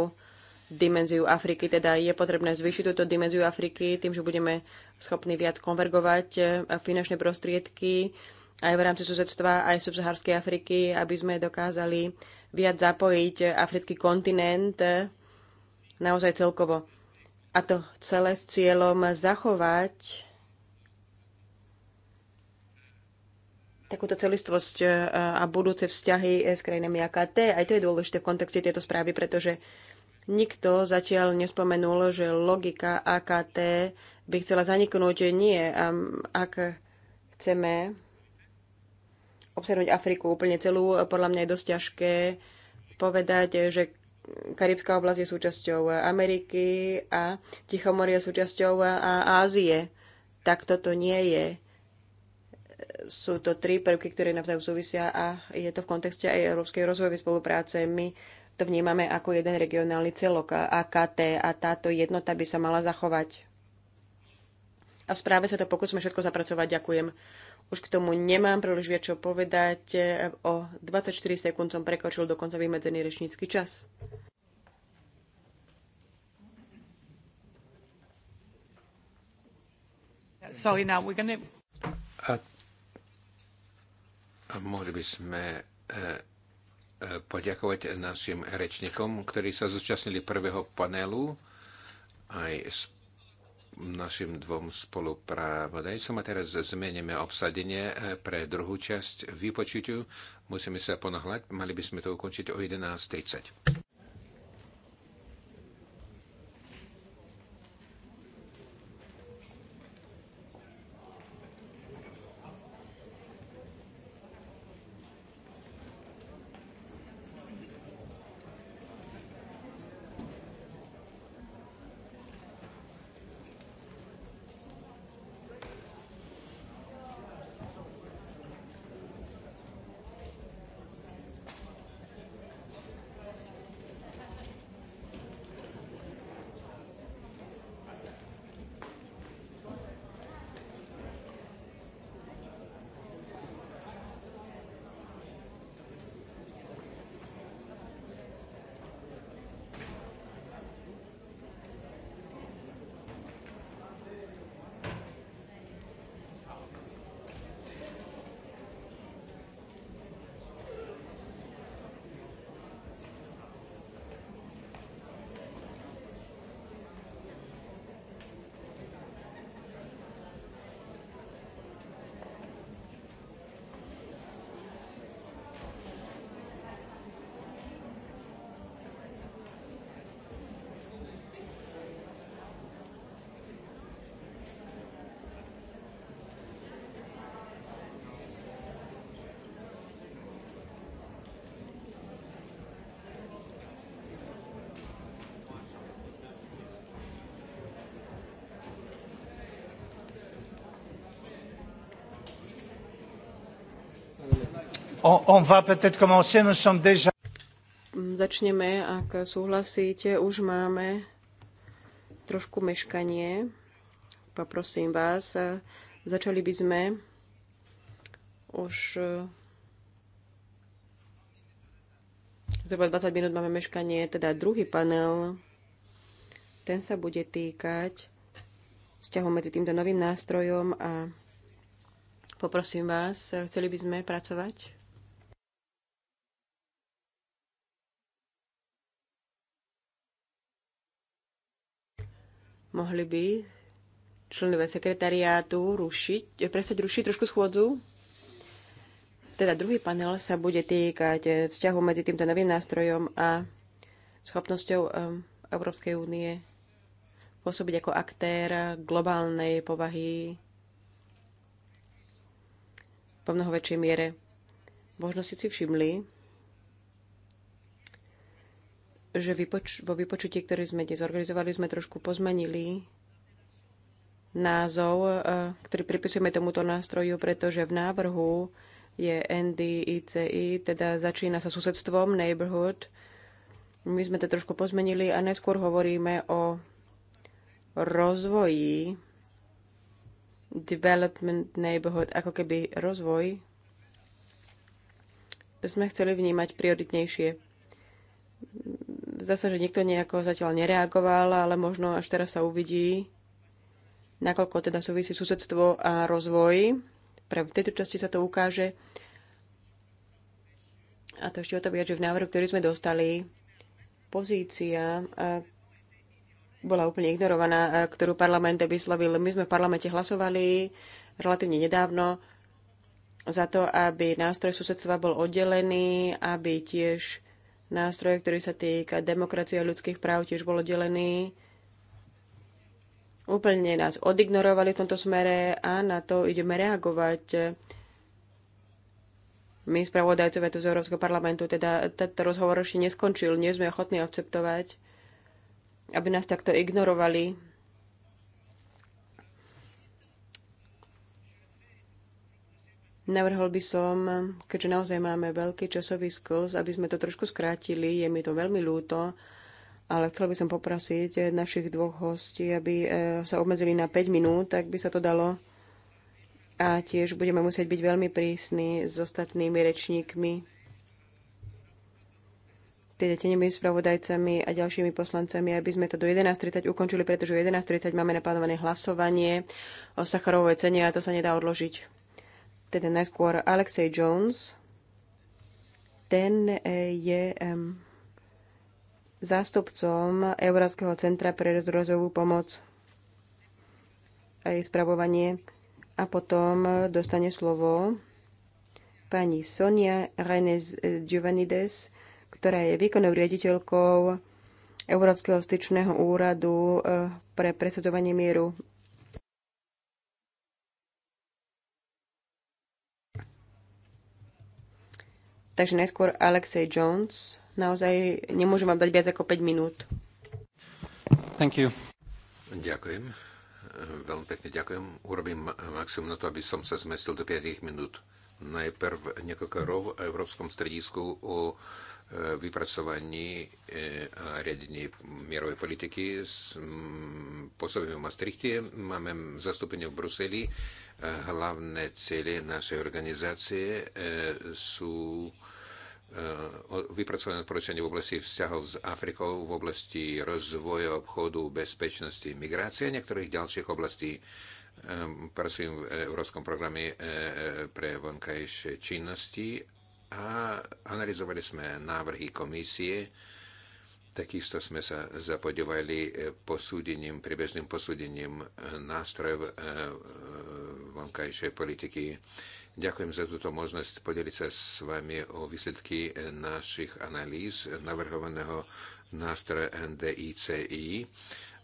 S2: dimenziu Afriky. Teda je potrebné zvýšiť túto dimenziu Afriky tým, že budeme schopní viac konvergovať e, finančné prostriedky aj v rámci susedstva, aj subsahárskej Afriky, aby sme dokázali viac zapojiť africký kontinent e, naozaj celkovo. A to celé s cieľom zachovať takúto celistvosť e, a budúce vzťahy s krajinami AKT. Aj to je dôležité v kontexte tejto správy, pretože Nikto zatiaľ nespomenul, že logika AKT by chcela zaniknúť. Nie, ak chceme obsiahnuť Afriku úplne celú, podľa mňa je dosť ťažké povedať, že Karibská oblasť je súčasťou Ameriky a Tichomor je súčasťou a Ázie. Tak toto nie je. Sú to tri prvky, ktoré navzájom súvisia a je to v kontexte aj európskej rozvojovej spolupráce. My to vnímame ako jeden regionálny celok AKT a táto jednota by sa mala zachovať. A v správe sa to pokúsme všetko zapracovať. Ďakujem. Už k tomu nemám príliš viac čo povedať. O 24 sekúnd som prekočil dokonca vymedzený rečnícky čas.
S3: Sorry, now we're gonna...
S1: a, a mohli by sme eh, poďakovať našim rečníkom, ktorí sa zúčastnili prvého panelu, aj s našim dvom spolupravodajcom. A teraz zmeníme obsadenie e, pre druhú časť výpočutiu. Musíme sa ponohľať, mali by sme to ukončiť o 11.30.
S2: Začneme, ak súhlasíte, už máme trošku meškanie. Poprosím vás, začali by sme už eh, zhruba 20 minút máme meškanie, teda druhý panel, ten sa bude týkať vzťahu medzi týmto novým nástrojom a poprosím vás, chceli by sme pracovať Mohli by členové sekretariátu rušiť, presať rušiť trošku schôdzu? Teda druhý panel sa bude týkať eh, vzťahu medzi týmto novým nástrojom a schopnosťou eh, Európskej únie pôsobiť ako aktér globálnej povahy po mnoho väčšej miere. Možno ste si všimli, že vypoč- vo vypočutí, ktoré sme dnes organizovali, sme trošku pozmenili názov, e, ktorý pripisujeme tomuto nástroju, pretože v návrhu je NDICI, teda začína sa susedstvom, neighborhood. My sme to trošku pozmenili a neskôr hovoríme o rozvoji, development neighborhood, ako keby rozvoj sme chceli vnímať prioritnejšie Zdá sa, že nikto nejako zatiaľ nereagoval, ale možno až teraz sa uvidí, nakoľko teda súvisí susedstvo a rozvoj. Pre v tejto časti sa to ukáže. A to ešte o to viac, že v návrhu, ktorý sme dostali, pozícia bola úplne ignorovaná, ktorú parlament vyslovil. My sme v parlamente hlasovali relatívne nedávno za to, aby nástroj susedstva bol oddelený, aby tiež nástroj, ktorý sa týka demokracie a ľudských práv, tiež bol delený. Úplne nás odignorovali v tomto smere a na to ideme reagovať. My, spravodajcovia tu z Európskeho parlamentu, teda tento rozhovor ešte neskončil, nie sme ochotní akceptovať, aby nás takto ignorovali Navrhol by som, keďže naozaj máme veľký časový sklz, aby sme to trošku skrátili, je mi to veľmi ľúto, ale chcel by som poprosiť našich dvoch hostí, aby e, sa obmedzili na 5 minút, tak by sa to dalo. A tiež budeme musieť byť veľmi prísni s ostatnými rečníkmi, teda tenými spravodajcami a ďalšími poslancami, aby sme to do 11.30 ukončili, pretože o 11.30 máme naplánované hlasovanie o Sacharovej cene a to sa nedá odložiť teda najskôr Alexej Jones, ten e, je zástupcom Európskeho centra pre rozrozovú pomoc a jej spravovanie. A potom dostane slovo pani Sonia Reines Giovanides, ktorá je výkonnou riaditeľkou Európskeho styčného úradu e, pre presadzovanie mieru Takže najskôr Alexej Jones. Naozaj nemôžem vám dať viac ako 5 minút.
S1: Thank you. Ďakujem. Veľmi pekne ďakujem. Urobím maximum na to, aby som sa zmestil do 5 minút najprv niekoľko rov v Európskom stredisku o e, vypracovaní e, a riadení mierovej politiky. Pôsobíme v Maastrichte, máme zastúpenie v Bruseli. E, hlavné cieľe našej organizácie sú vypracované odporúčanie v oblasti vzťahov s Afrikou, v oblasti rozvoja, obchodu, bezpečnosti, migrácie a niektorých ďalších oblastí Ehm, pracujem v e, Európskom programe e, e, pre vonkajšie činnosti a analyzovali sme návrhy komisie. Takisto sme sa zapodívali posúdením, priebežným posúdením nástrojov vonkajšej politiky. Ďakujem za túto možnosť podeliť sa s vami o výsledky našich analýz navrhovaného nástroja NDICI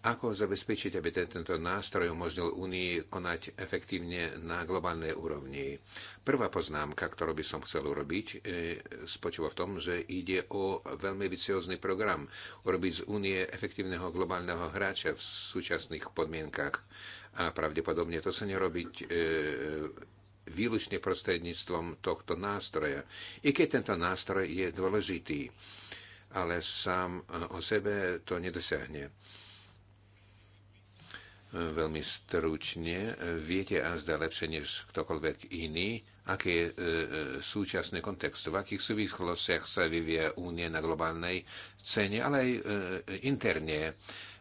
S1: ako zabezpečiť, aby tento nástroj umožnil Únii konať efektívne na globálnej úrovni? Prvá poznámka, ktorú by som chcel urobiť, e, spočíva v tom, že ide o veľmi viciózny program. Urobiť z Únie efektívneho globálneho hráča v súčasných podmienkach. A pravdepodobne to sa nerobiť e, výlučne prostredníctvom tohto nástroja. I keď tento nástroj je dôležitý, ale sám o sebe to nedosiahne veľmi stručne. Viete a zdá lepšie než ktokoľvek iný, aké je e, e súčasný kontext, v akých súvislostiach sa vyvie únie na globálnej cene, ale aj e, e, interne.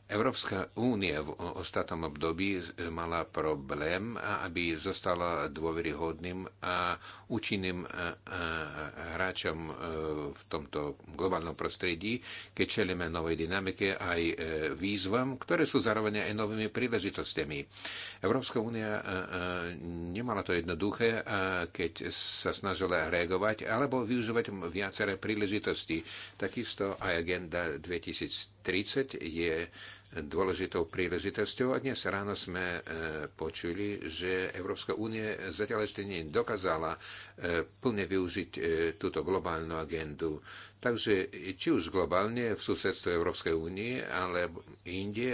S1: Európska únia v ostatnom období mala problém, aby zostala dôveryhodným a účinným hráčom e, v tomto globálnom prostredí, keď čelíme novej dynamike aj e, výzvam, ktoré sú zároveň aj novými príležitostiami. Európska únia e, nemala to jednoduché, keď sa snažila reagovať alebo využívať viaceré príležitosti. Takisto aj agenda 2030 je dôležitou príležitosťou a dnes ráno sme e, počuli, že Európska únie zatiaľ ešte nedokázala e, plne využiť e, túto globálnu agendu. Takže či už globálne v susedstve Európskej únie, ale inde,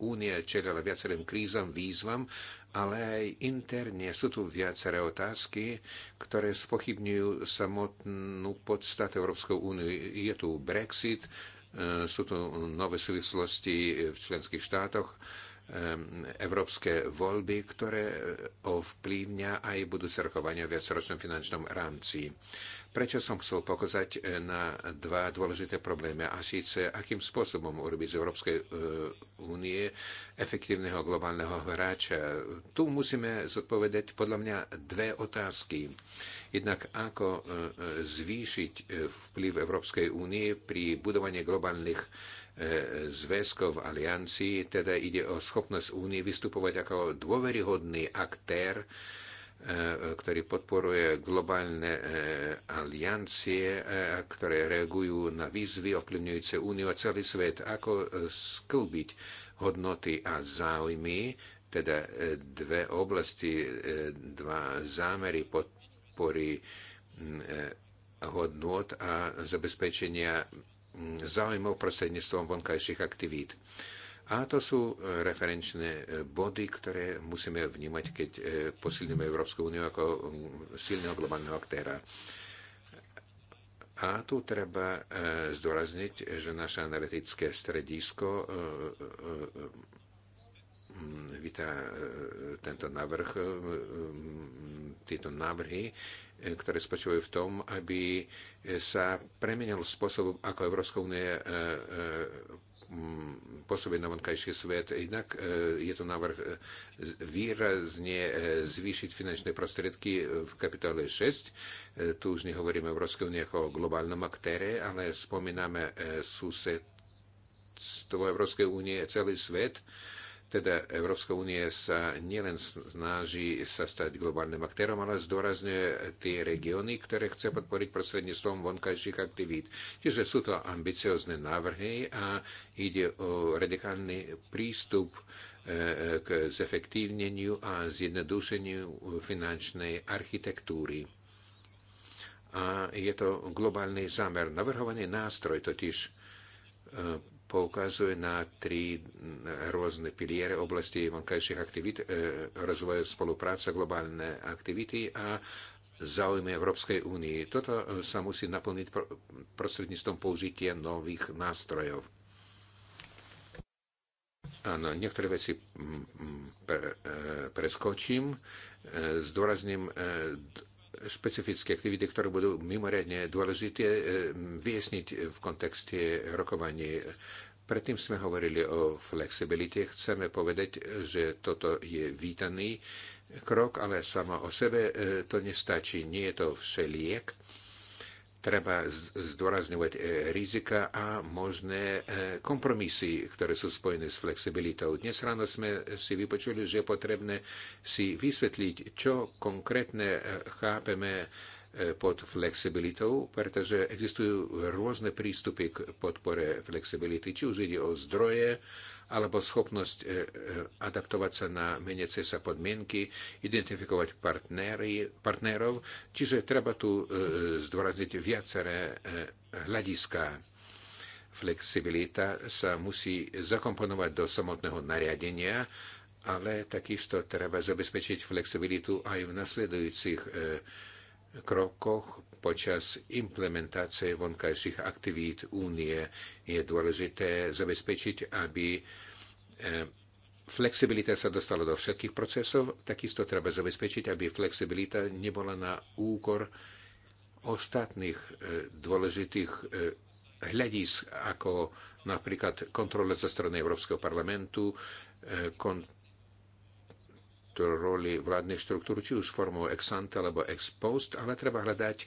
S1: únie čelila viacerým krízom, výzvam, ale aj interne sú tu viaceré otázky, ktoré spochybňujú samotnú podstatu Európskej únie. Je tu Brexit, E, sú tu nové súvislosti v členských štátoch, e, európske voľby, ktoré ovplyvňa aj budúce rokovania v viacročnom finančnom rámci. Prečo som chcel pokazať e, na dva dôležité problémy a síce akým spôsobom urobiť z Európskej únie efektívneho globálneho hráča. Tu musíme zodpovedať podľa mňa dve otázky Jednak ako e, e, zvýšiť e, vplyv Európskej únie pri budovaní globálnych zväzkov aliancii, teda ide o schopnosť únie vystupovať ako dôveryhodný aktér, ktorý podporuje globálne aliancie, ktoré reagujú na výzvy ovplyvňujúce úniu a celý svet. Ako sklbiť hodnoty a záujmy, teda dve oblasti, dva zámery pod podpory hodnot a zabezpečenia záujmov prostredníctvom vonkajších aktivít. A to sú referenčné body, ktoré musíme vnímať, keď posilníme Európsku úniu ako silného globálneho aktéra. A tu treba zdôrazniť, že naše analytické stredisko vítá tento návrh tieto návrhy, e, ktoré spočívajú v tom, aby e, sa premenil spôsob, ako Európska únie e, pôsobí na vonkajší svet. Jednak je to návrh výrazne zvýšiť finančné prostriedky v kapitole 6. Tu už nehovoríme o Európskej únie ako o globálnom aktére, ale spomíname susedstvo Európskej únie, celý svet teda Európska únie sa nielen snaží sa stať globálnym aktérom, ale zdôrazňuje tie regióny, ktoré chce podporiť prostredníctvom vonkajších aktivít. Čiže sú to ambiciozne návrhy a ide o radikálny prístup e, e, k zefektívneniu a zjednodušeniu finančnej architektúry. A je to globálny zámer. Navrhovaný nástroj totiž e, poukazuje na tri rôzne piliere oblasti vonkajších aktivít, e, rozvoje spolupráce, globálne aktivity a záujmy Európskej únie. Toto e, sa musí naplniť prostredníctvom použitia nových nástrojov. Áno, niektoré veci e, preskočím. Zdôrazním špecifické aktivity, ktoré budú mimoriadne dôležité eh, vyjasniť v kontexte rokovaní. Predtým sme hovorili o flexibilite. Chceme povedať, že toto je vítaný krok, ale samo o sebe eh, to nestačí. Nie je to všeliek treba zdôrazňovať e, rizika a možné e, kompromisy, ktoré sú spojené s flexibilitou. Dnes ráno sme si vypočuli, že je potrebné si vysvetliť, čo konkrétne e, chápeme pod flexibilitou, pretože existujú rôzne prístupy k podpore flexibility, či už ide o zdroje, alebo schopnosť e, e, adaptovať sa na meniace sa podmienky, identifikovať partnery, partnerov. Čiže treba tu e, zdôrazniť viaceré hľadiska. Flexibilita sa musí zakomponovať do samotného nariadenia, ale takisto treba zabezpečiť flexibilitu aj v nasledujúcich krokoch počas implementácie vonkajších aktivít únie. Je dôležité zabezpečiť, aby eh, flexibilita sa dostala do všetkých procesov, takisto treba zabezpečiť, aby flexibilita nebola na úkor ostatných eh, dôležitých eh, hľadísk, ako napríklad kontrola zo strany Európskeho parlamentu, kontrola roli vládnych štruktúr, či už formou ex ante alebo ex post, ale treba hľadať e,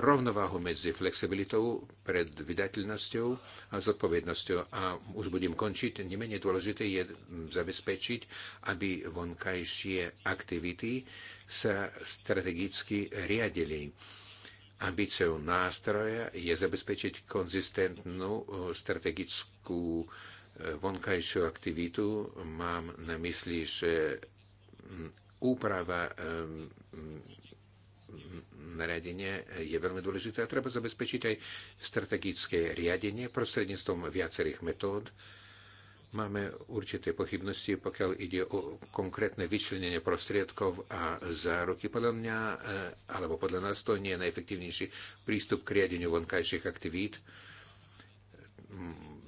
S1: rovnováhu medzi flexibilitou, predvydateľnosťou a zodpovednosťou. A už budem končiť, nemenej dôležité je zabezpečiť, aby vonkajšie aktivity sa strategicky riadili. Ambíciou nástroja je zabezpečiť konzistentnú e, strategickú vonkajšiu aktivitu, mám na mysli, že úprava nariadenie je veľmi dôležité a treba zabezpečiť aj strategické riadenie prostredníctvom viacerých metód. Máme určité pochybnosti, pokiaľ ide o konkrétne vyčlenenie prostriedkov a záruky. Podľa mňa, eh, alebo podľa nás to nie je najefektívnejší prístup k riadeniu vonkajších aktivít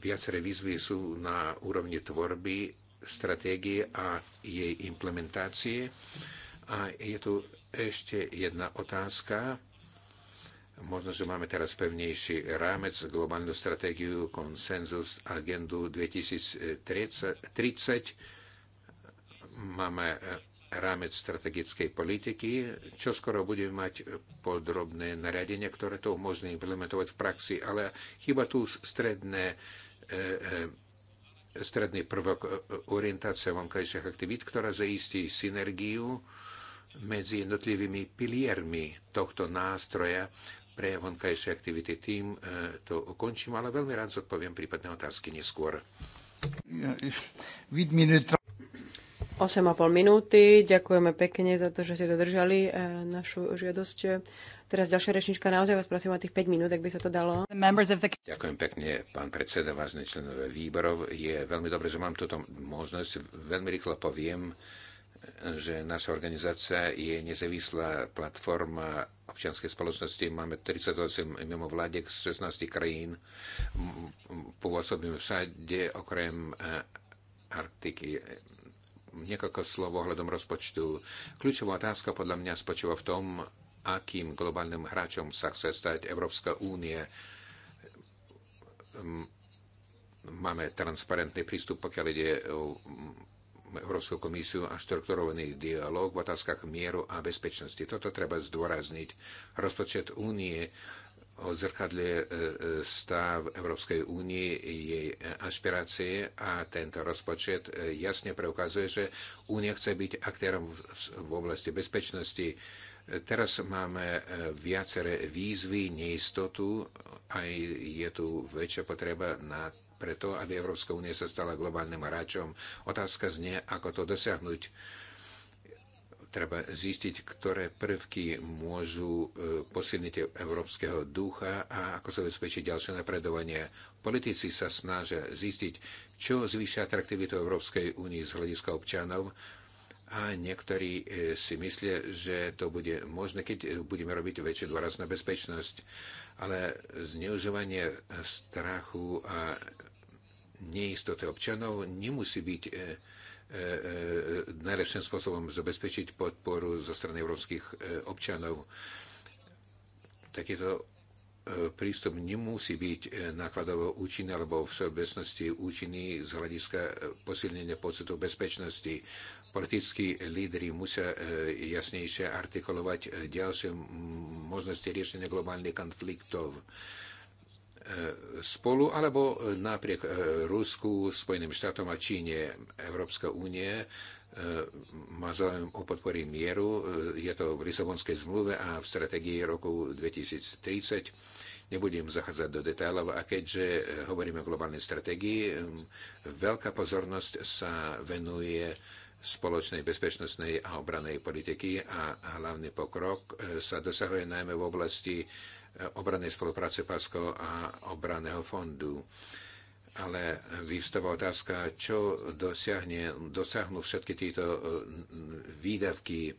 S1: Viaceré výzvy sú na úrovni tvorby, stratégie a jej implementácie. A je tu ešte jedna otázka. Možno, že máme teraz pevnejší rámec, globálnu stratégiu, konsenzus, agendu 2030. Máme eh, rámec strategickej politiky, čo skoro budeme mať podrobné nariadenia, ktoré to umožní implementovať v praxi, ale chyba tu stredné E, e, stredný prvok e, orientácia vonkajších aktivít, ktorá zaistí synergiu medzi jednotlivými piliermi tohto nástroja pre vonkajšie aktivity. Tým to ukončím, ale veľmi rád zodpoviem prípadné otázky neskôr. Ja,
S2: 8,5 minúty. Ďakujeme pekne za to, že ste dodržali e, našu žiadosť. Teraz ďalšia rečnička, naozaj vás prosím o tých 5 minút, ak by sa to dalo. Ďakujem
S1: pekne, pán predseda, vážne členové výborov. Je veľmi dobré, že mám túto možnosť. Veľmi rýchlo poviem, že naša organizácia je nezávislá platforma občianskej spoločnosti. Máme 38 mimovládek z 16 krajín. Pôsobíme všade, okrem e, Arktiky Niekoľko slov ohľadom rozpočtu. Kľúčová otázka podľa mňa spočíva v tom, akým globálnym hráčom sa chce stať Európska únie. Máme transparentný prístup, pokiaľ ide o Európsku komisiu a štrukturovaný dialog v otázkach mieru a bezpečnosti. Toto treba zdôrazniť. Rozpočet únie odzrkadľuje e, e, stav Európskej únie, jej e, aspirácie a tento rozpočet jasne preukazuje, že únia chce byť aktérom v oblasti bezpečnosti. Teraz máme viaceré výzvy, neistotu, a je tu väčšia potreba na preto, aby Európska únia sa stala globálnym hráčom. Otázka znie, ako to dosiahnuť Treba zistiť, ktoré prvky môžu e, posilniť európskeho ducha a ako sa zabezpečí ďalšie napredovanie. Politici sa snažia zistiť, čo zvýšia atraktivitu Európskej únie z hľadiska občanov a niektorí e, si myslia, že to bude možné, keď budeme robiť väčší dôraz na bezpečnosť. Ale zneužívanie strachu a neistoty občanov nemusí byť e, E, e, najlepším spôsobom zabezpečiť podporu zo strany európskych e, občanov. Takýto prístup nemusí byť nákladovo účinný alebo všeobecnosti účinný z hľadiska posilnenia pocitu bezpečnosti. Politickí lídry musia jasnejšie artikulovať ďalšie možnosti riešenia globálnych konfliktov E, spolu alebo napriek e, Rusku, Spojeným štátom a Číne Európska únie e, má záujem o podpory mieru. Je to v Lisabonskej zmluve a v strategii roku 2030. Nebudem zachádzať do detailov a keďže hovoríme o globálnej stratégii, veľká pozornosť sa venuje spoločnej bezpečnostnej a obranej politiky a hlavný pokrok sa dosahuje najmä v oblasti obrannej spolupráce PASCO a obranného fondu. Ale vyvstáva otázka, čo dosiahne, dosiahnu všetky tieto e, výdavky.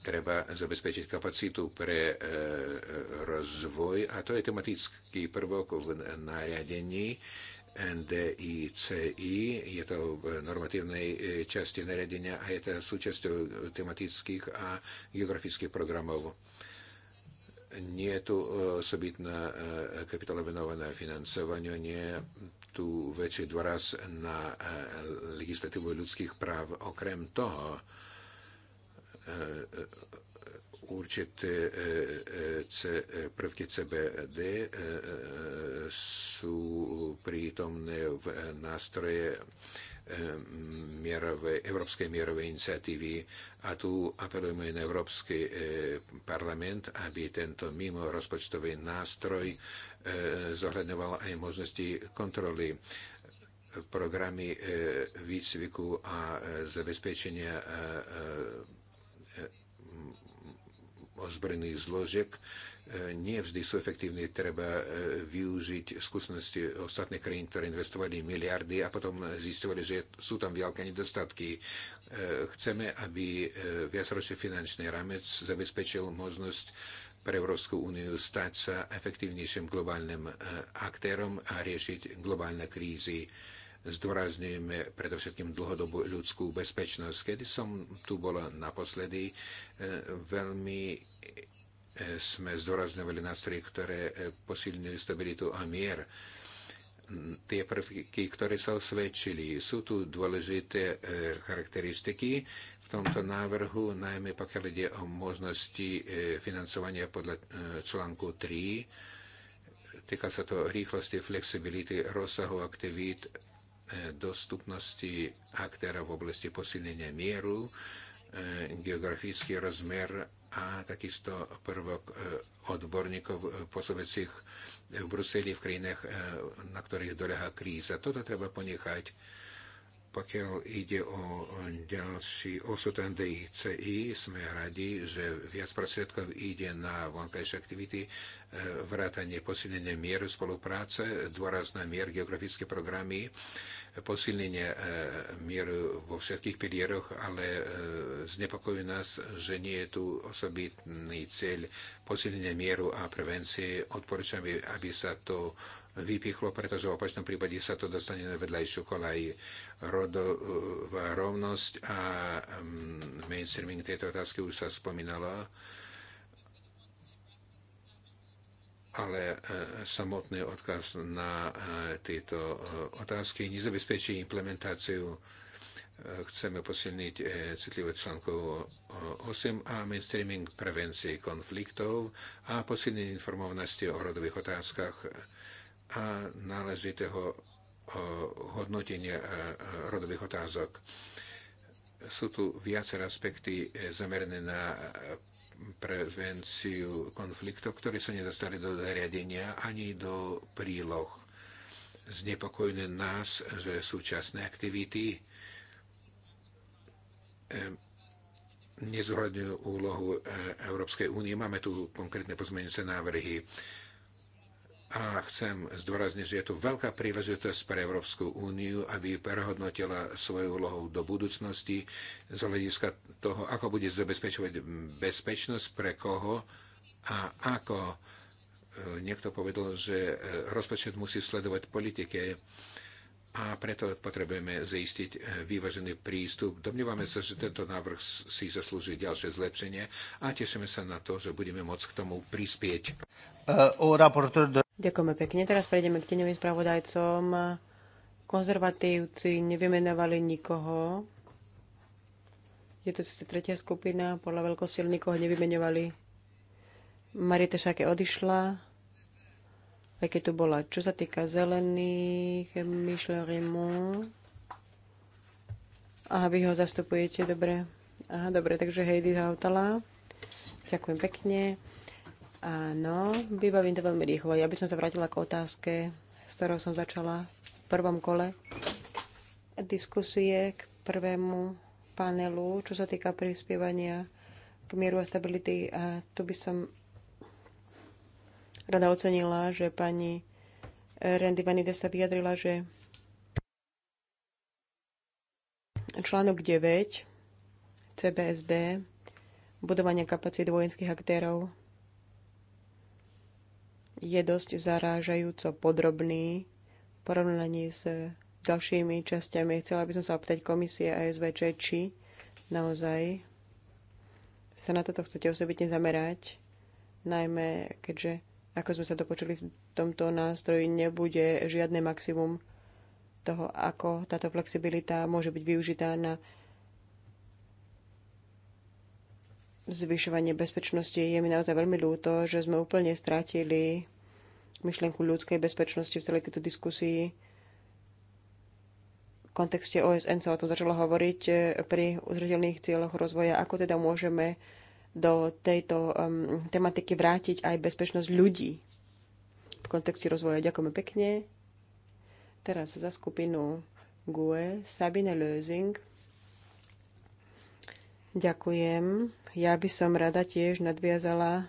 S1: Treba zabezpečiť kapacitu pre e, rozvoj a to je tematický prvok v nariadení. NDICI, je to v normatívnej e, časti nariadenia a je to súčasťou tematických a geografických programov nie je tu e, osobitná e, kapitola venovaná financovaniu, nie je tu väčší dôraz na e, legislatívu ľudských práv. Okrem toho, určité prvky CBD sú prítomné v nástroje mierové, Európskej mierovej iniciatívy a tu apelujeme na Európsky e, parlament, aby tento mimo rozpočtový nástroj e, zohľadňoval aj možnosti kontroly programy e, výcviku a zabezpečenia ozbrojených zložiek e, nie vždy sú efektívne, Treba e, využiť skúsenosti ostatných krajín, ktoré investovali miliardy a potom zistili, že sú tam veľké nedostatky. E, chceme, aby viacročný finančný rámec zabezpečil možnosť pre Európsku úniu stať sa efektívnejším globálnym aktérom a riešiť globálne krízy zdôrazňujeme predovšetkým dlhodobú ľudskú bezpečnosť. Kedy som tu bol naposledy, e, veľmi e, sme zdôrazňovali nástroje, ktoré e, posilňujú stabilitu a mier. Tie prvky, ktoré sa osvedčili, sú tu dôležité charakteristiky v tomto návrhu, najmä pokiaľ ide o možnosti financovania podľa článku 3 Týka sa to rýchlosti, flexibility, rozsahu aktivít E, dostupnosti aktéra v oblasti posilnenia mieru, e, geografický rozmer a takisto prvok e, odborníkov pôsobecích v Bruseli, v krajinách, na ktorých doľaha kríza. Toto treba ponechať pokiaľ ide o ďalší osud NDICI, sme radi, že viac prostriedkov ide na vonkajšie aktivity, e, vrátanie posilnenia mieru spolupráce, dôraz na mier geografické programy, posilnenie e, mieru vo všetkých pilieroch, ale e, znepokojuje nás, že nie je tu osobitný cieľ posilnenia mieru a prevencie. Odporúčam, aby sa to vypichlo, pretože v opačnom prípade sa to dostane na vedľajšiu kolaj rodová rovnosť a mm, mainstreaming tejto otázky už sa spomínalo, ale e, samotný odkaz na e, tieto e, otázky nezabezpečí implementáciu chceme posilniť citlivé článkov 8 a mainstreaming prevencie konfliktov a posilniť informovanosti o rodových otázkach a náležitého e, hodnotenia e, e, rodových otázok. Sú tu viaceré aspekty zamerané na prevenciu konfliktov, ktoré sa nedostali do zariadenia ani do príloh. Znepokojuje nás, že súčasné aktivity nezohľadňujú úlohu Európskej únie. Máme tu konkrétne pozmeňujúce návrhy. A chcem zdôrazniť, že je to veľká príležitosť pre Európsku úniu, aby prehodnotila svoju úlohu do budúcnosti z hľadiska toho, ako bude zabezpečovať bezpečnosť, pre koho a ako. E, niekto povedal, že e, rozpočet musí sledovať politike a preto potrebujeme zaistiť e, vyvážený prístup. Domnievame sa, že tento návrh si zaslúži ďalšie zlepšenie a tešíme sa na to, že budeme môcť k tomu prispieť. Uh,
S2: Ďakujeme pekne. Teraz prejdeme k teňovým spravodajcom. Konzervatívci nevymenovali nikoho. Je to sice tretia skupina, podľa veľkosti nikoho nevymenovali. Marita Šáke odišla, aj keď tu bola. Čo sa týka zelených, Michel Rimu. Aha, vy ho zastupujete, dobre. Aha, dobre, takže Heidi zautala. Ďakujem pekne. Áno, vybavím to veľmi rýchlo. Ja by som sa vrátila k otázke, s ktorou som začala v prvom kole diskusie k prvému panelu, čo sa týka prispievania k mieru a stability. A tu by som rada ocenila, že pani Randy Vanide sa vyjadrila, že článok 9 CBSD budovania kapacít vojenských aktérov je dosť zarážajúco podrobný v porovnaní s ďalšími časťami. Chcela by som sa opýtať komisie a SVČ, či naozaj sa na toto chcete osobitne zamerať, najmä keďže, ako sme sa to počuli v tomto nástroji, nebude žiadne maximum toho, ako táto flexibilita môže byť využitá na zvyšovanie bezpečnosti. Je mi naozaj veľmi ľúto, že sme úplne strátili myšlienku ľudskej bezpečnosti v celej tejto diskusii. V kontexte OSN sa o tom začalo hovoriť eh, pri uzretelných cieľoch rozvoja. Ako teda môžeme do tejto um, tematiky vrátiť aj bezpečnosť ľudí v kontexte rozvoja. Ďakujeme pekne. Teraz za skupinu GUE Sabine Lösing. Ďakujem. Ja by som rada tiež nadviazala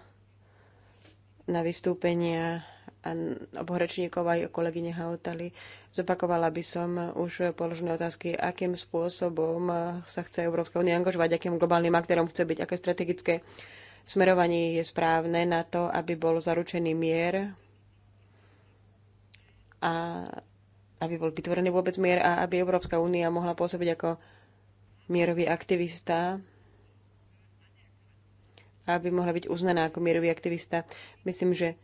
S2: na vystúpenia a obhorečníkov aj kolegyne Hautali. Zopakovala by som už položené otázky, akým spôsobom sa chce Európska únia angažovať, akým globálnym aktérom chce byť, aké strategické smerovanie je správne na to, aby bol zaručený mier a aby bol vytvorený vôbec mier a aby Európska únia mohla pôsobiť ako mierový aktivista aby mohla byť uznaná ako mierový aktivista. Myslím, že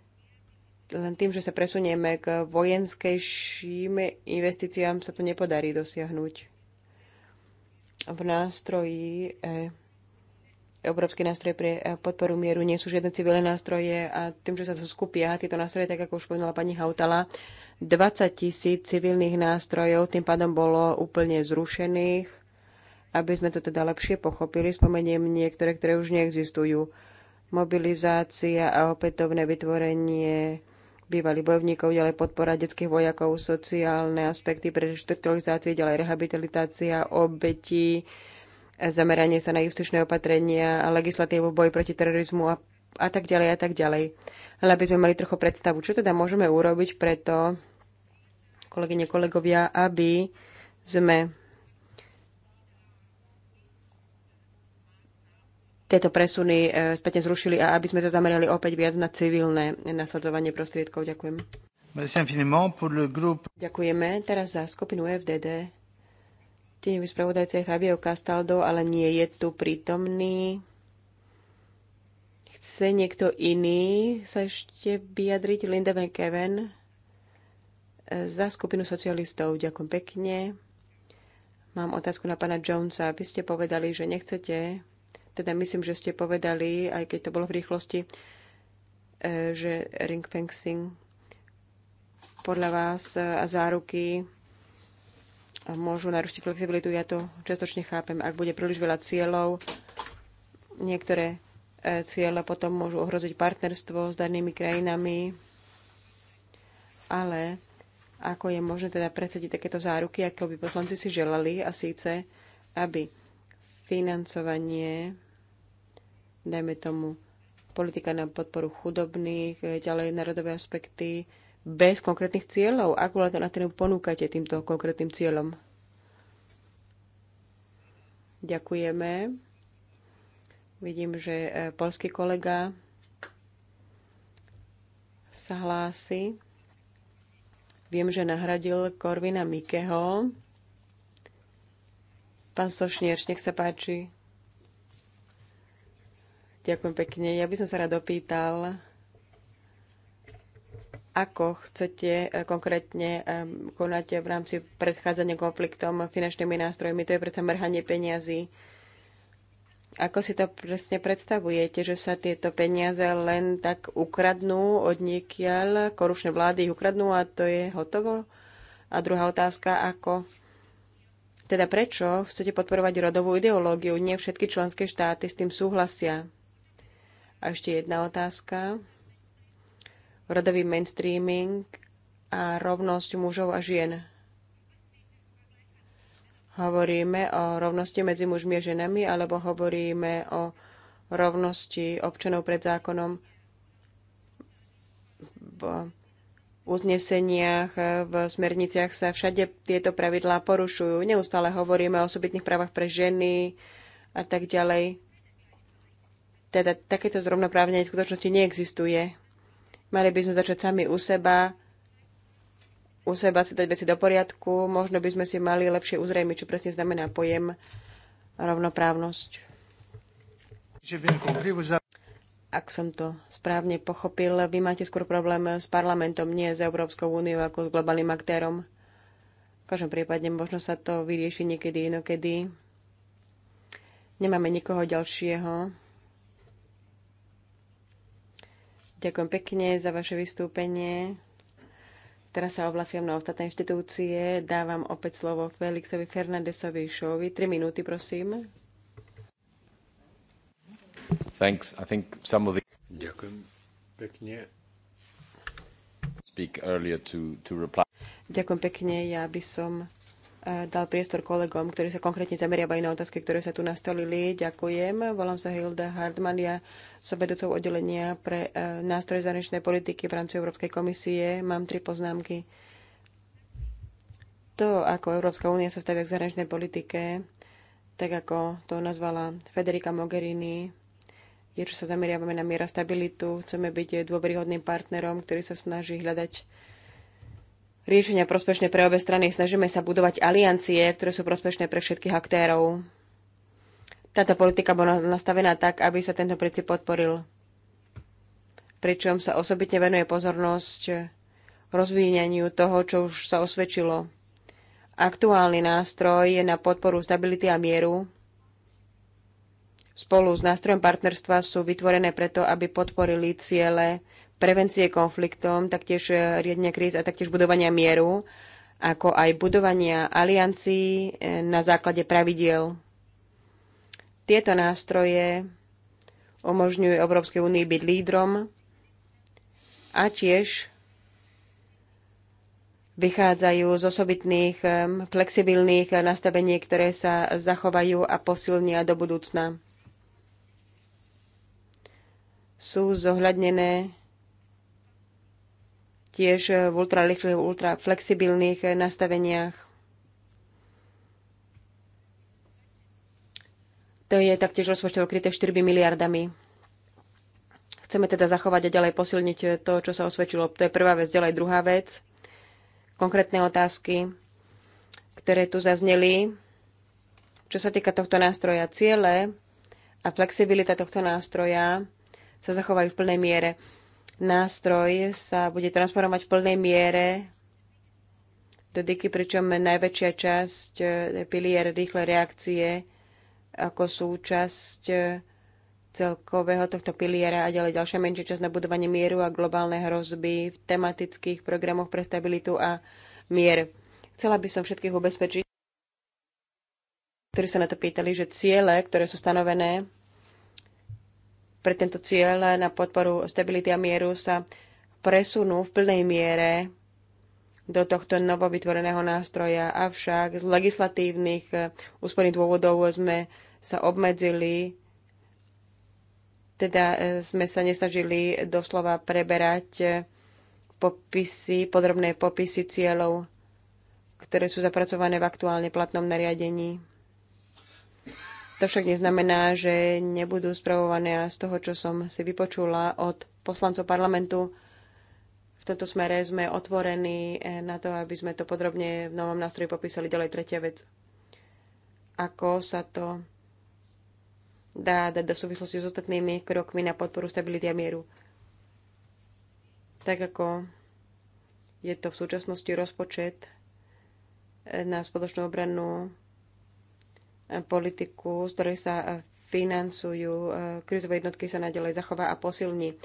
S2: len tým, že sa presunieme k vojenskejším investíciám, sa to nepodarí dosiahnuť. V nástroji, e, Európsky nástroj pre e, podporu mieru nie sú žiadne civilné nástroje a tým, že sa skupia tieto nástroje, tak ako už povedala pani Hautala, 20 tisíc civilných nástrojov tým pádom bolo úplne zrušených aby sme to teda lepšie pochopili, spomeniem niektoré, ktoré už neexistujú. Mobilizácia a opätovné vytvorenie bývalých bojovníkov, ďalej podpora detských vojakov, sociálne aspekty pre reštrukturalizáciu, ďalej rehabilitácia obetí, zameranie sa na justičné opatrenia, legislatívu, boj proti terorizmu a, a tak ďalej a tak ďalej. Ale aby sme mali trochu predstavu, čo teda môžeme urobiť preto, kolegyne, kolegovia, aby sme tieto presuny e, spätne zrušili a aby sme sa zamerali opäť viac na civilné nasadzovanie prostriedkov. Ďakujem. Ďakujeme. Teraz za skupinu FDD. Tieňový spravodajca je Fabio Castaldo, ale nie je tu prítomný. Chce niekto iný sa ešte vyjadriť? Linda Van Keven e, za skupinu socialistov. Ďakujem pekne. Mám otázku na pána Jonesa. Vy ste povedali, že nechcete teda myslím, že ste povedali, aj keď to bolo v rýchlosti, e, že ring fencing podľa vás e, a záruky e, môžu narušiť flexibilitu. Ja to častočne chápem. Ak bude príliš veľa cieľov, niektoré cieľa potom môžu ohroziť partnerstvo s danými krajinami. Ale ako je možné teda presadiť takéto záruky, ako by poslanci si želali a síce, aby financovanie dajme tomu politika na podporu chudobných, eh, ďalej národové aspekty, bez konkrétnych cieľov. Akú alternatívu ponúkate týmto konkrétnym cieľom? Ďakujeme. Vidím, že eh, polský kolega sa hlási. Viem, že nahradil Korvina Mikeho. Pán Sošnierš, nech sa páči. Ďakujem pekne. Ja by som sa rád opýtal, ako chcete eh, konkrétne eh, konať v rámci predchádzania konfliktom finančnými nástrojmi. To je predsa mrhanie peniazy. Ako si to presne predstavujete, že sa tieto peniaze len tak ukradnú od niekiaľ, korupčné vlády ich ukradnú a to je hotovo? A druhá otázka, ako teda prečo chcete podporovať rodovú ideológiu? Nie všetky členské štáty s tým súhlasia. A ešte jedna otázka. Rodový mainstreaming a rovnosť mužov a žien. Hovoríme o rovnosti medzi mužmi a ženami, alebo hovoríme o rovnosti občanov pred zákonom v uzneseniach, v smerniciach sa všade tieto pravidlá porušujú. Neustále hovoríme o osobitných právach pre ženy a tak ďalej. Teda takéto zrovnoprávne v skutočnosti neexistuje. Mali by sme začať sami u seba, u seba si dať veci do poriadku, možno by sme si mali lepšie uzrejmiť, čo presne znamená pojem rovnoprávnosť. Ak som to správne pochopil, vy máte skôr problém s parlamentom, nie s Európskou úniou ako s globálnym aktérom. V každom prípade možno sa to vyrieši niekedy inokedy. Nemáme nikoho ďalšieho. Ďakujem pekne za vaše vystúpenie. Teraz sa oblasiam na ostatné inštitúcie. Dávam opäť slovo Felixovi Fernandesovi Šovi. Tri minúty, prosím.
S3: Thanks. I think some of the...
S1: Ďakujem pekne.
S3: Speak earlier to, to reply.
S2: Ďakujem pekne. Ja by som dal priestor kolegom, ktorí sa konkrétne zameriavajú na otázky, ktoré sa tu nastolili. Ďakujem. Volám sa Hilda Hardman, ja som vedúcou oddelenia pre e, nástroje zahraničnej politiky v rámci Európskej komisie. Mám tri poznámky. To, ako Európska únia sa stavia k zahraničnej politike, tak ako to nazvala Federica Mogherini, je, čo sa zameriavame na miera stabilitu. Chceme byť dôveryhodným partnerom, ktorý sa snaží hľadať riešenia prospešné pre obe strany. Snažíme sa budovať aliancie, ktoré sú prospešné pre všetkých aktérov. Táto politika bola nastavená tak, aby sa tento princíp podporil. Pričom sa osobitne venuje pozornosť rozvíjaniu toho, čo už sa osvedčilo. Aktuálny nástroj je na podporu stability a mieru spolu s nástrojom partnerstva sú vytvorené preto, aby podporili ciele prevencie konfliktom, taktiež e, riadenia kríz a taktiež budovania mieru, ako aj budovania aliancií e, na základe pravidiel. Tieto nástroje umožňujú Európskej únii byť lídrom a tiež vychádzajú z osobitných e, flexibilných nastavení, ktoré sa zachovajú a posilnia do budúcna. Sú zohľadnené tiež v ultrarýchlych, ultraflexibilných nastaveniach. To je taktiež rozpočtovo kryté 4 miliardami. Chceme teda zachovať a ďalej posilniť to, čo sa osvedčilo. To je prvá vec, ďalej druhá vec. Konkrétne otázky, ktoré tu zazneli. Čo sa týka tohto nástroja ciele a flexibilita tohto nástroja sa zachovajú v plnej miere nástroj sa bude transformovať v plnej miere do DIKy, pričom najväčšia časť, e, pilier rýchle reakcie ako súčasť e, celkového tohto piliera a ďalej ďalšia menšia časť na budovanie mieru a globálne hrozby v tematických programoch pre stabilitu a mier. Chcela by som všetkých ubezpečiť, ktorí sa na to pýtali, že ciele, ktoré sú stanovené pre tento cieľ na podporu stability a mieru sa presunú v plnej miere do tohto novovytvoreného nástroja. Avšak z legislatívnych eh, úsporných dôvodov sme sa obmedzili, teda eh, sme sa nesnažili doslova preberať eh, popisy, podrobné popisy cieľov, ktoré sú zapracované v aktuálne platnom nariadení. To však neznamená, že nebudú spravované a z toho, čo som si vypočula od poslancov parlamentu, v tomto smere sme otvorení eh, na to, aby sme to podrobne v novom nástroji popísali. Ďalej tretia vec. Ako sa to dá dať do súvislosti s ostatnými krokmi na podporu stability a mieru. Tak ako je to v súčasnosti rozpočet eh, na spoločnú obranu politiku, z ktorej sa financujú e, krizové jednotky, sa nadalej zachová a posilní.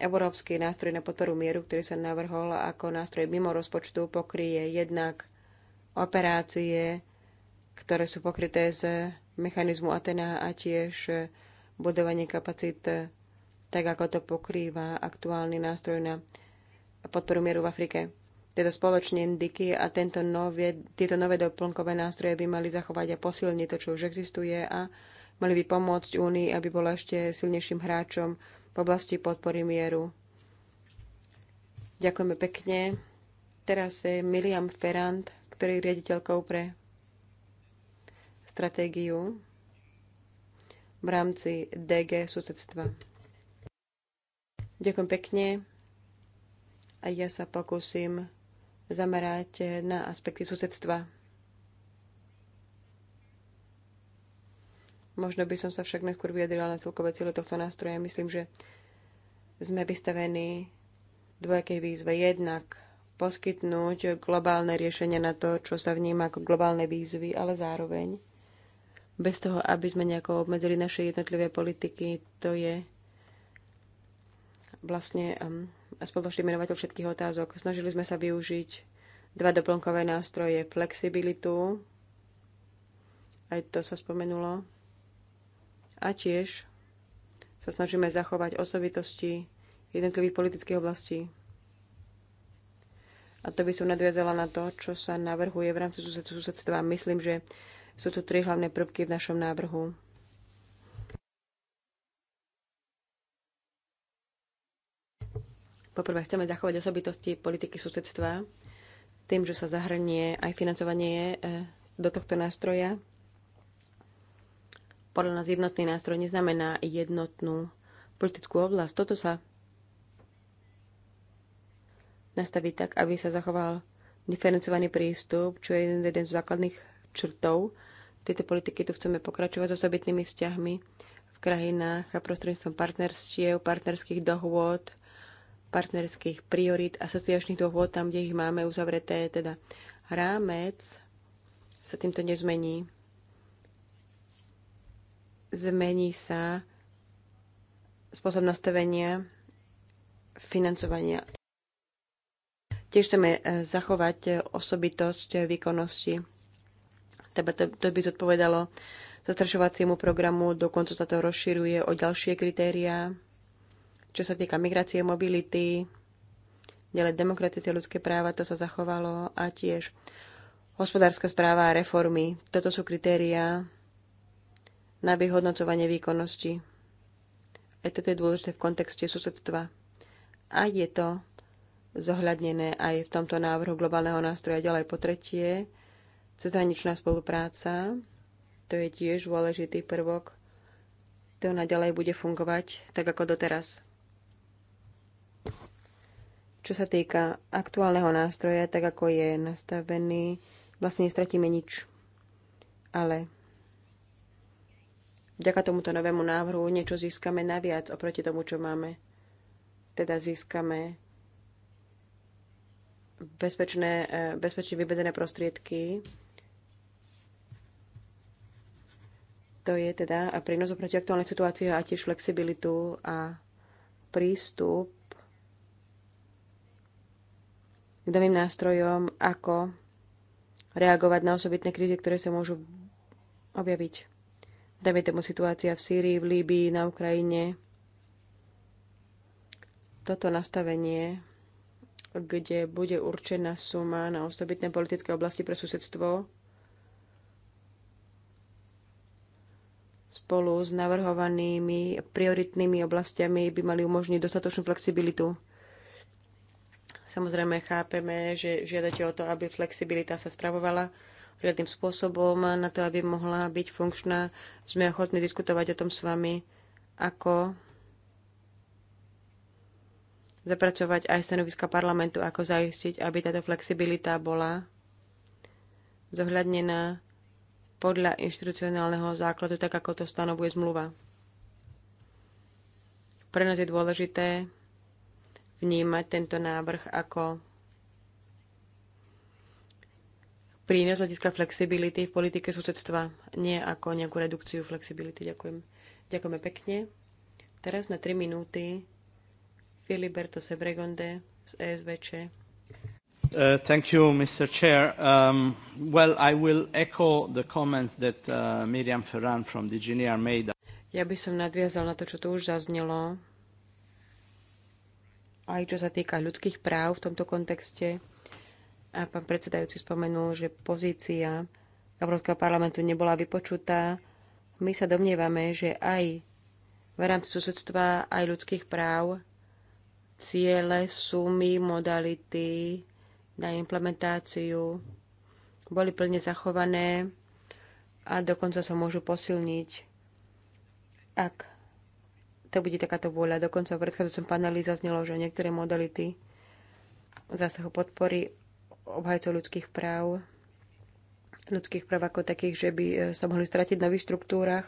S2: európsky nástroj na podporu mieru, ktorý sa navrhol ako nástroj mimo rozpočtu, pokrie jednak operácie, ktoré sú pokryté z mechanizmu Atena a tiež budovanie kapacít, tak ako to pokrýva aktuálny nástroj na podporu mieru v Afrike teda spoločne indiky a tento nové, tieto nové doplnkové nástroje by mali zachovať a posilniť to, čo už existuje a mali by pomôcť Únii, aby bola ešte silnejším hráčom v oblasti podpory mieru. Ďakujeme pekne. Teraz je Miliam Ferrand, ktorý je riaditeľkou pre stratégiu v rámci DG susedstva. Ďakujem pekne a ja sa pokúsim zamerať na aspekty susedstva. Možno by som sa však neskôr vyjadrila na celkové cieľe tohto nástroja. Myslím, že sme vystavení dvojakej výzve. Jednak poskytnúť globálne riešenie na to, čo sa vníma ako globálne výzvy, ale zároveň bez toho, aby sme nejako obmedzili naše jednotlivé politiky, to je vlastne um, spoločný menovateľ všetkých otázok. Snažili sme sa využiť dva doplnkové nástroje, flexibilitu, aj to sa spomenulo, a tiež sa snažíme zachovať osobitosti jednotlivých politických oblastí. A to by som nadviazala na to, čo sa navrhuje v rámci susedstva. Myslím, že sú tu tri hlavné prvky v našom návrhu. Poprvé, chceme zachovať osobitosti politiky susedstva tým, že sa zahrnie aj financovanie e, do tohto nástroja. Podľa nás jednotný nástroj neznamená jednotnú politickú oblasť. Toto sa nastaví tak, aby sa zachoval diferencovaný prístup, čo je jeden z základných črtov Tieto politiky. Tu chceme pokračovať s osobitnými vzťahmi v krajinách a prostredníctvom partnerstiev, partnerských dohôd, partnerských priorít, asociačných dohôd, tam, kde ich máme uzavreté, teda rámec sa týmto nezmení. Zmení sa spôsob nastavenia financovania. Tiež chceme e, zachovať osobitosť výkonnosti. Teba to, to by zodpovedalo zastrašovaciemu programu, dokonca sa to rozširuje o ďalšie kritériá čo sa týka migrácie, mobility, ďalej demokratické ľudské práva, to sa zachovalo a tiež hospodárska správa a reformy. Toto sú kritériá na vyhodnocovanie výkonnosti. Aj e, toto je dôležité v kontexte susedstva. A je to zohľadnené aj v tomto návrhu globálneho nástroja ďalej po tretie. Cezhraničná spolupráca, to je tiež dôležitý prvok. To naďalej bude fungovať tak ako doteraz. Čo sa týka aktuálneho nástroja, tak ako je nastavený, vlastne nestratíme nič. Ale vďaka tomuto novému návrhu niečo získame naviac oproti tomu, čo máme. Teda získame bezpečné, e, bezpečne vybedzené prostriedky. To je teda prínos oproti aktuálnej situácii a tiež flexibilitu a prístup novým nástrojom, ako reagovať na osobitné krízy, ktoré sa môžu objaviť. Dajme tomu situácia v Sýrii, v Líbii, na Ukrajine. Toto nastavenie, kde bude určená suma na osobitné politické oblasti pre susedstvo, spolu s navrhovanými prioritnými oblastiami by mali umožniť dostatočnú flexibilitu Samozrejme chápeme, že žiadate o to, aby flexibilita sa spravovala riadným spôsobom na to, aby mohla byť funkčná. Sme ochotní diskutovať o tom s vami, ako zapracovať aj stanoviska parlamentu, ako zaistiť, aby táto flexibilita bola zohľadnená podľa inštitucionálneho základu, tak ako to stanovuje zmluva. Pre nás je dôležité vnímať tento návrh ako prínos hľadiska flexibility v politike susedstva, nie ako nejakú redukciu flexibility. Ďakujem. Ďakujeme pekne. Teraz na 3 minúty Filiberto Sebregonde z ESVČ.
S3: Uh, thank you, Mr. Chair. Um, well, I will echo the comments that uh, Miriam Ferran from DGNR made.
S2: Ja by som nadviazal na to, čo tu už zaznelo aj čo sa týka ľudských práv v tomto kontexte. A pán predsedajúci spomenul, že pozícia Európskeho parlamentu nebola vypočutá. My sa domnievame, že aj v rámci susedstva, aj ľudských práv ciele, sumy, modality na implementáciu boli plne zachované a dokonca sa môžu posilniť, ak to bude takáto vôľa. Dokonca v predchádzajúcom paneli zaznelo, že niektoré modality zásahu podpory obhajcov ľudských práv, ľudských práv ako takých, že by eh, sa mohli stratiť v nových štruktúrach.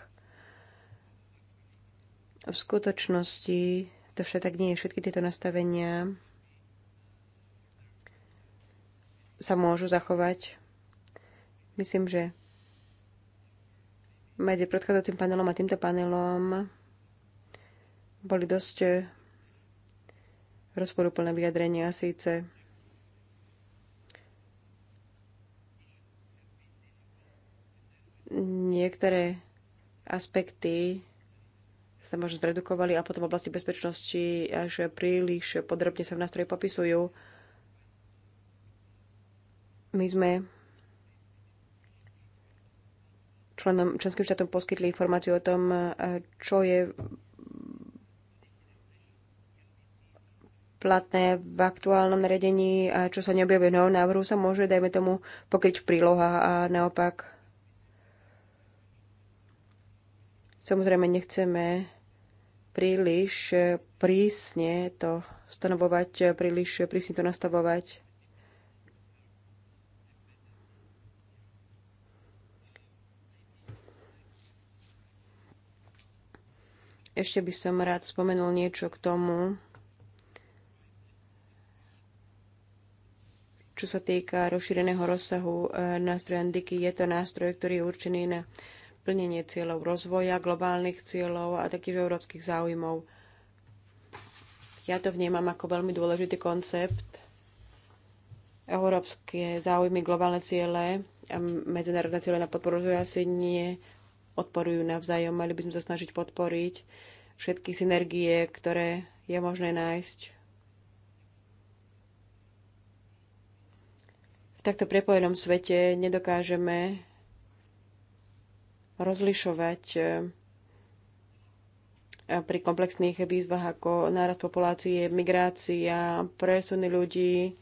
S2: V skutočnosti to však tak nie je. Všetky tieto nastavenia sa môžu zachovať. Myslím, že medzi predchádzajúcim panelom a týmto panelom boli dosť e, rozporúplné vyjadrenia síce niektoré aspekty sa možno zredukovali a potom v oblasti bezpečnosti až príliš podrobne sa v nástroji popisujú. My sme členom, členským štátom poskytli informáciu o tom, e, čo je platné v aktuálnom redení a čo sa neobjavuje v novom návrhu, sa môže, dajme tomu, pokryť v príloha a naopak. Samozrejme, nechceme príliš prísne to stanovovať, príliš prísne to nastavovať. Ešte by som rád spomenul niečo k tomu, Čo sa týka rozšíreného rozsahu e, nástroja Andiky, je to nástroj, ktorý je určený na plnenie cieľov rozvoja, globálnych cieľov a takých európskych záujmov. Ja to vnímam ako veľmi dôležitý koncept. Európske záujmy, globálne ciele a medzinárodné ciele na podporu rozvoja asi nie odporujú navzájom. Mali by sme sa snažiť podporiť všetky synergie, ktoré je možné nájsť V takto prepojenom svete nedokážeme rozlišovať e, pri komplexných výzvach ako nárast populácie, migrácia, presuny ľudí.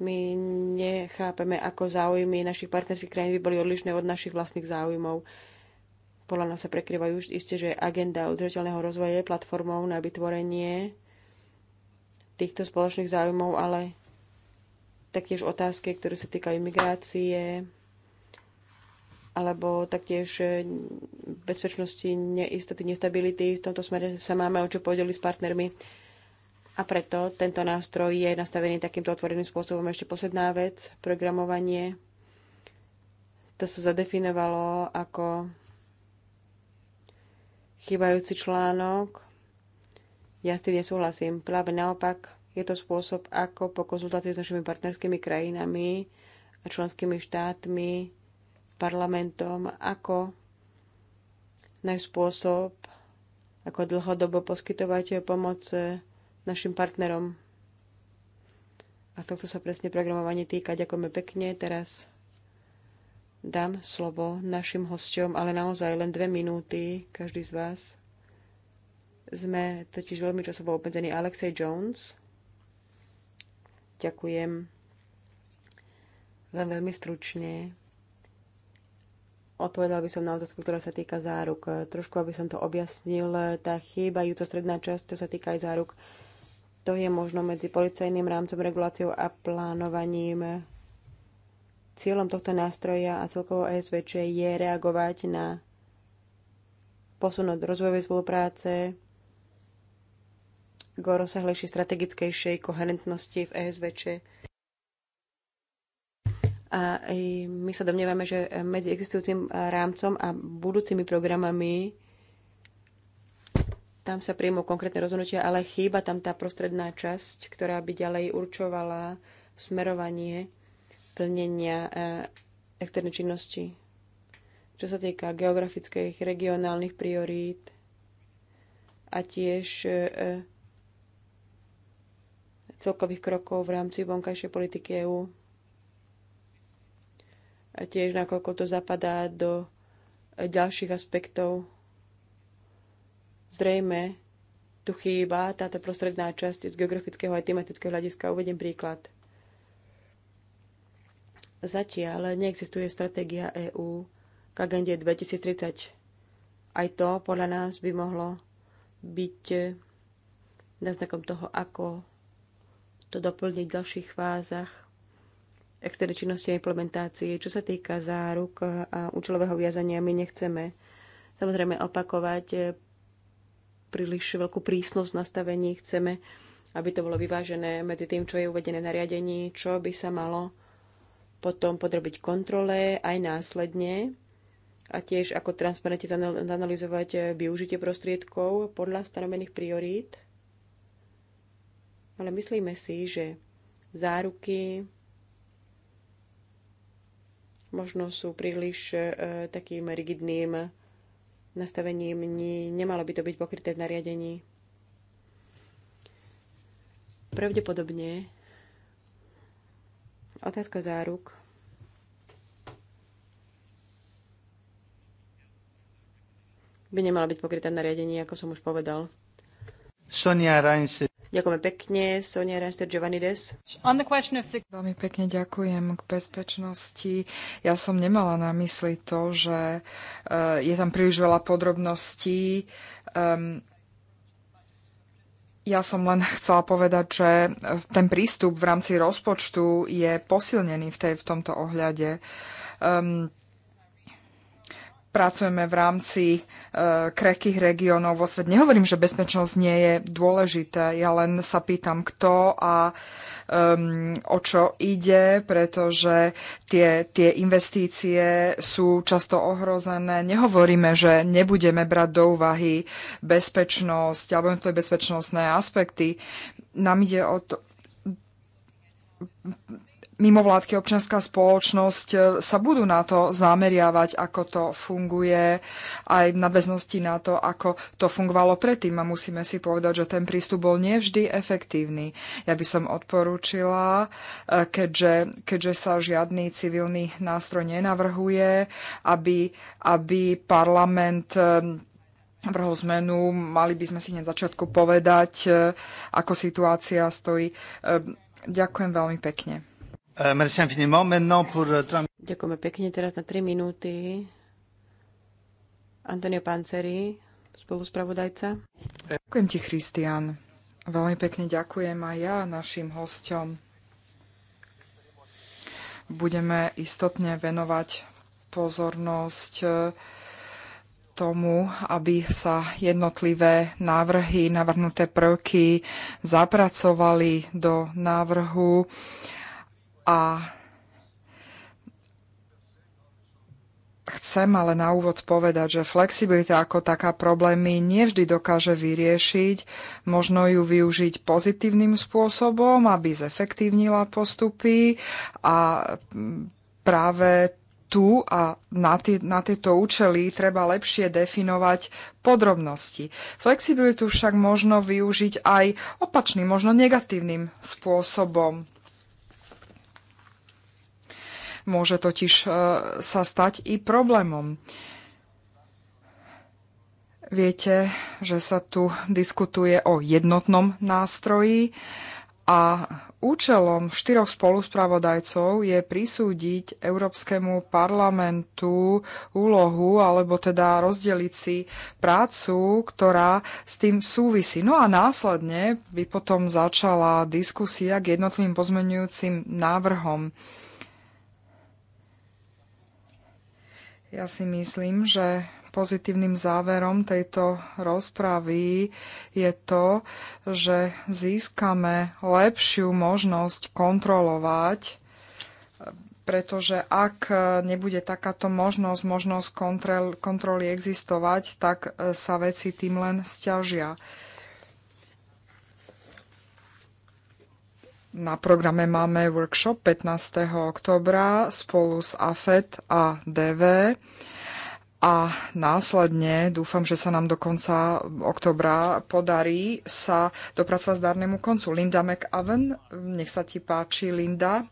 S2: My nechápeme, ako záujmy našich partnerských krajín by boli odlišné od našich vlastných záujmov. Podľa nás sa prekryvajú isté, že agenda udržateľného rozvoja je platformou na vytvorenie týchto spoločných záujmov, ale taktiež otázky, ktoré sa týkajú migrácie alebo taktiež eh, bezpečnosti, neistoty, nestability. V tomto smere sa máme o čo podeliť s partnermi. A preto tento nástroj je nastavený takýmto otvoreným spôsobom. Ešte posledná vec, programovanie. To sa zadefinovalo ako chýbajúci článok. Ja s tým nesúhlasím. Práve naopak, je to spôsob, ako po konzultácii s našimi partnerskými krajinami a členskými štátmi, s parlamentom, ako nájsť spôsob, ako dlhodobo poskytovať pomoc našim partnerom. A tohto sa presne programovanie týka. Ďakujeme pekne. Teraz dám slovo našim hosťom, ale naozaj len dve minúty, každý z vás. Sme totiž veľmi časovo obmedzení. Alexej Jones Ďakujem. Len veľmi stručne. Odpovedal by som na otázku, ktorá sa týka záruk. Trošku, aby som to objasnil, tá chýbajúca stredná časť, čo sa týka aj záruk. To je možno medzi policajným rámcom, reguláciou a plánovaním. Cieľom tohto nástroja a celkovo ESVČ je reagovať na posun rozvojové spolupráce k rozsahlejšej strategickejšej koherentnosti v ESVČ. A my sa domnievame, že medzi existujúcim rámcom a budúcimi programami tam sa príjmú konkrétne rozhodnutia, ale chýba tam tá prostredná časť, ktorá by ďalej určovala smerovanie plnenia e, externej činnosti. Čo sa týka geografických, regionálnych priorít a tiež e, celkových krokov v rámci vonkajšej politiky EÚ. A tiež nakoľko to zapadá do ďalších aspektov. Zrejme tu chýba táto prostredná časť z geografického a tematického hľadiska. Uvediem príklad. Zatiaľ neexistuje stratégia EÚ k agende 2030. Aj to podľa nás by mohlo byť náznakom toho, ako to doplniť v ďalších fázach externej činnosti a implementácie. Čo sa týka záruk a účelového viazania, my nechceme samozrejme opakovať príliš veľkú prísnosť nastavení. Chceme, aby to bolo vyvážené medzi tým, čo je uvedené na nariadení, čo by sa malo potom podrobiť kontrole aj následne a tiež ako transparentne zanalizovať využitie prostriedkov podľa stanovených priorít ale myslíme si, že záruky možno sú príliš e, takým rigidným nastavením. Ni, nemalo by to byť pokryté v nariadení. Pravdepodobne otázka záruk by nemala byť pokrytá v nariadení, ako som už povedal.
S3: Sonia Reinse.
S2: Ďakujeme pekne, Sonia Ranster Giovannides.
S3: Veľmi pekne ďakujem k bezpečnosti. Ja som nemala na mysli to, že eh, je tam príliš veľa podrobností. Ehm, ja som len chcela povedať, že eh, ten prístup v rámci rozpočtu je posilnený v, tej, v tomto ohľade. Um, pracujeme v rámci e, krekých regiónov vo svete. Nehovorím, že bezpečnosť nie je dôležité, ja len sa pýtam, kto a o čo ide, pretože tie, tie investície sú často ohrozené. Nehovoríme, že nebudeme brať do úvahy bezpečnosť alebo bezpečnostné aspekty. Nám ide o to, mimovládky občianská spoločnosť e, sa budú na to zameriavať, ako to funguje, aj v väznosti na to, ako to fungovalo predtým. A musíme si povedať, že ten prístup bol nevždy efektívny. Ja by som odporúčila, e, keďže, keďže sa žiadny civilný nástroj nenavrhuje, aby, aby parlament e, vrhol zmenu, mali by sme si hneď začiatku povedať, ako situácia stojí. Ďakujem veľmi pekne. Euh, euh, Ďakujeme pekne teraz na 3 minúty.
S2: Antonio Panceri, spoluspravodajca.
S3: Ďakujem ti, Christian. Veľmi pekne ďakujem aj ja našim hostom. Budeme istotne venovať pozornosť e, tomu, aby sa jednotlivé návrhy, navrhnuté prvky zapracovali do návrhu a chcem ale na úvod povedať, že flexibilita ako taká problémy nevždy dokáže vyriešiť. Možno ju využiť pozitívnym spôsobom, aby zefektívnila postupy a práve tu a na, tie, na tieto účely treba lepšie definovať podrobnosti. Flexibilitu však možno využiť aj opačným, možno negatívnym spôsobom môže totiž e, sa stať i problémom. Viete, že sa tu diskutuje o jednotnom nástroji a účelom štyroch spoluspravodajcov je prisúdiť Európskemu parlamentu úlohu, alebo teda rozdeliť si prácu, ktorá s tým súvisí. No a následne by potom začala diskusia k jednotlivým pozmenujúcim návrhom. Ja si myslím, že pozitívnym záverom tejto rozpravy je to, že získame lepšiu možnosť kontrolovať, pretože ak nebude takáto možnosť, možnosť kontrol, kontroly existovať, tak sa veci tým len stiažia. Na programe máme workshop 15. oktobra spolu s AFET a e DV a následne dúfam, že sa nám do konca oktobra podarí sa dopracovať zdarnému koncu. Linda McAven, nech sa ti páči, Linda. Uh,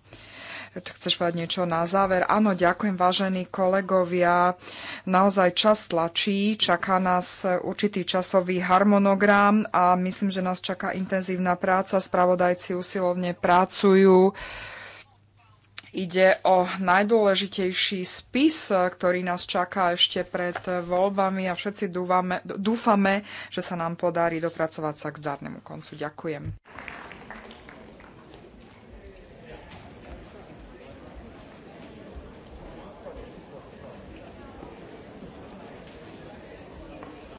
S3: Chceš povedať niečo na záver? Áno, ďakujem, vážení kolegovia. Naozaj čas tlačí, čaká nás určitý časový harmonogram a myslím, že nás čaká intenzívna práca. Spravodajci usilovne pracujú. Ide o najdôležitejší spis, ktorý nás čaká ešte pred voľbami a všetci dúfame, dúfame že sa nám podarí dopracovať sa k zdarnému koncu. Ďakujem.